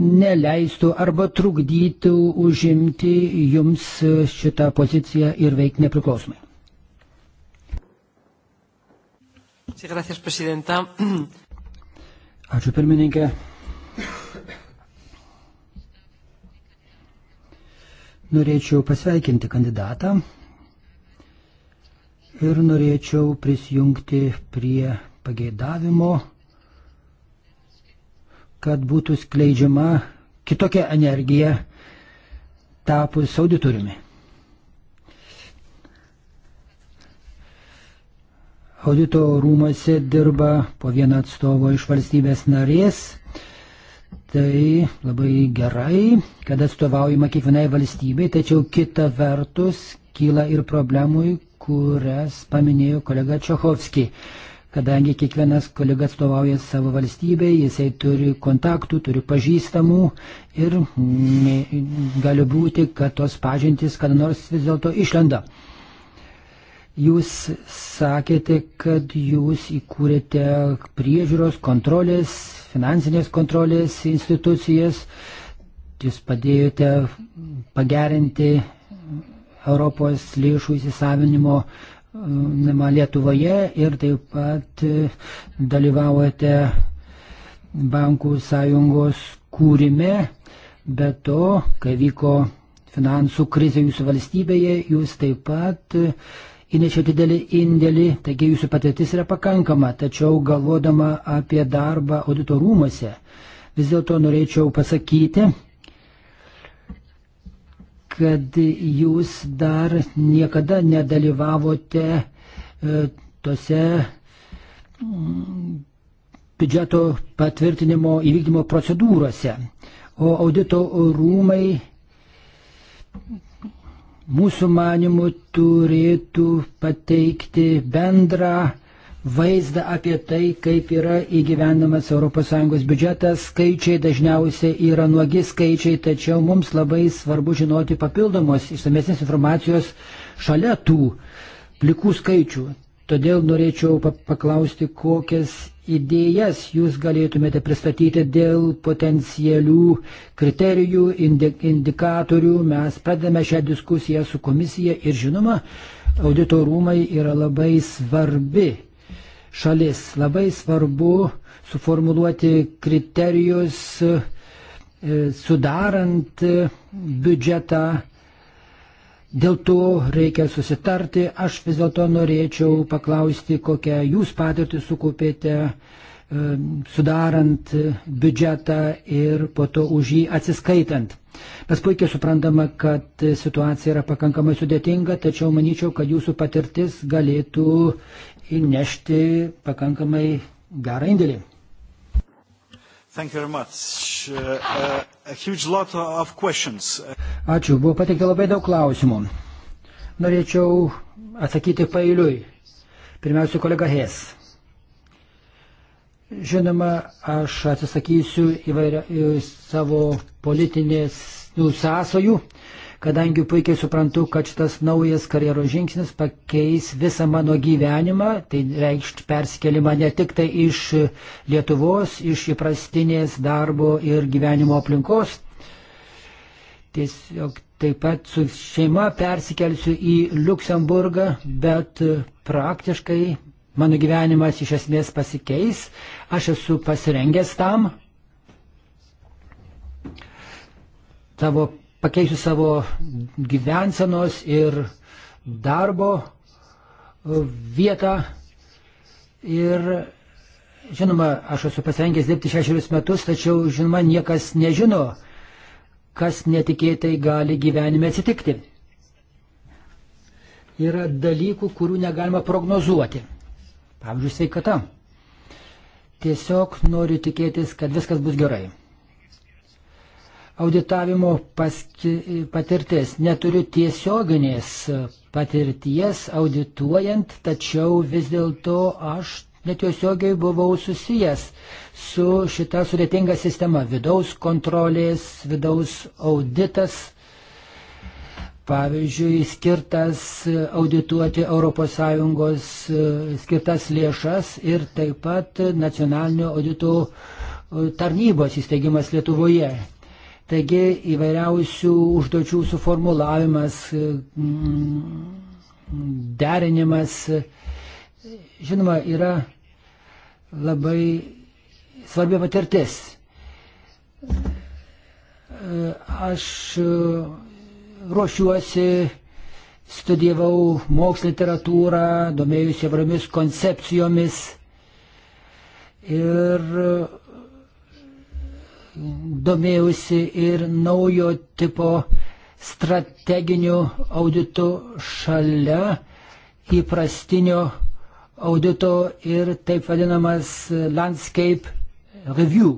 neleistų arba trukdytų užimti jums šitą poziciją ir veikti nepriklausomai. Ačiū pirmininkė. Norėčiau pasveikinti kandidatą ir norėčiau prisijungti prie pageidavimo, kad būtų skleidžiama kitokia energija tapus auditoriumi. Audito rūmose dirba po vieną atstovą iš valstybės narės tai labai gerai, kad atstovaujama kiekvienai valstybei, tačiau kita vertus kyla ir problemui, kurias paminėjo kolega Čiohovski. Kadangi kiekvienas kolega atstovauja savo valstybei, jisai turi kontaktų, turi pažįstamų ir gali būti, kad tos pažintys kada nors vis dėlto išlenda. Jūs sakėte, kad jūs įkūrėte priežiūros kontrolės, finansinės kontrolės institucijas, jūs padėjote pagerinti Europos lėšų įsisavinimo Lietuvoje ir taip pat dalyvaujate bankų sąjungos kūrime, bet to, kai vyko finansų krizė jūsų valstybėje, jūs taip pat įnešė didelį indėlį, taigi jūsų patirtis yra pakankama, tačiau galvodama apie darbą audito rūmose, vis dėlto norėčiau pasakyti, kad jūs dar niekada nedalyvavote tose biudžeto patvirtinimo įvykdymo procedūrose, o audito rūmai mūsų manimų turėtų pateikti bendrą vaizdą apie tai, kaip yra įgyvendamas ES biudžetas. Skaičiai dažniausiai yra nuogi skaičiai, tačiau mums labai svarbu žinoti papildomos išsamesnės informacijos šalia tų plikų skaičių. Todėl norėčiau paklausti, kokias idėjas jūs galėtumėte pristatyti dėl potencialių kriterijų, indikatorių. Mes pradedame šią diskusiją su komisija ir žinoma, auditorumai yra labai svarbi šalis. Labai svarbu suformuluoti kriterijus, sudarant biudžetą Dėl to reikia susitarti. Aš vis dėlto norėčiau paklausti, kokią jūs patirtį sukupėte sudarant biudžetą ir po to už jį atsiskaitant. Mes puikiai suprantame, kad situacija yra pakankamai sudėtinga, tačiau manyčiau, kad jūsų patirtis galėtų įnešti pakankamai gerą indėlį. Thank you very much. Uh, a huge lot of questions. Ačiū, buvo pateikta labai daug klausimų. Norėčiau atsakyti pailiui. Pirmiausia, kolega Hes. Žinoma, aš atsisakysiu įvairia, savo politinės nu, sąsojų kadangi puikiai suprantu, kad šitas naujas karjeros žingsnis pakeis visą mano gyvenimą, tai reikšt persikelimą ne tik tai iš Lietuvos, iš įprastinės darbo ir gyvenimo aplinkos. Tiesiog taip pat su šeima persikelsiu į Luksemburgą, bet praktiškai mano gyvenimas iš esmės pasikeis. Aš esu pasirengęs tam. Tavo pakeisiu savo gyvensenos ir darbo vietą. Ir žinoma, aš esu pasirengęs dirbti šešerius metus, tačiau žinoma, niekas nežino, kas netikėtai gali gyvenime atsitikti. Yra dalykų, kurių negalima prognozuoti. Pavyzdžiui, sveikata. Tiesiog noriu tikėtis, kad viskas bus gerai auditavimo paski, patirtis. Neturiu tiesioginės patirties audituojant, tačiau vis dėlto aš netiesiogiai buvau susijęs su šita sudėtinga sistema vidaus kontrolės, vidaus auditas. Pavyzdžiui, skirtas audituoti ES skirtas lėšas ir taip pat nacionalinio audito tarnybos įsteigimas Lietuvoje. Taigi įvairiausių užduočių suformulavimas, derinimas, žinoma, yra labai svarbi patirtis. Aš ruošiuosi, studijavau mokslo literatūrą, domėjusi įvairiomis koncepcijomis ir Domėjusi ir naujo tipo strateginių auditų šalia įprastinio audito ir taip vadinamas landscape review,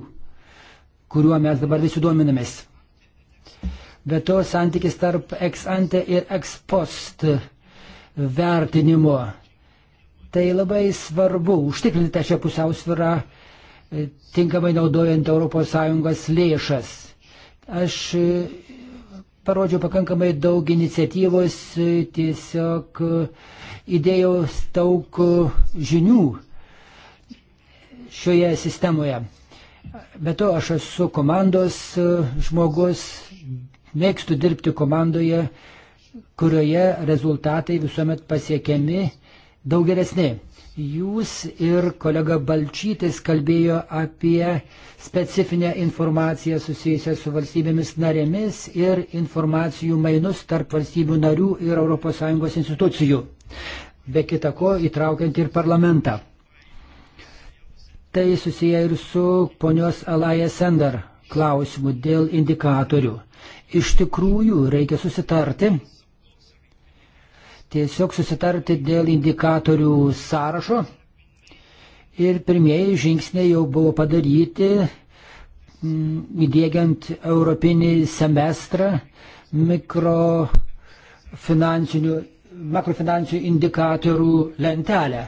kuriuo mes dabar visi duominamės. Be to santykis tarp ex ante ir ex post vertinimo. Tai labai svarbu užtikrinti tą šią pusiausvyrą tinkamai naudojant Europos Sąjungos lėšas. Aš parodžiau pakankamai daug iniciatyvos, tiesiog įdėjau daug žinių šioje sistemoje. Be to, aš esu komandos žmogus, mėgstu dirbti komandoje, kurioje rezultatai visuomet pasiekiami daug geresni. Jūs ir kolega Balčytis kalbėjo apie specifinę informaciją susijusią su valstybėmis narėmis ir informacijų mainus tarp valstybių narių ir ES institucijų, be kita ko įtraukiant ir parlamentą. Tai susiję ir su ponios Alaja Sender klausimu dėl indikatorių. Iš tikrųjų reikia susitarti tiesiog susitarti dėl indikatorių sąrašo. Ir pirmieji žingsniai jau buvo padaryti, įdėgiant europinį semestrą mikrofinansinių, makrofinansinių indikatorių lentelę.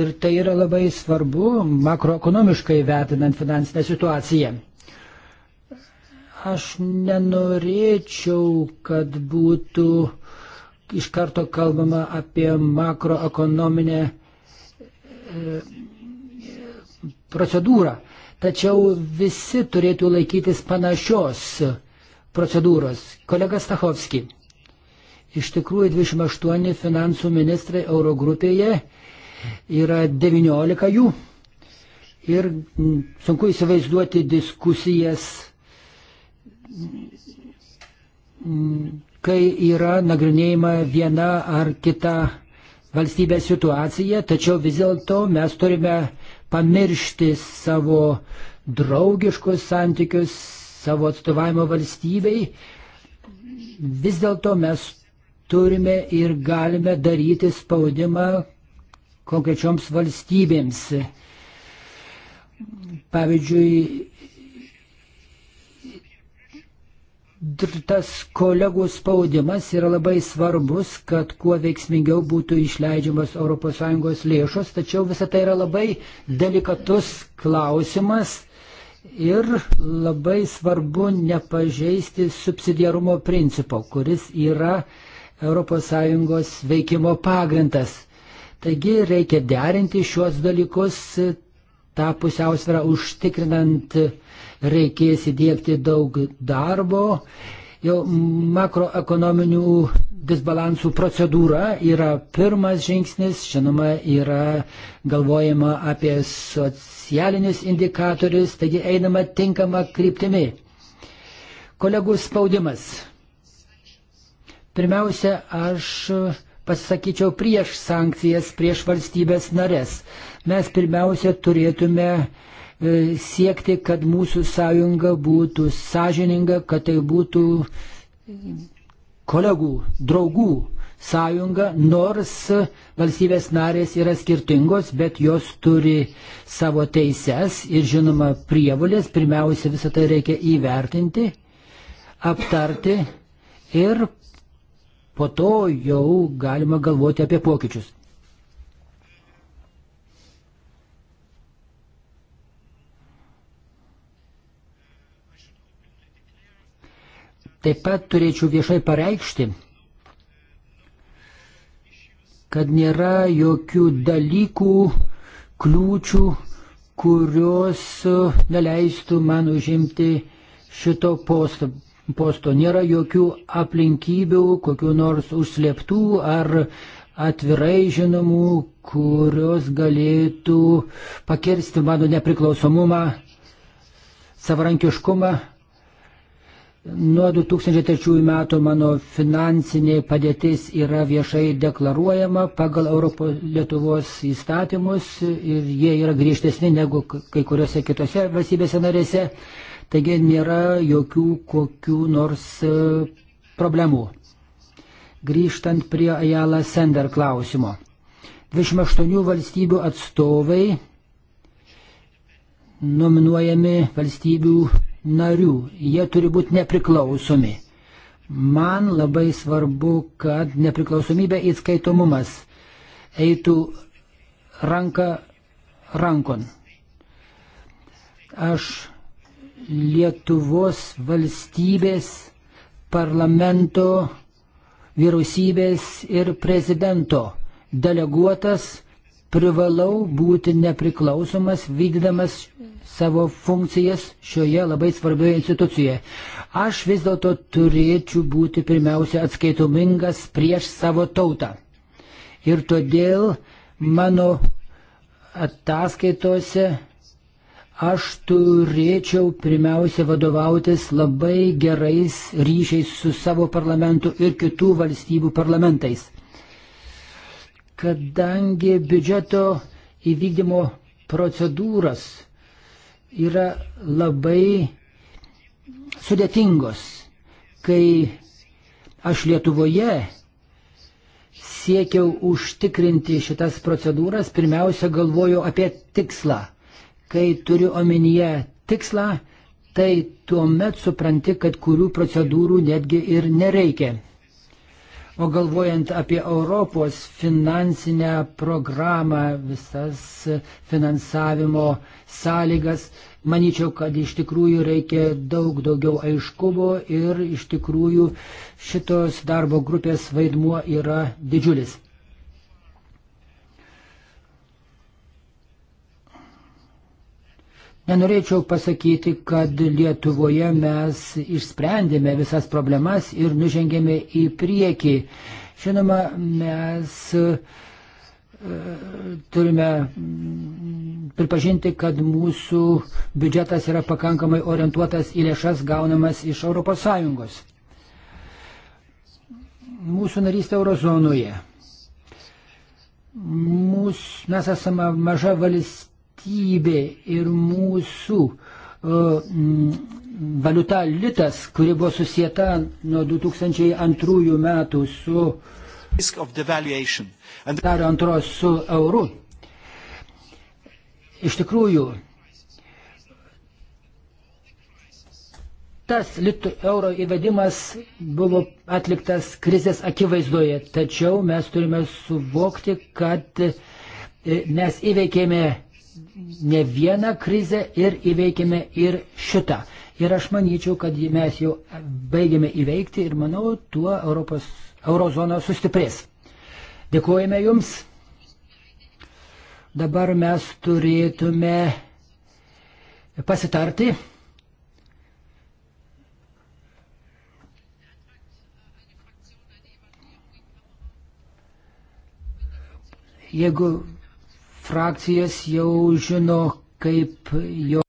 Ir tai yra labai svarbu makroekonomiškai vertinant finansinę situaciją. Aš nenorėčiau, kad būtų iš karto kalbama apie makroekonominę procedūrą. Tačiau visi turėtų laikytis panašios procedūros. Kolega Stachovski. Iš tikrųjų, 28 finansų ministrai Eurogrupėje yra 19 jų. Ir sunku įsivaizduoti diskusijas kai yra nagrinėjama viena ar kita valstybės situacija, tačiau vis dėlto mes turime pamiršti savo draugiškus santykius, savo atstovavimo valstybei. Vis dėlto mes turime ir galime daryti spaudimą konkrečioms valstybėms. Pavyzdžiui, tas kolegų spaudimas yra labai svarbus, kad kuo veiksmingiau būtų išleidžiamas ES lėšos, tačiau visa tai yra labai delikatus klausimas ir labai svarbu nepažeisti subsidiarumo principo, kuris yra ES veikimo pagrindas. Taigi reikia derinti šiuos dalykus tą pusiausvyrą užtikrinant reikės įdėkti daug darbo. Jau makroekonominių disbalansų procedūra yra pirmas žingsnis, žinoma, yra galvojama apie socialinius indikatorius, taigi einama tinkama kryptimi. Kolegų spaudimas. Pirmiausia, aš pasisakyčiau prieš sankcijas, prieš valstybės narės. Mes pirmiausia turėtume siekti, kad mūsų sąjunga būtų sąžininga, kad tai būtų kolegų, draugų sąjunga, nors valstybės narės yra skirtingos, bet jos turi savo teises ir žinoma prievolės. Pirmiausia, visą tai reikia įvertinti, aptarti ir po to jau galima galvoti apie pokyčius. Taip pat turėčiau viešai pareikšti, kad nėra jokių dalykų, kliūčių, kurios neleistų man užimti šito posto. posto. Nėra jokių aplinkybių, kokiu nors užslėptų ar atvirai žinomų, kurios galėtų pakirsti mano nepriklausomumą, savarankiškumą Nuo 2003 metų mano finansinė padėtis yra viešai deklaruojama pagal Europos Lietuvos įstatymus ir jie yra griežtesni negu kai kuriuose kitose valstybėse narėse, taigi nėra jokių kokių nors problemų. Grįžtant prie Ajala Sender klausimo. 28 valstybių atstovai nominuojami valstybių narių. Jie turi būti nepriklausomi. Man labai svarbu, kad nepriklausomybė įskaitomumas eitų ranka rankon. Aš Lietuvos valstybės, parlamento, vyriausybės ir prezidento deleguotas privalau būti nepriklausomas, vykdydamas savo funkcijas šioje labai svarbioje institucijoje. Aš vis dėlto turėčiau būti pirmiausia atskaitomingas prieš savo tautą. Ir todėl mano ataskaitose aš turėčiau pirmiausia vadovautis labai gerais ryšiais su savo parlamentu ir kitų valstybių parlamentais kadangi biudžeto įvykdymo procedūras yra labai sudėtingos, kai aš Lietuvoje siekiau užtikrinti šitas procedūras, pirmiausia galvoju apie tikslą. Kai turiu omenyje tikslą, tai tuomet supranti, kad kurių procedūrų netgi ir nereikia. O galvojant apie Europos finansinę programą, visas finansavimo sąlygas, manyčiau, kad iš tikrųjų reikia daug daugiau aiškumo ir iš tikrųjų šitos darbo grupės vaidmuo yra didžiulis. Nenorėčiau pasakyti, kad Lietuvoje mes išsprendėme visas problemas ir nužengėme į priekį. Žinoma, mes turime pripažinti, kad mūsų biudžetas yra pakankamai orientuotas į lėšas gaunamas iš ES. Mūsų narystė eurozonoje. Mūs, mes esame maža valstybė vertybė ir mūsų valiuta litas, kuri buvo susieta nuo 2002 metų su dar antros su euru. Iš tikrųjų, tas litų euro įvedimas buvo atliktas krizės akivaizdoje, tačiau mes turime suvokti, kad mes įveikėme ne vieną krizę ir įveikėme ir šitą. Ir aš manyčiau, kad mes jau baigėme įveikti ir manau, tuo Europos, eurozona sustiprės. Dėkojame Jums. Dabar mes turėtume pasitarti. Jeigu frakcijas jau žino, kaip jo